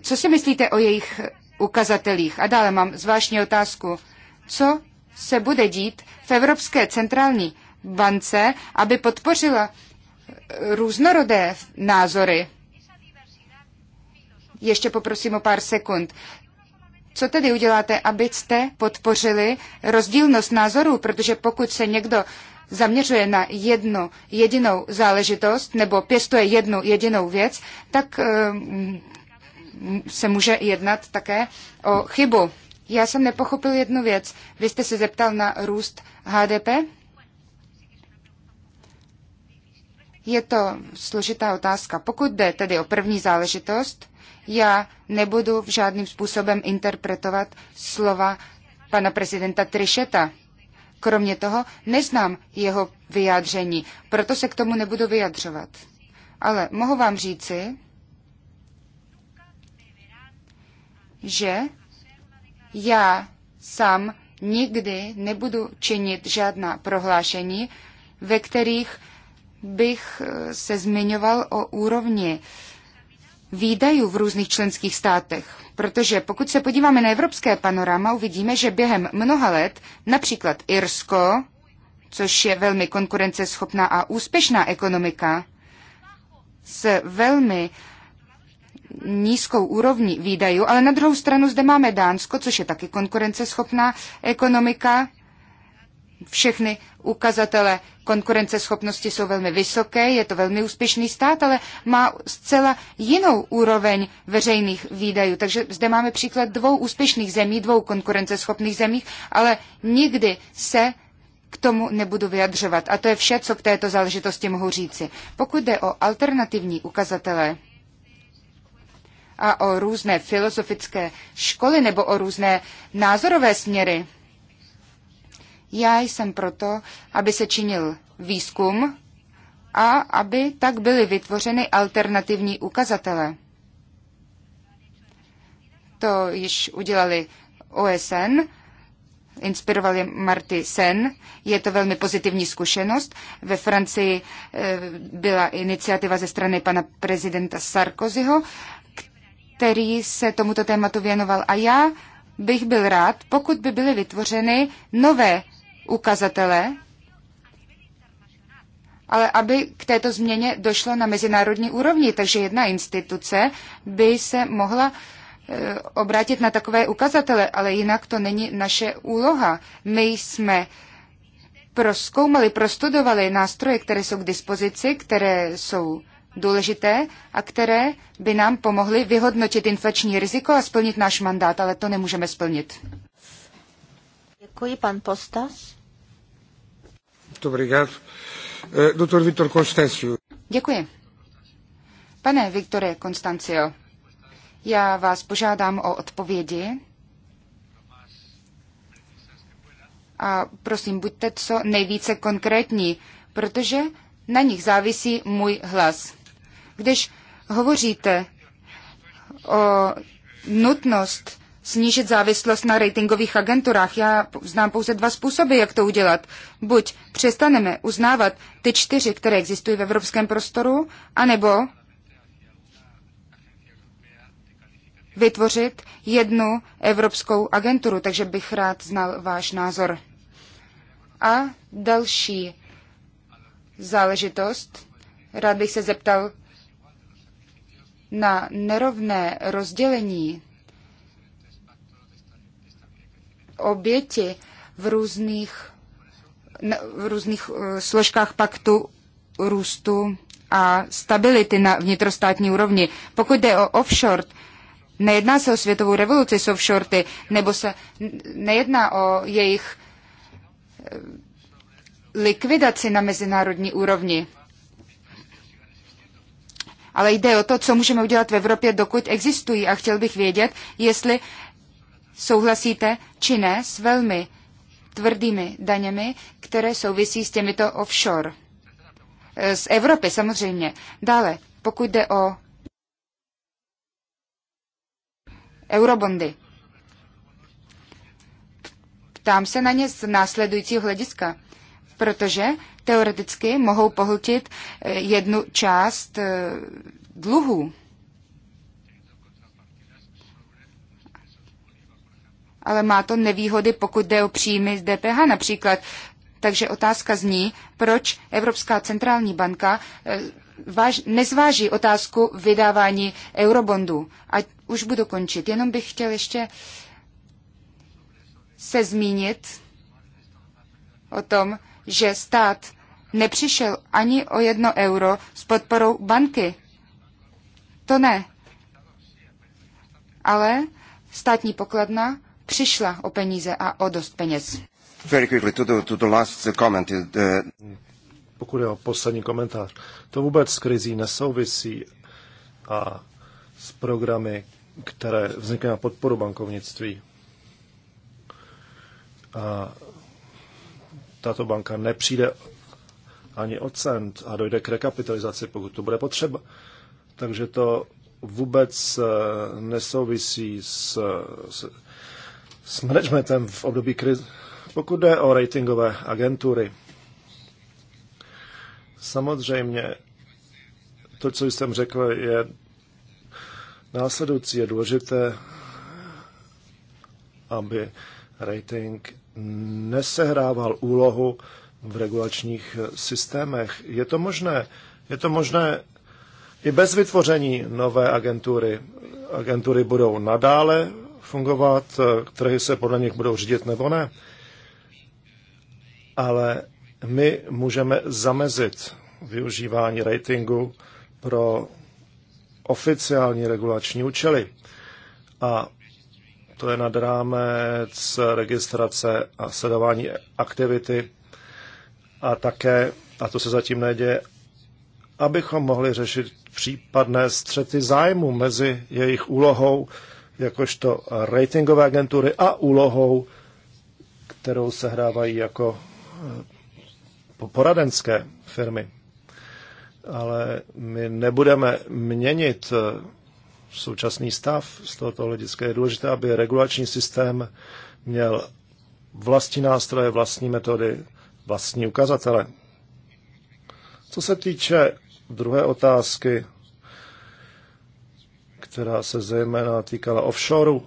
co si myslíte o jejich ukazatelích? A dále mám zvláštní otázku. Co se bude dít v Evropské centrální bance, aby podpořila různorodé názory? Ještě poprosím o pár sekund. Co tedy uděláte, abyste podpořili rozdílnost názorů, protože pokud se někdo zaměřuje na jednu jedinou záležitost nebo pěstuje jednu jedinou věc, tak eh, mm, se může jednat také o chybu. Já jsem nepochopil jednu věc. Vy jste se zeptal na růst HDP? Je to složitá otázka. Pokud jde tedy o první záležitost, já nebudu v žádným způsobem interpretovat slova pana prezidenta Trišeta. Kromě toho neznám jeho vyjádření, proto se k tomu nebudu vyjadřovat. Ale mohu vám říci, že já sám nikdy nebudu činit žádná prohlášení, ve kterých bych eh, se zmiňoval o úrovni výdajů v různých členských státech. Protože pokud se podíváme na evropské panorama, uvidíme, že během mnoha let například Irsko, což je velmi konkurenceschopná a úspěšná ekonomika, s velmi nízkou úrovní výdajů, ale na druhou stranu zde máme Dánsko, což je taky konkurenceschopná ekonomika. Všechny Ukazatele konkurenceschopnosti jsou velmi vysoké, je to velmi úspěšný stát, ale má zcela jinou úroveň veřejných výdajů. Takže zde máme příklad dvou úspěšných zemí, dvou konkurenceschopných zemí, ale nikdy se k tomu nebudu vyjadřovat. A to je vše, co k této záležitosti mohu říci. Pokud jde o alternativní ukazatele a o různé filozofické školy nebo o různé názorové směry, já jsem proto, aby se činil výzkum a aby tak byly vytvořeny alternativní ukazatele. To již udělali OSN, inspiroval je Marty Sen. Je to velmi pozitivní zkušenost. Ve Francii eh, byla iniciativa ze strany pana prezidenta Sarkozyho, který se tomuto tématu věnoval. A já bych byl rád, pokud by byly vytvořeny nové ukazatele, ale aby k této změně došlo na mezinárodní úrovni. Takže jedna instituce by se mohla eh, obrátit na takové ukazatele, ale jinak to není naše úloha. My jsme proskoumali, prostudovali nástroje, které jsou k dispozici, které jsou důležité a které by nám pomohly vyhodnotit inflační riziko a splnit náš mandát, ale to nemůžeme splnit. Děkuji, pan Postas. Doktor eh, Viktor Děkuji. Pane Viktore Konstancio, já vás požádám o odpovědi a prosím, buďte co nejvíce konkrétní, protože na nich závisí můj hlas. Když hovoříte o nutnost snížit závislost na ratingových agenturách. Já znám pouze dva způsoby, jak to udělat. Buď přestaneme uznávat ty čtyři, které existují v evropském prostoru, anebo vytvořit jednu evropskou agenturu, takže bych rád znal váš názor. A další záležitost. Rád bych se zeptal na nerovné rozdělení oběti v různých, v různých eh, složkách paktu růstu a stability na vnitrostátní úrovni. Pokud jde o offshore, nejedná se o světovou revoluci s offshorty, nebo se nejedná o jejich eh, likvidaci na mezinárodní úrovni. Ale jde o to, co můžeme udělat v Evropě, dokud existují. A chtěl bych vědět, jestli Souhlasíte či ne s velmi tvrdými daněmi, které souvisí s těmito offshore? E, z Evropy samozřejmě. Dále, pokud jde o eurobondy. Ptám se na ně z následujícího hlediska, protože teoreticky mohou pohltit e, jednu část e, dluhů ale má to nevýhody, pokud jde o příjmy z DPH například. Takže otázka zní, proč Evropská centrální banka e, váž, nezváží otázku vydávání eurobondů. A už budu končit. Jenom bych chtěl ještě se zmínit o tom, že stát nepřišel ani o jedno euro s podporou banky. To ne. Ale státní pokladna přišla o peníze a o dost peněz. Very quickly to the, to the last comment. The... Uh, pokud je o poslední komentář, to vůbec s krizí nesouvisí a s programy, které vznikly na podporu bankovnictví. A tato banka nepřijde ani o cent a dojde k rekapitalizaci, pokud to bude potřeba. Takže to vůbec eh, nesouvisí s, s s managementem v období krize. Pokud jde o ratingové agentury, samozřejmě to, co jsem řekl, je následující. Je důležité, aby rating nesehrával úlohu v regulačních systémech. Je to možné, je to možné i bez vytvoření nové agentury. Agentury budou nadále fungovat, e, trhy se podle nich budou řídit nebo ne. Ale my můžeme zamezit využívání ratingu pro oficiální regulační účely. A to je nad rámec registrace a sledování aktivity a také, a to se zatím neděje, abychom mohli řešit případné střety zájmu mezi jejich úlohou jakožto ratingové agentury a úlohou, kterou se hrávají jako eh, poradenské firmy. Ale my nebudeme měnit eh, současný stav. Z tohoto hlediska je důležité, aby regulační systém měl vlastní nástroje, vlastní metody, vlastní ukazatele. Co se týče druhé otázky, která se zejména týkala offshoreu.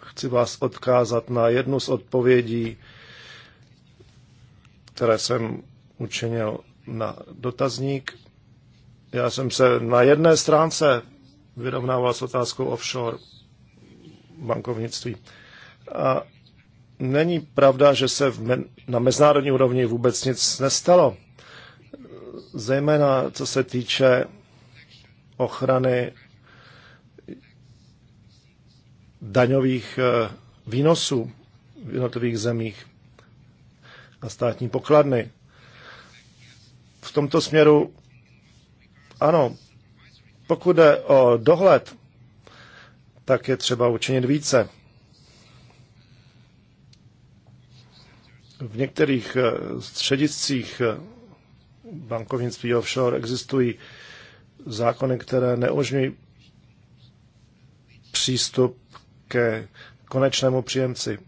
Chci vás odkázat na jednu z odpovědí, které jsem učinil na dotazník. Já jsem se na jedné stránce vyrovnával s otázkou offshore bankovnictví. A není pravda, že se na mezinárodní úrovni vůbec nic nestalo. Zejména co se týče ochrany daňových eh, výnosů v jednotlivých zemích a státní pokladny. V tomto směru ano, pokud jde o dohled, tak je třeba učinit více. V některých eh, střediscích eh, bankovnictví offshore existují zákony, které neumožňují přístup ke konečnému příjemci.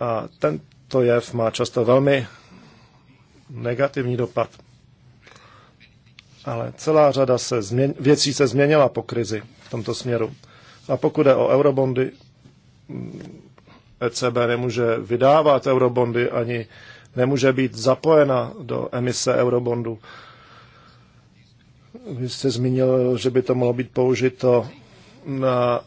A tento jev má často velmi negativní dopad. Ale celá řada se změn, věcí se změnila po krizi v tomto směru. A pokud je o eurobondy, ECB nemůže vydávat eurobondy ani nemůže být zapojena do emise eurobondu. Vy jste zmínil, že by to mohlo být použito na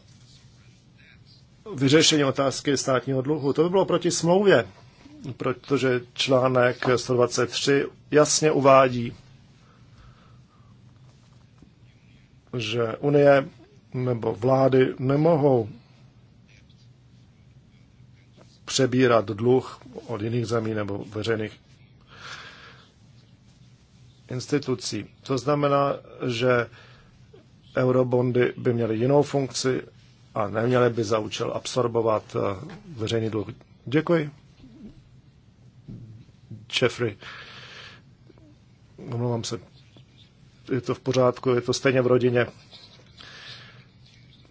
vyřešení otázky státního dluhu. To by bylo proti smlouvě, protože článek 123 jasně uvádí, že Unie nebo vlády nemohou přebírat dluh od jiných zemí nebo veřejných institucí. To znamená, že eurobondy by měly jinou funkci a neměly by za účel absorbovat eh, veřejný dluh. Děkuji. Jeffrey, omlouvám se, je to v pořádku, je to stejně v rodině.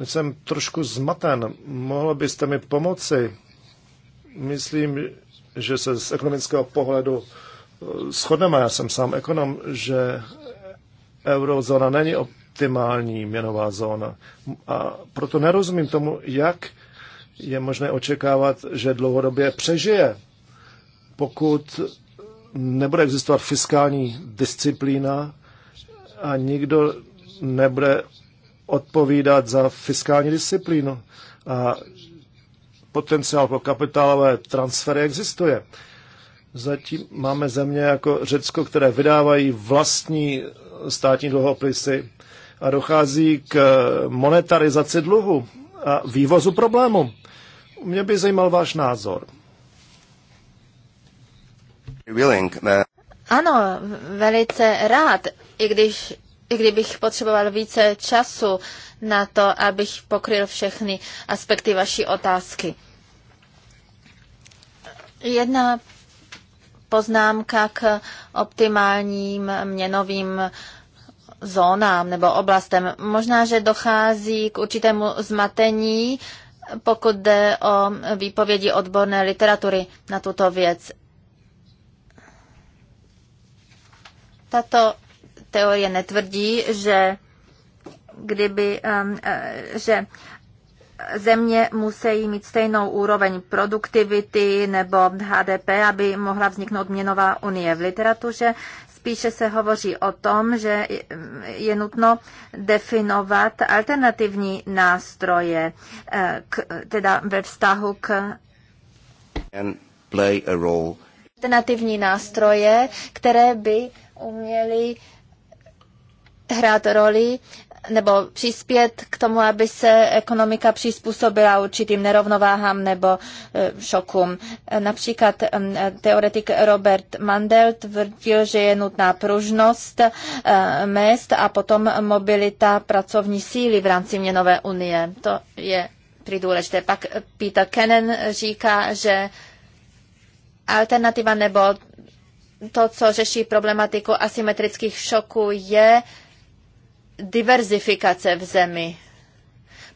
Jsem trošku zmaten. Mohl byste mi pomoci? Myslím, že se z ekonomického pohledu shodneme, já jsem sám ekonom, že eurozóna není optimální měnová zóna. A proto nerozumím tomu, jak je možné očekávat, že dlouhodobě přežije, pokud nebude existovat fiskální disciplína a nikdo nebude odpovídat za fiskální disciplínu. A potenciál pro kapitálové transfery existuje. Zatím máme země jako Řecko, které vydávají vlastní státní dluhopisy a dochází k monetarizaci dluhu a vývozu problému. Mě by zajímal váš názor. Eh. Ano, velice rád, i když i kdybych potřeboval více času na to, abych pokryl všechny aspekty vaší otázky. Jedna poznámka k optimálním měnovým zónám nebo oblastem. Možná, že dochází k určitému zmatení, pokud jde o výpovědi odborné literatury na tuto věc. Tato teorie netvrdí, že kdyby, um, eh, že země musí mít stejnou úroveň produktivity nebo HDP, aby mohla vzniknout měnová unie. V literatuře spíše se hovoří o tom, že je nutno definovat alternativní nástroje, eh, k, teda ve vztahu k alternativní nástroje, které by uměly hrát roli nebo přispět k tomu, aby se ekonomika přizpůsobila určitým nerovnováhám nebo e, šokům. Například teoretik Robert Mandel tvrdil, že je nutná pružnost e, mest a potom mobilita pracovní síly v rámci měnové unie. To je přidůležité. Pak Peter Kennan říká, že alternativa nebo to, co řeší problematiku asymetrických šoků, je diverzifikace v zemi.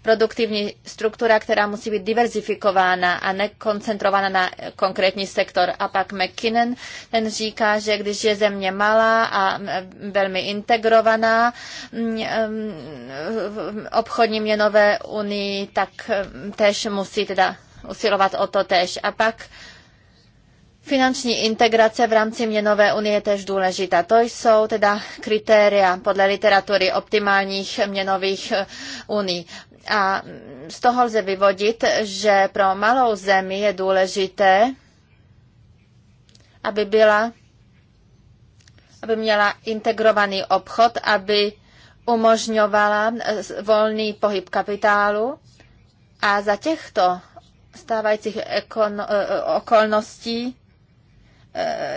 Produktivní struktura, která musí být diverzifikována a nekoncentrovaná na konkrétní sektor. A pak McKinnon, ten říká, že když je země malá a velmi integrovaná mm, mm, v obchodní měnové unii, tak mm, tež musí teda usilovat o to tež. A pak Finanční integrace v rámci měnové unie je tež důležitá. To jsou teda kritéria podle literatury optimálních měnových eh, uní. A z toho lze vyvodit, že pro malou zemi je důležité, aby byla, aby měla integrovaný obchod, aby umožňovala eh, volný pohyb kapitálu a za těchto stávajících eh, okolností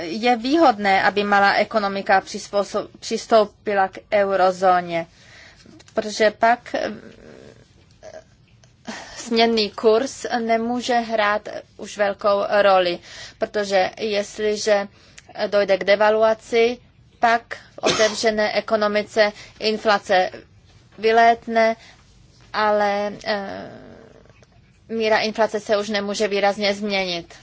je výhodné, aby malá ekonomika přistoupila k eurozóně, protože pak eh, směnný kurz nemůže hrát už velkou roli, protože jestliže dojde k devaluaci, pak v otevřené ekonomice inflace vylétne, ale e, míra inflace se už nemůže výrazně změnit.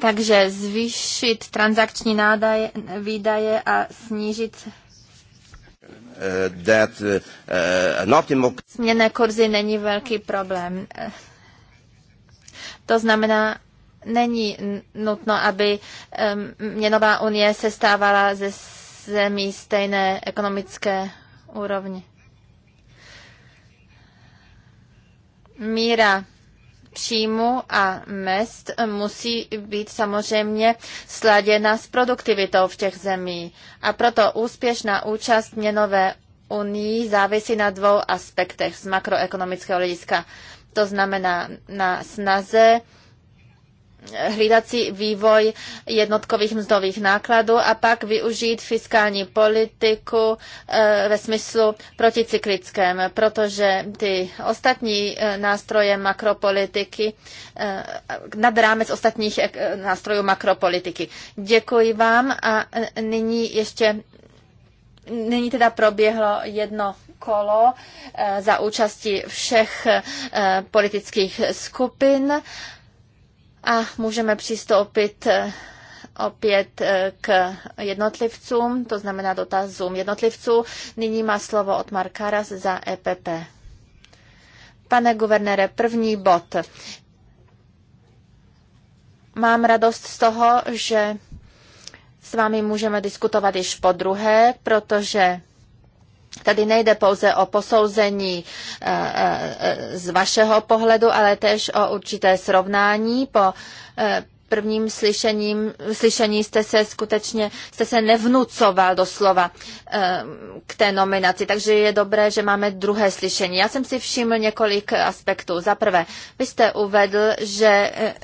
Takže zvýšit transakční nádaje, výdaje a snížit eh, that, uh, in... Směné kurzy není velký problém. To znamená, není nutno, aby měnová unie se stávala ze zemí stejné ekonomické úrovně. Míra příjmu a mest musí být samozřejmě sladěna s produktivitou v těch zemí. A proto úspěšná účast měnové unii závisí na dvou aspektech z makroekonomického hlediska. To znamená na snaze hlídací vývoj jednotkových mzdových nákladů a pak využít fiskální politiku eh, ve smyslu proticyklickém, protože ty ostatní eh, nástroje makropolitiky eh, nad rámec ostatních nástrojů makropolitiky. Děkuji vám a nyní ještě Nyní teda proběhlo jedno kolo za účasti všech politických skupin. A můžeme přistoupit opět eh, eh, k jednotlivcům, to znamená dotazům jednotlivců. Nyní má slovo od Markaras za EPP. Pane guvernére, první bod. Mám radost z toho, že s vámi můžeme diskutovat již po druhé, protože Tady nejde pouze o posouzení eh, eh, z vašeho pohledu, ale též o určité srovnání po eh, prvním slyšením, slyšení jste se skutečně jste se nevnucoval doslova ehm, k té nominaci, takže je dobré, že máme druhé slyšení. Já jsem si všiml několik aspektů. Za prvé, vy jste uvedl, že e,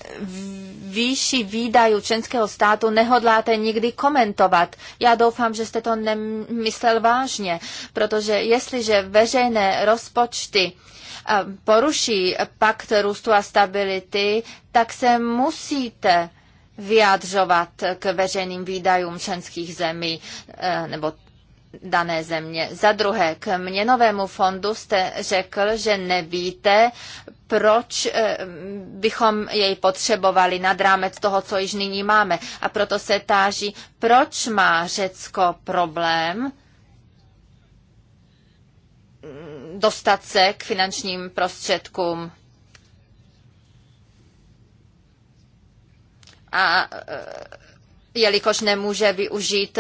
výši výdajů členského státu nehodláte nikdy komentovat. Já doufám, že jste to nemyslel vážně, protože jestliže veřejné rozpočty poruší pakt růstu a stability, tak se musíte vyjadřovat k veřejným výdajům členských zemí e, nebo dané země. Za druhé, k měnovému fondu jste řekl, že nevíte, proč e, bychom jej potřebovali nad rámec toho, co již nyní máme. A proto se táží, proč má Řecko problém dostat se k finančním prostředkům. A eh, jelikož nemůže využít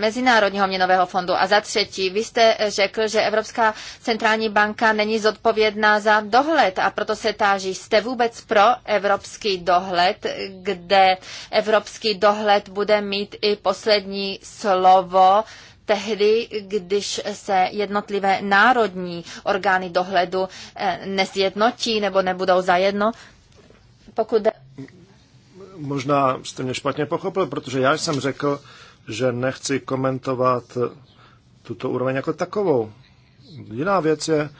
Mezinárodního měnového fondu. A za třetí, vy jste řekl, že Evropská centrální banka není zodpovědná za dohled a proto se táží, jste vůbec pro evropský dohled, kde evropský dohled bude mít i poslední slovo tehdy, když se jednotlivé národní orgány dohledu eh, nesjednotí nebo nebudou zajedno. Pokud Možná jste mě špatně pochopil, protože já jsem řekl, že nechci komentovat tuto úroveň jako takovou. Jiná věc je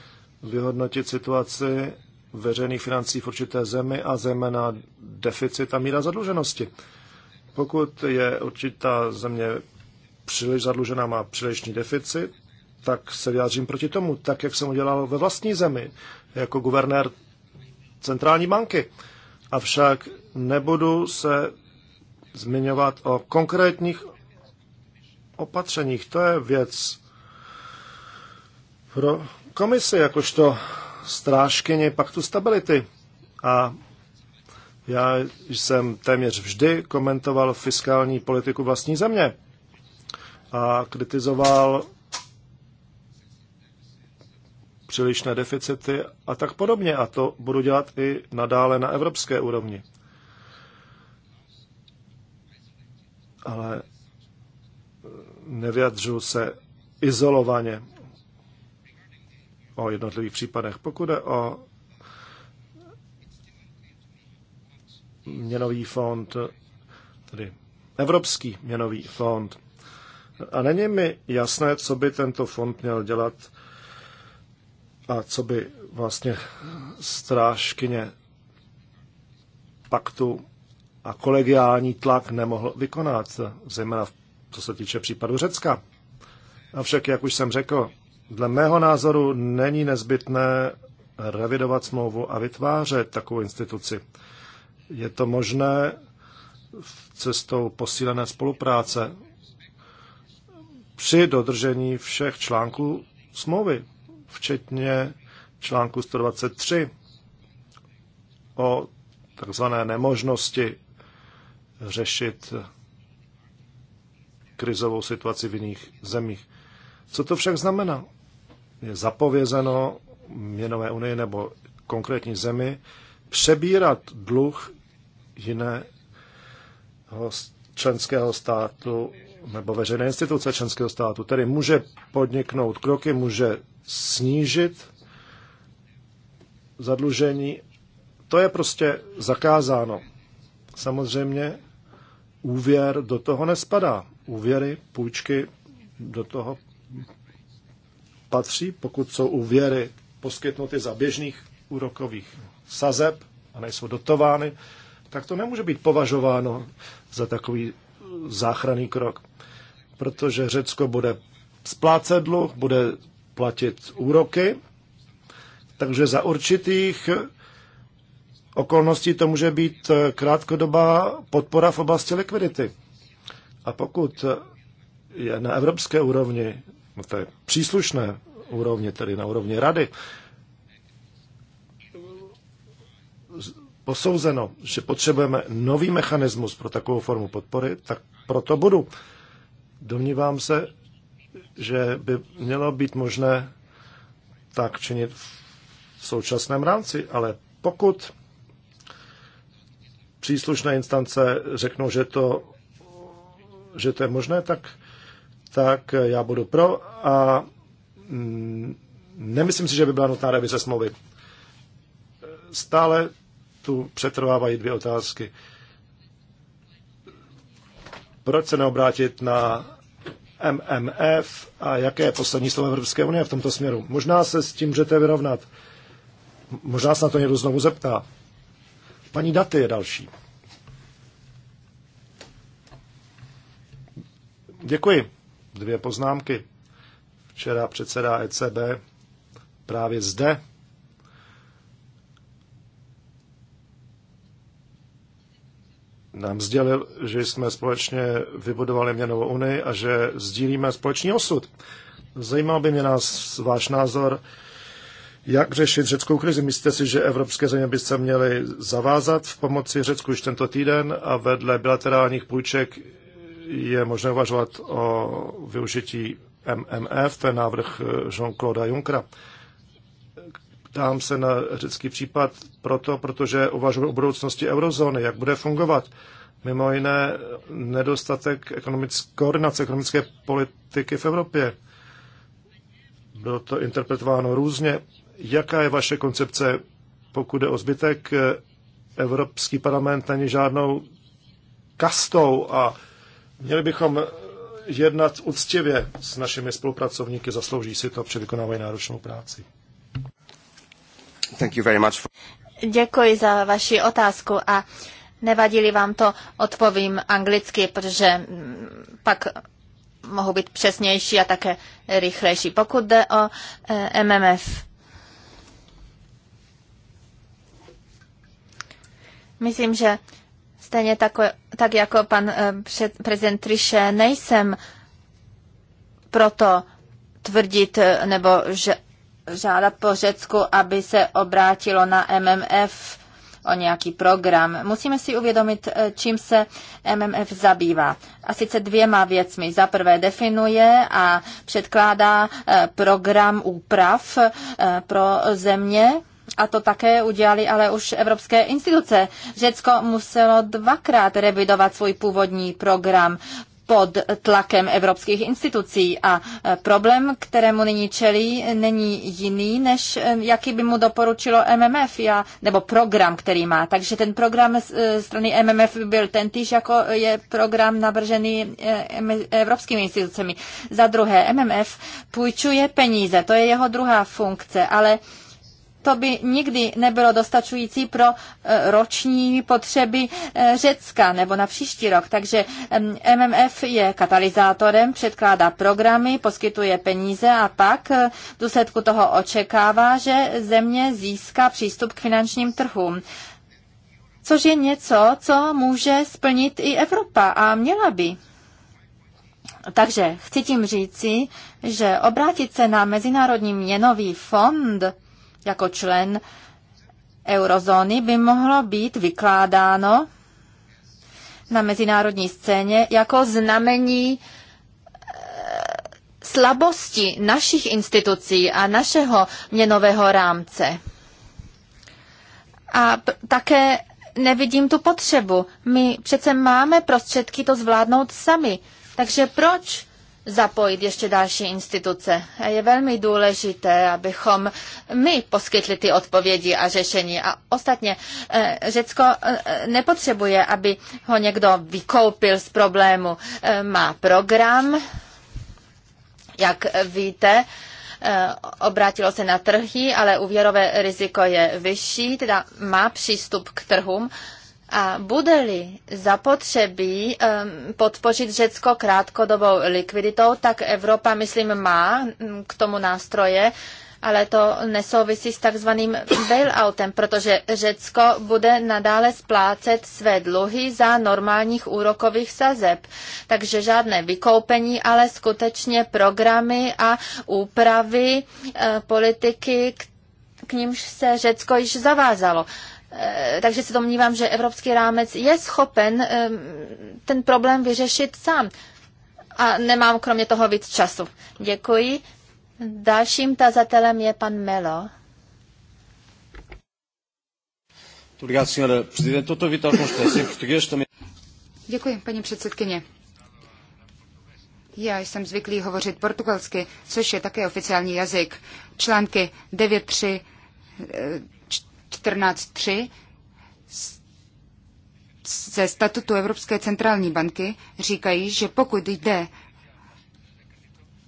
vyhodnotit situaci veřejných financí v určité zemi a zejména deficit a míra zadluženosti. Pokud je určitá země příliš zadlužená má přílišný deficit, tak se vyjádřím proti tomu, tak jak jsem udělal ve vlastní zemi, jako guvernér centrální banky. Avšak nebudu se zmiňovat o konkrétních opatřeních. To je věc pro komisi, jakožto strážkyně paktu stability. A já jsem téměř vždy komentoval fiskální politiku vlastní země a kritizoval přílišné deficity a tak podobně. A to budu dělat i nadále na evropské úrovni. Ale nevyjadřuju se izolovaně o jednotlivých případech. Pokud je o měnový fond, tedy Evropský měnový fond, a není mi jasné, co by tento fond měl dělat a co by vlastně strážkyně paktu a kolegiální tlak nemohl vykonat, zejména co se týče případu Řecka. Avšak, jak už jsem řekl, dle mého názoru není nezbytné revidovat smlouvu a vytvářet takovou instituci. Je to možné cestou posílené spolupráce při dodržení všech článků smlouvy, včetně článku 123 o takzvané nemožnosti řešit krizovou situaci v jiných zemích. Co to však znamená? Je zapovězeno měnové unii nebo konkrétní zemi přebírat dluh jiného členského státu nebo veřejné instituce členského státu, tedy může podniknout kroky, může snížit zadlužení. To je prostě zakázáno. Samozřejmě úvěr do toho nespadá. Úvěry, půjčky do toho patří, pokud jsou úvěry poskytnuty za běžných úrokových sazeb a nejsou dotovány, tak to nemůže být považováno za takový záchranný krok, protože Řecko bude splácet dluh, bude platit úroky, takže za určitých okolností to může být krátkodobá podpora v oblasti likvidity. A pokud je na evropské úrovni, no to je příslušné úrovni, tedy na úrovni rady, posouzeno, že potřebujeme nový mechanismus pro takovou formu podpory, tak proto budu. Domnívám se, že by mělo být možné tak činit v současném rámci, ale pokud příslušné instance řeknou, že to, že to je možné, tak, tak já budu pro a mm, nemyslím si, že by byla nutná revize smlouvy. Stále tu přetrvávají dvě otázky. Proč se neobrátit na MMF a jaké je poslední slovo Evropské unie v tomto směru? Možná se s tím můžete vyrovnat. Možná se na to někdo znovu zeptá. Paní Daty je další. Děkuji. Dvě poznámky. Včera předseda ECB právě zde nám sdělil, že jsme společně vybudovali měnovou unii a že sdílíme společný osud. Zajímal by mě nás váš názor, jak řešit řeckou krizi. Myslíte si, že evropské země by se měly zavázat v pomoci Řecku už tento týden a vedle bilaterálních půjček je možné uvažovat o využití MMF, to je návrh Jean-Claude Junckera. Ptám se na řecký případ proto, protože uvažuji o budoucnosti eurozóny, jak bude fungovat. Mimo jiné nedostatek ekonomické, koordinace ekonomické politiky v Evropě. Bylo to interpretováno různě. Jaká je vaše koncepce, pokud jde o zbytek? Eh, Evropský parlament není žádnou kastou a měli bychom jednat úctivě s našimi spolupracovníky, zaslouží si to při vykonávají náročnou práci. Thank you very much for... Děkuji za vaši otázku a nevadili vám to, odpovím anglicky, protože mm, pak mohou být přesnější a také rychlejší. Pokud jde o eh, MMF, myslím, že stejně tak, tak jako pan eh, před, prezident Triše, nejsem proto tvrdit eh, nebo že žádat po Řecku, aby se obrátilo na MMF o nějaký program. Musíme si uvědomit, eh, čím se MMF zabývá. A sice dvěma věcmi. Za prvé definuje a předkládá eh, program úprav eh, pro země, a to také udělali ale už evropské instituce. Řecko muselo dvakrát revidovat svůj původní program pod tlakem evropských institucí a e, problém, kterému nyní čelí, není jiný, než e, jaký by mu doporučilo MMF, já, nebo program, který má. Takže ten program e, strany MMF by byl týž jako je program navržený evropskými institucemi. Za druhé, MMF půjčuje peníze, to je jeho druhá funkce, ale to by nikdy nebylo dostačující pro eh, roční potřeby eh, Řecka nebo na příští rok. Takže MMF je katalyzátorem, předkládá programy, poskytuje peníze a pak eh, v důsledku toho očekává, že země získá přístup k finančním trhům což je něco, co může splnit i Evropa a měla by. Takže chci tím říci, že obrátit se na Mezinárodní měnový fond jako člen eurozóny by mohlo být vykládáno na mezinárodní scéně jako znamení eh, slabosti našich institucí a našeho měnového rámce. A také nevidím tu potřebu. My přece máme prostředky to zvládnout sami. Takže proč zapojit ještě další instituce. A je velmi důležité, abychom my poskytli ty odpovědi a řešení. A ostatně eh, Řecko eh, nepotřebuje, aby ho někdo vykoupil z problému. Eh, má program, jak víte, obrátilo se na trhy, ale úvěrové riziko je vyšší, teda má přístup k trhům a bude-li zapotřebí podpořit Řecko krátkodobou likviditou, tak Evropa, myslím, má mm, k tomu nástroje, ale to nesouvisí s takzvaným bailoutem, protože Řecko bude nadále splácet své dluhy za normálních úrokových sazeb. Takže žádné vykoupení, ale skutečně programy a úpravy e, politiky, k, k nímž se Řecko již zavázalo. Eh, takže se domnívám, že evropský rámec je schopen eh, ten problém vyřešit sám. A nemám kromě toho víc času. Děkuji. Dalším tazatelem je pan Melo. Děkuji, paní předsedkyně. Já jsem zvyklý hovořit portugalsky, což je také oficiální jazyk. Články 9.3 14.3 ze statutu Evropské centrální banky říkají, že pokud jde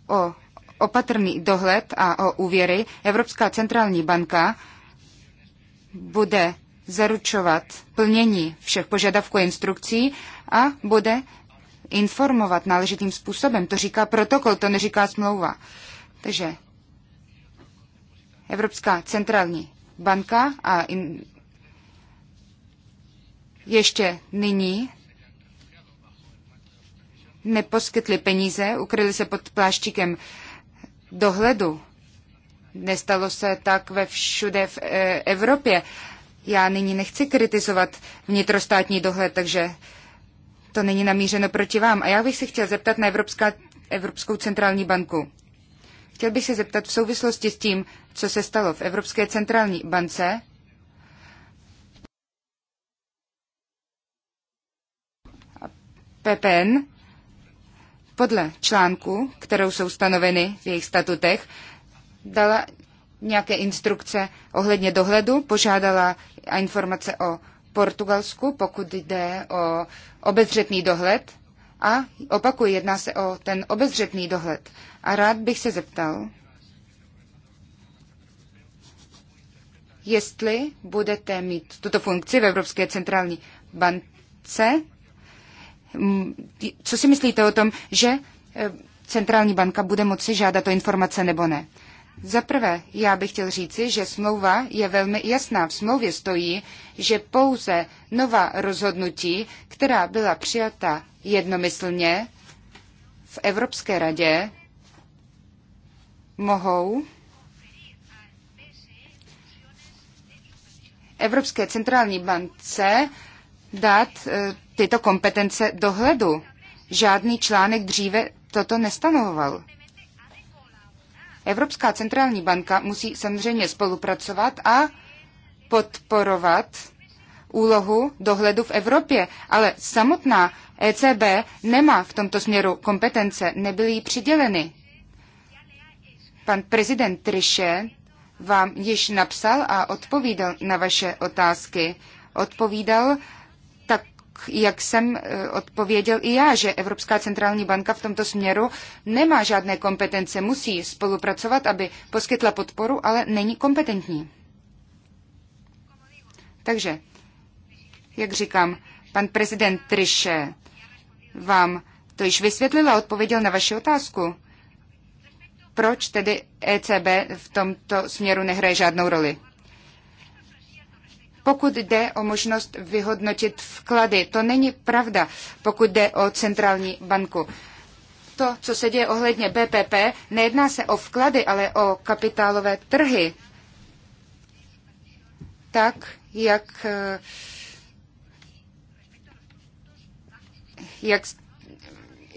o opatrný dohled a o úvěry, Evropská centrální banka bude zaručovat plnění všech požadavků a instrukcí a bude informovat náležitým způsobem. To říká protokol, to neříká smlouva. Takže Evropská centrální banka a in, ještě nyní neposkytli peníze, ukryli se pod pláštíkem dohledu. Nestalo se tak ve všude v e, Evropě. Já nyní nechci kritizovat vnitrostátní dohled, takže to není namířeno proti vám. A já bych se chtěl zeptat na Evropská, Evropskou centrální banku. Chtěl bych se zeptat v souvislosti s tím, co se stalo v Evropské centrální bance. PPN podle článku, kterou jsou stanoveny v jejich statutech, dala nějaké instrukce ohledně dohledu, požádala informace o Portugalsku, pokud jde o obezřetný dohled a opakuji, jedná se o ten obezřetný dohled. A rád bych se zeptal, jestli budete mít tuto funkci v Evropské centrální bance. Mm, co si myslíte o tom, že eh, centrální banka bude moci žádat o informace nebo ne? Za prvé, já bych chtěl říci, že smlouva je velmi jasná. V smlouvě stojí, že pouze nová rozhodnutí, která byla přijata jednomyslně v Evropské radě, mohou Evropské centrální bance dát e, tyto kompetence dohledu. Žádný článek dříve toto nestanovoval. Evropská centrální banka musí samozřejmě spolupracovat a podporovat úlohu dohledu v Evropě, ale samotná ECB nemá v tomto směru kompetence, nebyly jí přiděleny. Pan prezident Triše vám již napsal a odpovídal na vaše otázky. Odpovídal jak jsem e, odpověděl i já, že Evropská centrální banka v tomto směru nemá žádné kompetence, musí spolupracovat, aby poskytla podporu, ale není kompetentní. Takže, jak říkám, pan prezident Triše vám to již vysvětlil a odpověděl na vaši otázku. Proč tedy ECB v tomto směru nehraje žádnou roli? pokud jde o možnost vyhodnotit vklady. To není pravda, pokud jde o centrální banku. To, co se děje ohledně BPP, nejedná se o vklady, ale o kapitálové trhy. Tak, jak, eh, jak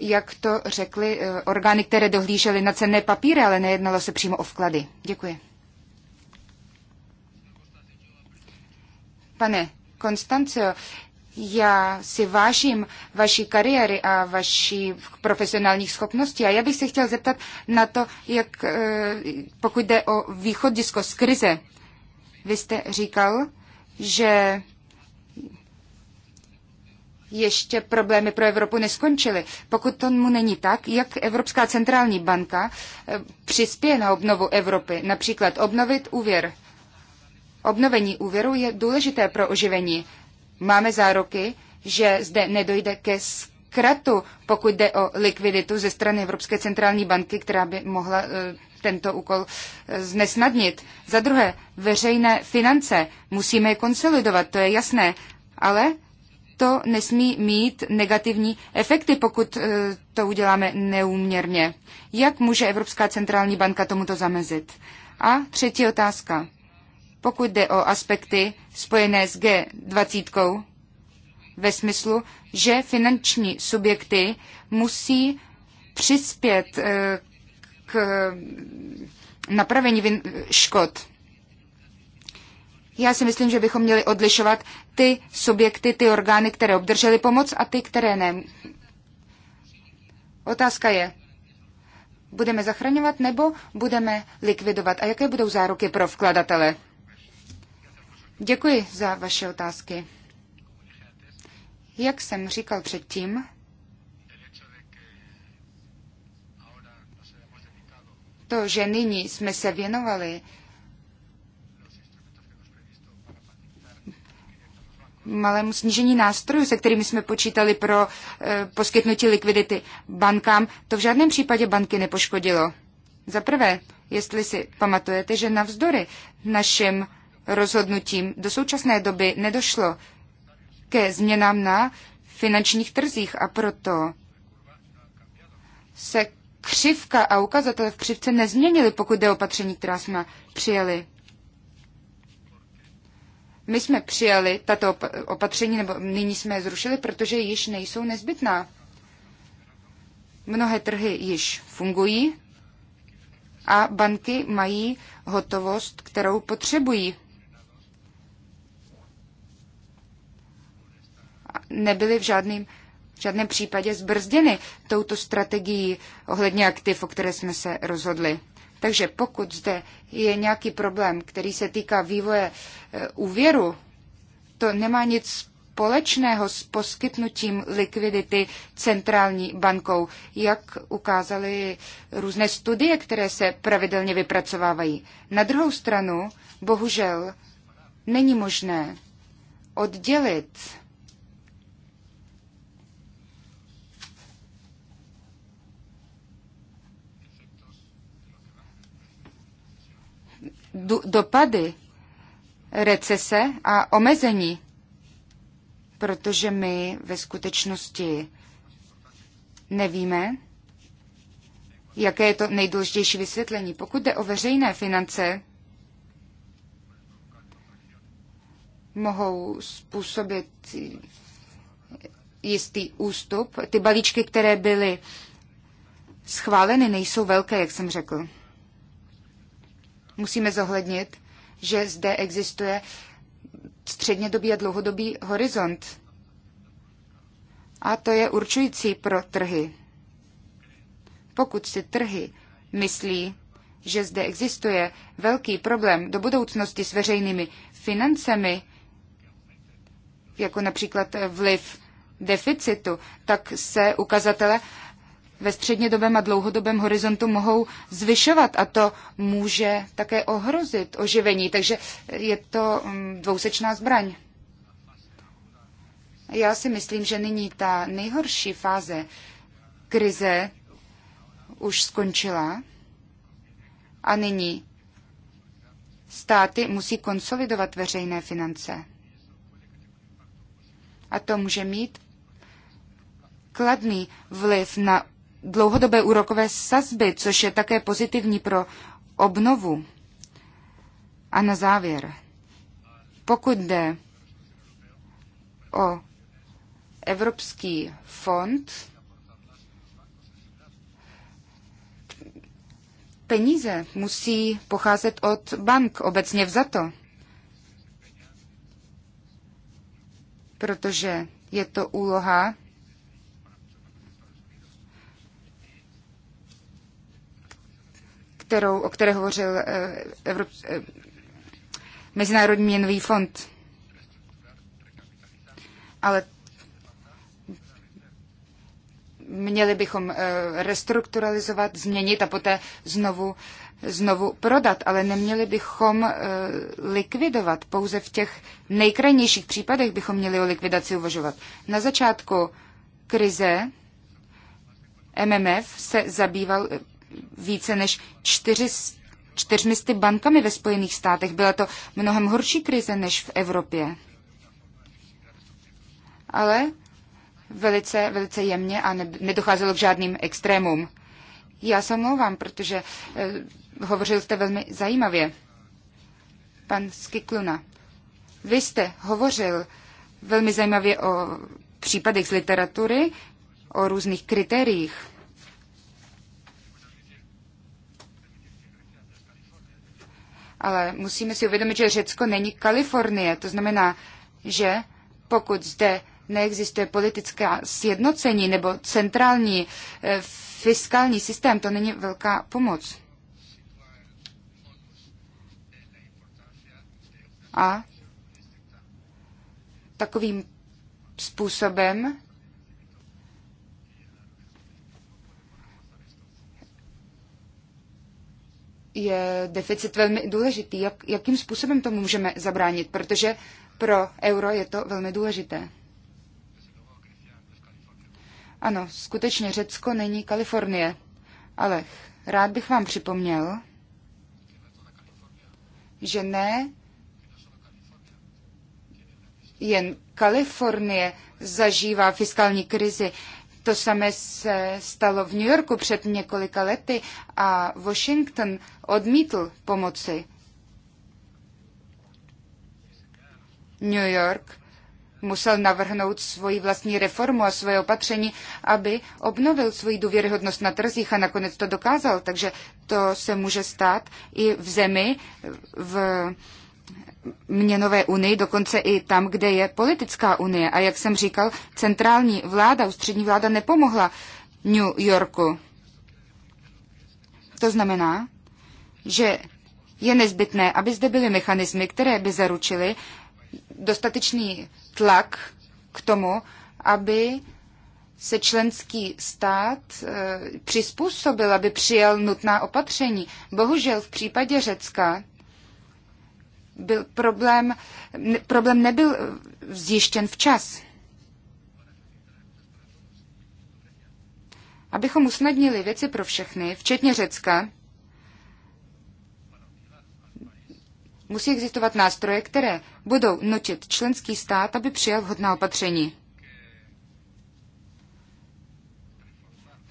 jak to řekly eh, orgány, které dohlížely na cenné papíry, ale nejednalo se přímo o vklady. Děkuji. Pane Konstancio, já si vážím vaší kariéry a vaší profesionálních schopností a já bych se chtěl zeptat na to, jak, eh, pokud jde o východisko z krize. Vy jste říkal, že ještě problémy pro Evropu neskončily. Pokud tomu není tak, jak Evropská centrální banka eh, přispěje na obnovu Evropy, například obnovit úvěr Obnovení úvěru je důležité pro oživení. Máme záruky, že zde nedojde ke zkratu, pokud jde o likviditu ze strany Evropské centrální banky, která by mohla eh, tento úkol eh, znesnadnit. Za druhé, veřejné finance. Musíme je konsolidovat, to je jasné, ale to nesmí mít negativní efekty, pokud eh, to uděláme neúměrně. Jak může Evropská centrální banka tomuto zamezit? A třetí otázka pokud jde o aspekty spojené s G20 ve smyslu, že finanční subjekty musí přispět eh, k napravení škod. Já si myslím, že bychom měli odlišovat ty subjekty, ty orgány, které obdržely pomoc a ty, které ne. Otázka je, budeme zachraňovat nebo budeme likvidovat a jaké budou záruky pro vkladatele? Děkuji za vaše otázky. Jak jsem říkal předtím, to, že nyní jsme se věnovali malému snížení nástrojů, se kterými jsme počítali pro e, poskytnutí likvidity bankám, to v žádném případě banky nepoškodilo. Za prvé, jestli si pamatujete, že navzdory našim rozhodnutím do současné doby nedošlo ke změnám na finančních trzích a proto se křivka a ukazatele v křivce nezměnily, pokud jde opatření, která jsme přijali. My jsme přijali tato opatření, nebo nyní jsme je zrušili, protože již nejsou nezbytná. Mnohé trhy již fungují a banky mají hotovost, kterou potřebují. nebyly v žádném, v žádném případě zbrzděny touto strategií ohledně aktiv, o které jsme se rozhodli. Takže pokud zde je nějaký problém, který se týká vývoje e, úvěru, to nemá nic společného s poskytnutím likvidity centrální bankou, jak ukázaly různé studie, které se pravidelně vypracovávají. Na druhou stranu, bohužel, není možné oddělit dopady recese a omezení, protože my ve skutečnosti nevíme, jaké je to nejdůležitější vysvětlení. Pokud jde o veřejné finance, mohou způsobit jistý ústup. Ty balíčky, které byly schváleny, nejsou velké, jak jsem řekl musíme zohlednit, že zde existuje střednědobý a dlouhodobý horizont. A to je určující pro trhy. Pokud si trhy myslí, že zde existuje velký problém do budoucnosti s veřejnými financemi, jako například vliv deficitu, tak se ukazatele ve střednědobém a dlouhodobém horizontu mohou zvyšovat a to může také ohrozit oživení. Takže je to mm, dvousečná zbraň. Já si myslím, že nyní ta nejhorší fáze krize už skončila a nyní státy musí konsolidovat veřejné finance. A to může mít kladný vliv na dlouhodobé úrokové sazby, což je také pozitivní pro obnovu. A na závěr, pokud jde o Evropský fond, peníze musí pocházet od bank obecně vzato, protože je to úloha kterou, o které hovořil eh, Evrop, eh, Mezinárodní měnový fond. Ale měli bychom eh, restrukturalizovat, změnit a poté znovu, znovu prodat, ale neměli bychom likvidovat. Pouze v těch nejkrajnějších případech bychom měli o likvidaci uvažovat. Na začátku krize MMF se zabýval více než 400 čtyřmisty bankami ve Spojených státech. Byla to mnohem horší krize než v Evropě. Ale velice, velice jemně a nedocházelo k žádným extrémům. Já se omlouvám, protože eh, hovořil jste velmi zajímavě. Pan Skikluna, vy jste hovořil velmi zajímavě o případech z literatury, o různých kritériích. ale musíme si uvědomit, že Řecko není Kalifornie. To znamená, že pokud zde neexistuje politická sjednocení nebo centrální eh, fiskální systém, to není velká pomoc. A takovým způsobem je deficit velmi důležitý. Jak, jakým způsobem to můžeme zabránit? Protože pro euro je to velmi důležité. Ano, skutečně Řecko není Kalifornie, ale rád bych vám připomněl, že ne jen Kalifornie zažívá fiskální krizi. To samé se stalo v New Yorku před několika lety a Washington odmítl pomoci. New York musel navrhnout svoji vlastní reformu a svoje opatření, aby obnovil svoji důvěryhodnost na trzích a nakonec to dokázal. Takže to se může stát i v zemi, v měnové unii, dokonce i tam, kde je politická unie. A jak jsem říkal, centrální vláda, ústřední vláda nepomohla New Yorku. To znamená, že je nezbytné, aby zde byly mechanismy, které by zaručily dostatečný tlak k tomu, aby se členský stát e, přizpůsobil, aby přijal nutná opatření. Bohužel v případě Řecka byl problém, ne, problém nebyl zjištěn včas. Abychom usnadnili věci pro všechny, včetně Řecka, musí existovat nástroje, které budou nutit členský stát, aby přijal vhodná opatření.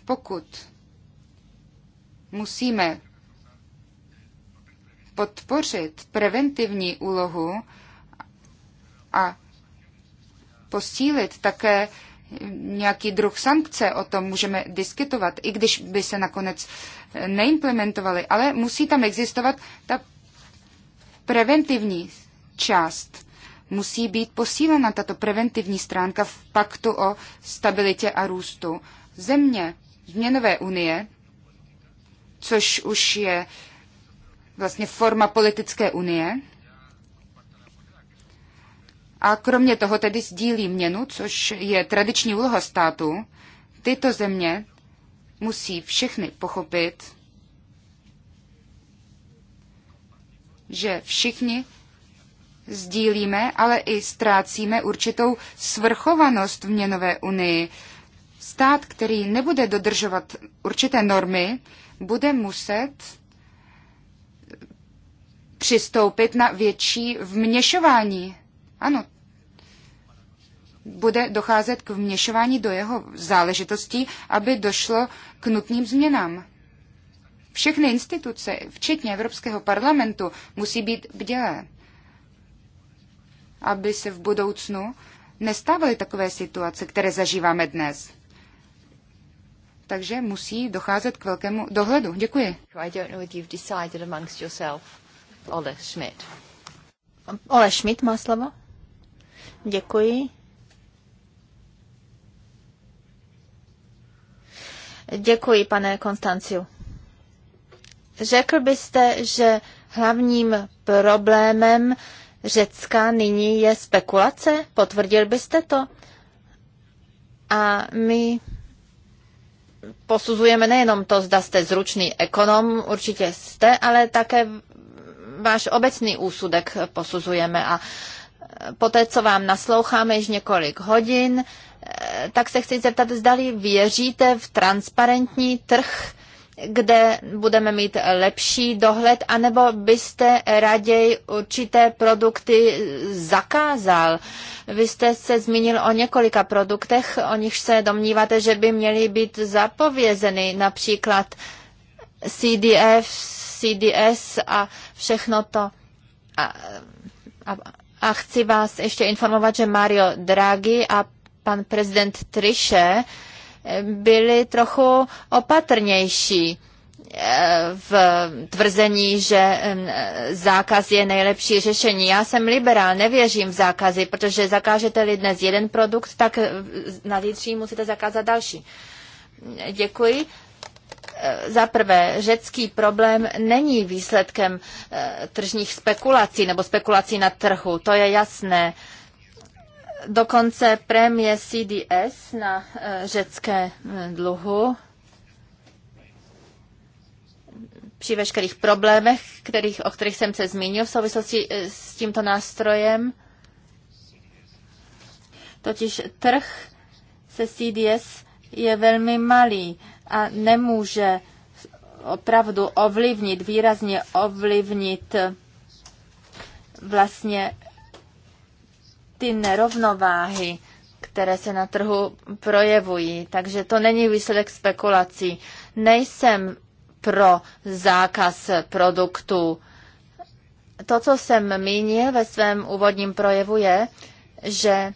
Pokud musíme podpořit preventivní úlohu a posílit také nějaký druh sankce, o tom můžeme diskutovat, i když by se nakonec eh, neimplementovaly, ale musí tam existovat ta preventivní část. Musí být posílena tato preventivní stránka v paktu o stabilitě a růstu. Země změnové unie, což už je uh, vlastně forma politické unie. A kromě toho tedy sdílí měnu, což je tradiční úloha státu. Tyto země musí všechny pochopit, že všichni sdílíme, ale i ztrácíme určitou svrchovanost v měnové unii. Stát, který nebude dodržovat určité normy, bude muset přistoupit na větší vměšování. Ano, bude docházet k vměšování do jeho záležitostí, aby došlo k nutným změnám. Všechny instituce, včetně Evropského parlamentu, musí být bdělé, aby se v budoucnu nestávaly takové situace, které zažíváme dnes. Takže musí docházet k velkému dohledu. Děkuji. Ole Schmidt. Ole Schmidt má slovo. Děkuji. Děkuji, pane Konstanciu. Řekl byste, že hlavním problémem Řecka nyní je spekulace? Potvrdil byste to? A my posuzujeme nejenom to, zda jste zručný ekonom, určitě jste, ale také váš obecný úsudek posuzujeme a poté, co vám nasloucháme již několik hodin, eh, tak se chci zeptat, zdali věříte v transparentní trh, kde budeme mít lepší dohled, anebo byste raději určité produkty zakázal. Vy jste se zmínil o několika produktech, o nichž se domníváte, že by měly být zapovězeny, například CDFs, CDS a všechno to. A, a, a chci vás ještě informovat, že Mario Draghi a pan prezident Triše eh, byli trochu opatrnější eh, v tvrzení, že zákaz je nejlepší řešení. Já jsem liberál, nevěřím v zákazy, protože zakážete-li dnes jeden produkt, tak eh, na zítří musíte zakázat další. Děkuji. Eh, za prvé, řecký problém není výsledkem eh, tržních spekulací nebo spekulací na trhu, to je jasné. Dokonce prémie CDS na eh, řecké dluhu při veškerých problémech, kterých, o kterých jsem se zmínil v souvislosti s tímto nástrojem, totiž trh se CDS je velmi malý a nemůže opravdu ovlivnit, výrazně ovlivnit vlastně ty nerovnováhy, které se na trhu projevují. Takže to není výsledek spekulací. Nejsem pro zákaz produktů. To, co jsem mínil ve svém úvodním projevu, je, že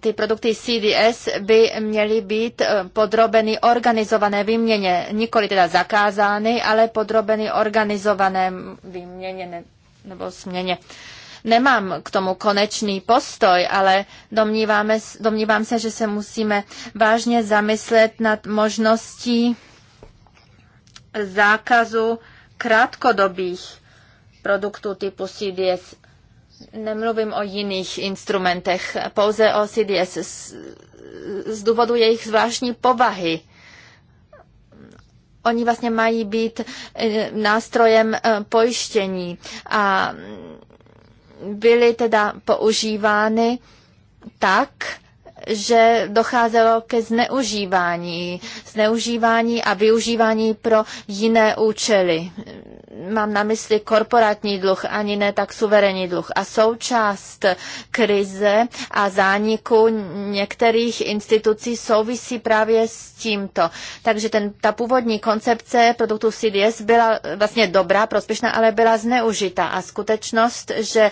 ty produkty CDS by měly být eh, podrobeny organizované výměně, nikoli teda zakázány, ale podrobeny organizované výměně nebo směně. Nemám k tomu konečný postoj, ale domníváme, domnívám se, že se musíme vážně zamyslet nad možností zákazu krátkodobých produktů typu CDS Nemluvím o jiných instrumentech, pouze o CDS z, z důvodu jejich zvláštní povahy. Oni vlastně mají být eh, nástrojem eh, pojištění a byly teda používány tak, že docházelo ke zneužívání, zneužívání a využívání pro jiné účely. Mám na mysli korporátní dluh, ani ne tak suverénní dluh. A součást krize a zániku některých institucí souvisí právě s tímto. Takže ten, ta původní koncepce produktu CDS byla vlastně dobrá, prospěšná, ale byla zneužita. A skutečnost, že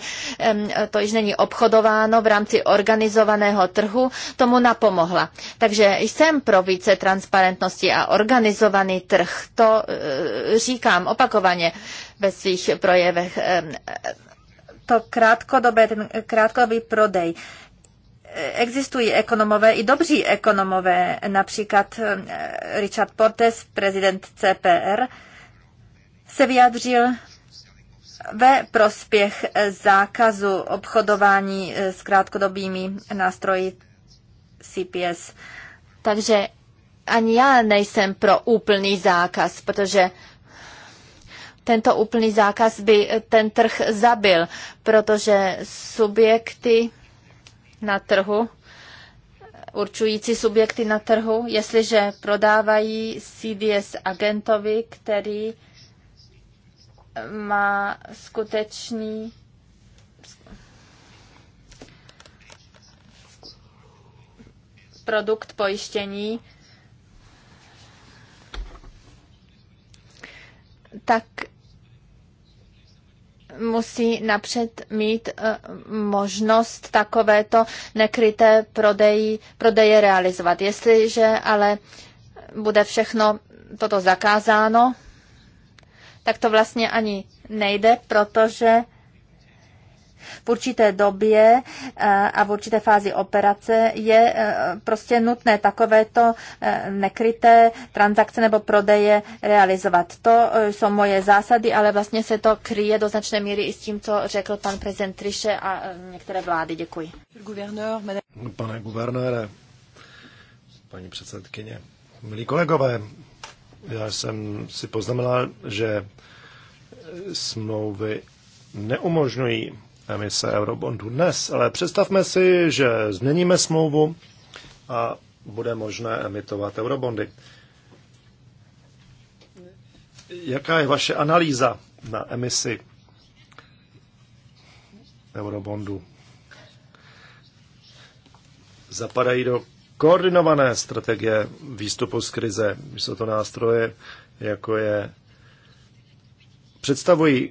to již není obchodováno v rámci organizovaného trhu, tomu napomohla. Takže jsem pro více transparentnosti a organizovaný trh. To e, říkám opakovaně ve svých projevech. E, to krátkodobé, ten krátkodobý prodej e, existují ekonomové i dobří ekonomové, například Richard Portes, prezident CPR, se vyjádřil ve prospěch zákazu obchodování s krátkodobými nástroji CPS. Takže ani já nejsem pro úplný zákaz, protože tento úplný zákaz by ten trh zabil, protože subjekty na trhu, určující subjekty na trhu, jestliže prodávají CDS agentovi, který má skutečný produkt pojištění, tak musí napřed mít eh, možnost takovéto nekryté prodeji, prodeje realizovat. Jestliže ale bude všechno toto zakázáno, tak to vlastně ani nejde, protože v určité době eh, a v určité fázi operace je eh, prostě nutné takovéto eh, nekryté transakce nebo prodeje realizovat. To jsou moje zásady, ale vlastně se to kryje do značné míry i s tím, co řekl pan prezident Triše a některé vlády. Děkuji. Pane guvernére, paní předsedkyně, milí kolegové, já jsem si poznamenal, že smlouvy neumožňují emise eurobondů dnes, ale představme si, že změníme smlouvu a bude možné emitovat eurobondy. Jaká je vaše analýza na emisi eurobondů? Zapadají do koordinované strategie výstupu z krize. Jsou to nástroje, jako je představují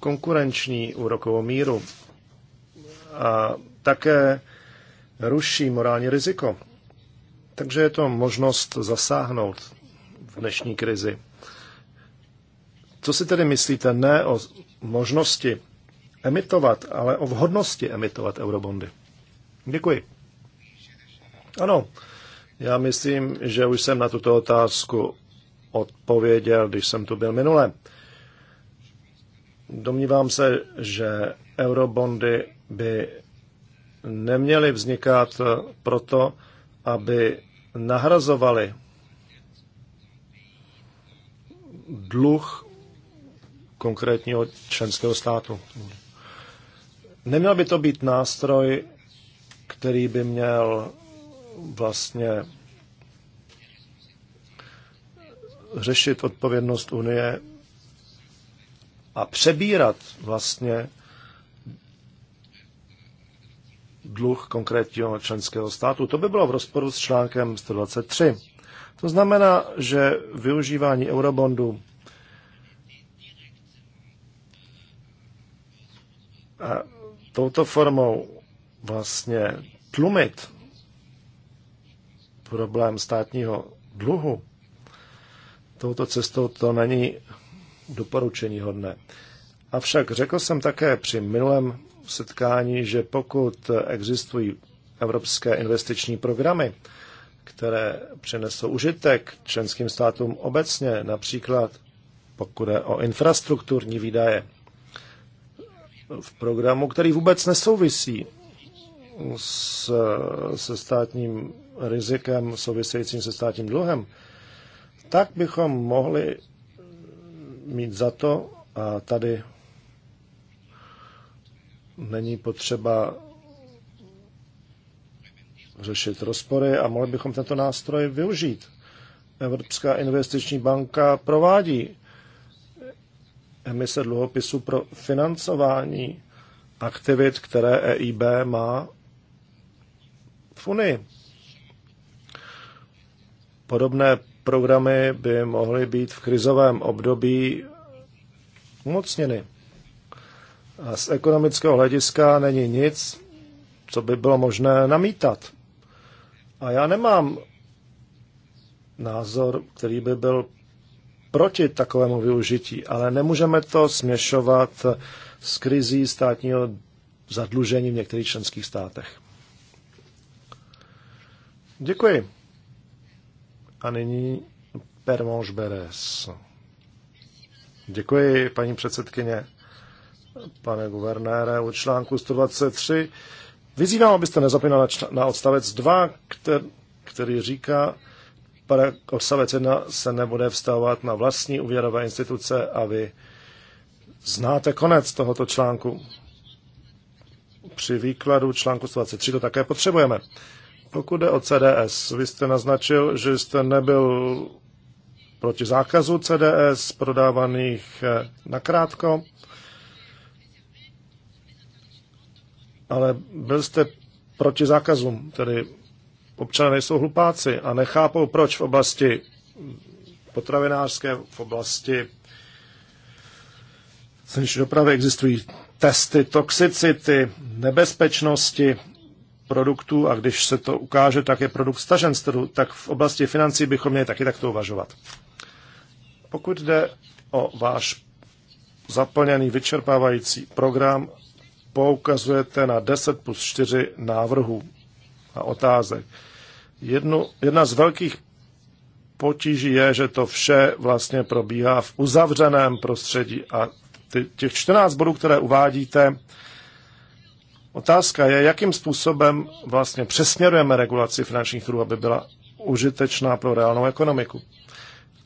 konkurenční úrokovou míru a také ruší morální riziko. Takže je to možnost zasáhnout v dnešní krizi. Co si tedy myslíte ne o možnosti emitovat, ale o vhodnosti emitovat eurobondy? Děkuji. Ano, já myslím, že už jsem na tuto otázku odpověděl, když jsem tu byl minule. Domnívám se, že eurobondy by neměly vznikat proto, aby nahrazovaly dluh konkrétního členského státu. Neměl by to být nástroj, který by měl vlastně řešit odpovědnost Unie a přebírat vlastně dluh konkrétního členského státu. To by bylo v rozporu s článkem 123. To znamená, že využívání eurobondu a touto formou vlastně tlumit problém státního dluhu touto cestou to není doporučení hodné. Avšak řekl jsem také při minulém setkání, že pokud existují evropské investiční programy, které přinesou užitek členským státům obecně, například pokud je o infrastrukturní výdaje v programu, který vůbec nesouvisí s, se státním rizikem souvisejícím se státním dluhem, tak bychom mohli mít za to, a tady není potřeba řešit rozpory a mohli bychom tento nástroj využít. Evropská investiční banka provádí emise dluhopisů pro financování aktivit, které EIB má v Unii. Podobné programy by mohly být v krizovém období umocněny. A z ekonomického hlediska není nic, co by bylo možné namítat. A já nemám názor, který by byl proti takovému využití, ale nemůžeme to směšovat s krizí státního zadlužení v některých členských státech. Děkuji. A nyní Permanche Beres. Děkuji, paní předsedkyně. Pane guvernére, u článku 123 vyzývám, abyste nezapínal na, na odstavec 2, který, který říká, odstavec 1 se nebude vztahovat na vlastní úvěrové instituce a vy znáte konec tohoto článku. Při výkladu článku 123 to také potřebujeme. Pokud jde o CDS, vy jste naznačil, že jste nebyl proti zákazu CDS prodávaných eh, nakrátko, ale byl jste proti zákazům, tedy občané nejsou hlupáci a nechápou, proč v oblasti potravinářské, v oblasti silniční dopravy existují testy toxicity, nebezpečnosti produktů a když se to ukáže, tak je produkt stažen z trhu, tak v oblasti financí bychom měli taky takto uvažovat. Pokud jde o váš zaplněný vyčerpávající program, poukazujete na 10 plus 4 návrhů a otázek. Jednu, jedna z velkých potíží je, že to vše vlastně probíhá v uzavřeném prostředí a ty, těch 14 bodů, které uvádíte, Otázka je, jakým způsobem vlastně přesměrujeme regulaci finančních trhů, aby byla užitečná pro reálnou ekonomiku.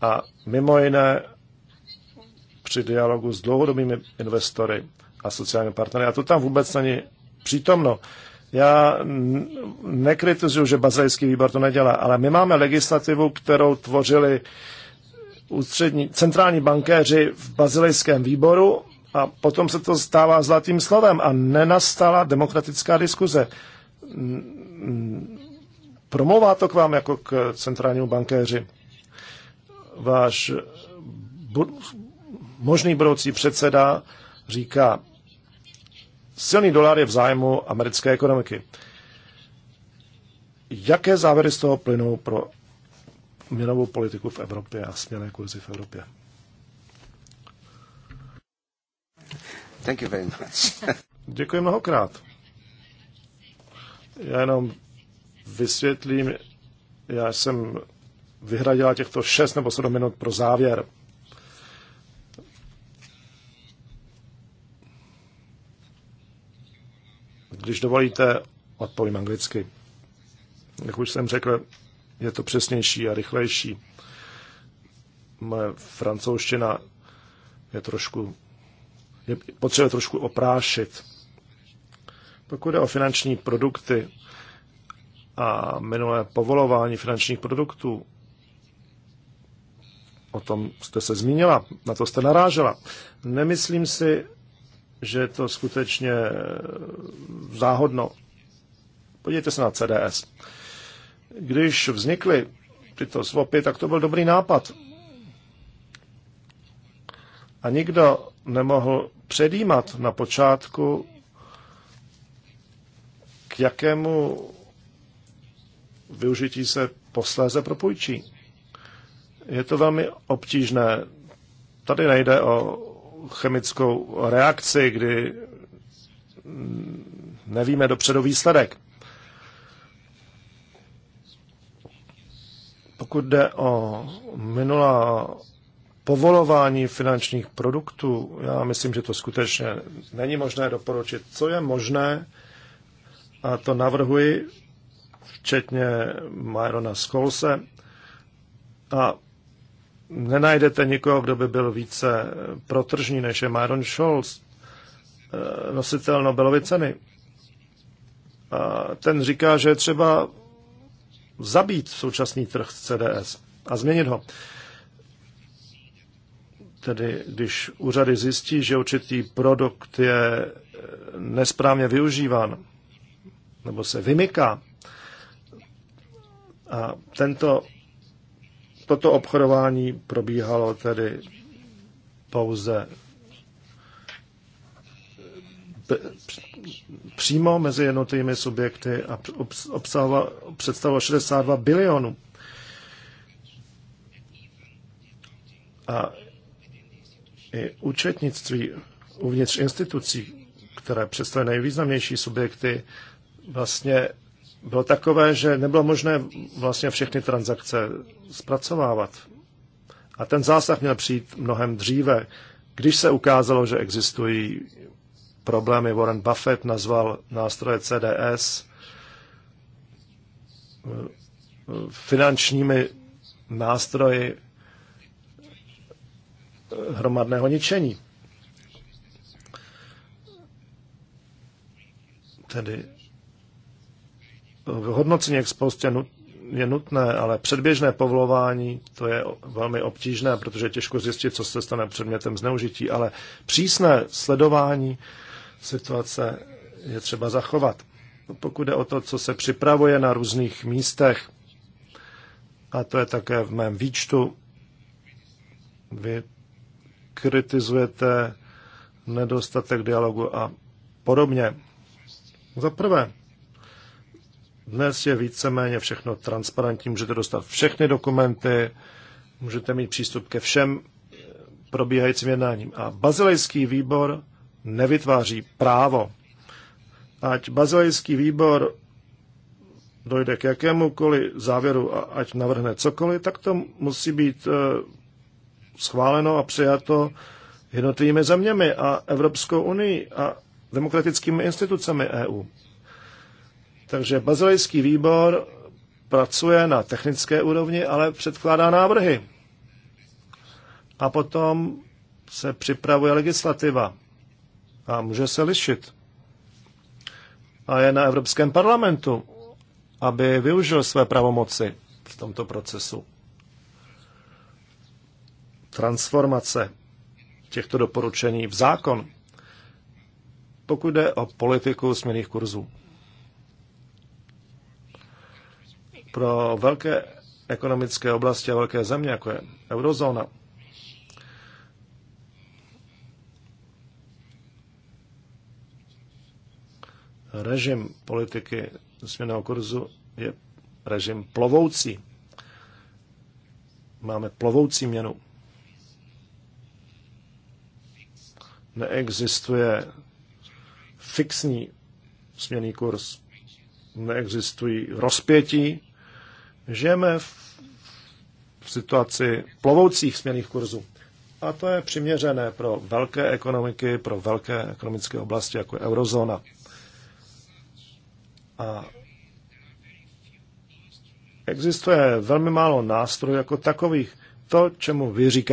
A mimo jiné při dialogu s dlouhodobými investory a sociálními partnery. A to tam vůbec není přítomno. Já nekritizuju, že bazilejský výbor to nedělá, ale my máme legislativu, kterou tvořili ústřední, centrální bankéři v bazilejském výboru a potom se to stává zlatým slovem a nenastala demokratická diskuze. Promlouvá to k vám jako k centrálnímu bankéři. Váš bu- možný budoucí předseda říká, silný dolar je v zájmu americké ekonomiky. Jaké závěry z toho plynou pro měnovou politiku v Evropě a směné kurzy v Evropě? Thank you very much. Děkuji mnohokrát. Já jenom vysvětlím, já jsem vyhradila těchto 6 nebo 7 minut pro závěr. Když dovolíte, odpovím anglicky. Jak už jsem řekl, je to přesnější a rychlejší. Moje francouzština je trošku je potřeba trošku oprášit. Pokud jde o finanční produkty a minulé povolování finančních produktů, o tom jste se zmínila, na to jste narážela. Nemyslím si, že je to skutečně eh, záhodno. Podívejte se na CDS. Když vznikly tyto svopy, tak to byl dobrý nápad. A nikdo nemohl předjímat na počátku, k jakému využití se posléze propůjčí. Je to velmi obtížné. Tady nejde o chemickou reakci, kdy nevíme dopředu výsledek. Pokud jde o minulá povolování finančních produktů, já myslím, že to skutečně není možné doporučit. Co je možné, a to navrhuji, včetně Myrona Skolse, a nenajdete nikoho, kdo by byl více protržní, než je Myron Scholz, eh, nositel Nobelovy ceny. A ten říká, že je třeba zabít současný trh CDS a změnit ho. Tedy když úřady zjistí, že určitý produkt je eh, nesprávně využíván nebo se vymyká, a tento, toto obchodování probíhalo tedy pouze eh, přímo mezi jednotlivými subjekty a představoval 62 bilionů. A i účetnictví uvnitř institucí, které představují nejvýznamnější subjekty, vlastně bylo takové, že nebylo možné vlastně všechny transakce zpracovávat. A ten zásah měl přijít mnohem dříve, když se ukázalo, že existují problémy. Warren Buffett nazval nástroje CDS eh, finančními nástroji hromadného ničení. Tedy v hodnocení ex je nutné, ale předběžné povolování, to je velmi obtížné, protože je těžko zjistit, co se stane předmětem zneužití, ale přísné sledování situace je třeba zachovat. Pokud jde o to, co se připravuje na různých místech, a to je také v mém výčtu, vy kritizujete nedostatek dialogu a podobně. Za prvé, dnes je víceméně všechno transparentní, můžete dostat všechny dokumenty, můžete mít přístup ke všem probíhajícím jednáním. A bazilejský výbor nevytváří právo. Ať bazilejský výbor dojde k jakémukoliv závěru a ať navrhne cokoliv, tak to musí být eh, schváleno a přijato jednotlivými zeměmi a Evropskou unii a demokratickými institucemi EU. Takže bazilejský výbor pracuje na technické úrovni, ale předkládá návrhy. A potom se připravuje legislativa. A může se lišit. A je na Evropském parlamentu, aby využil své pravomoci v tomto procesu transformace těchto doporučení v zákon, pokud jde o politiku směrných kurzů. Pro velké ekonomické oblasti a velké země, jako je eurozóna, režim politiky směrného kurzu je režim plovoucí. Máme plovoucí měnu. neexistuje fixní směný kurz, neexistují rozpětí. Žijeme v situaci plovoucích směných kurzů. A to je přiměřené pro velké ekonomiky, pro velké ekonomické oblasti, jako je eurozóna. A existuje velmi málo nástrojů jako takových. To, čemu vy říkáte,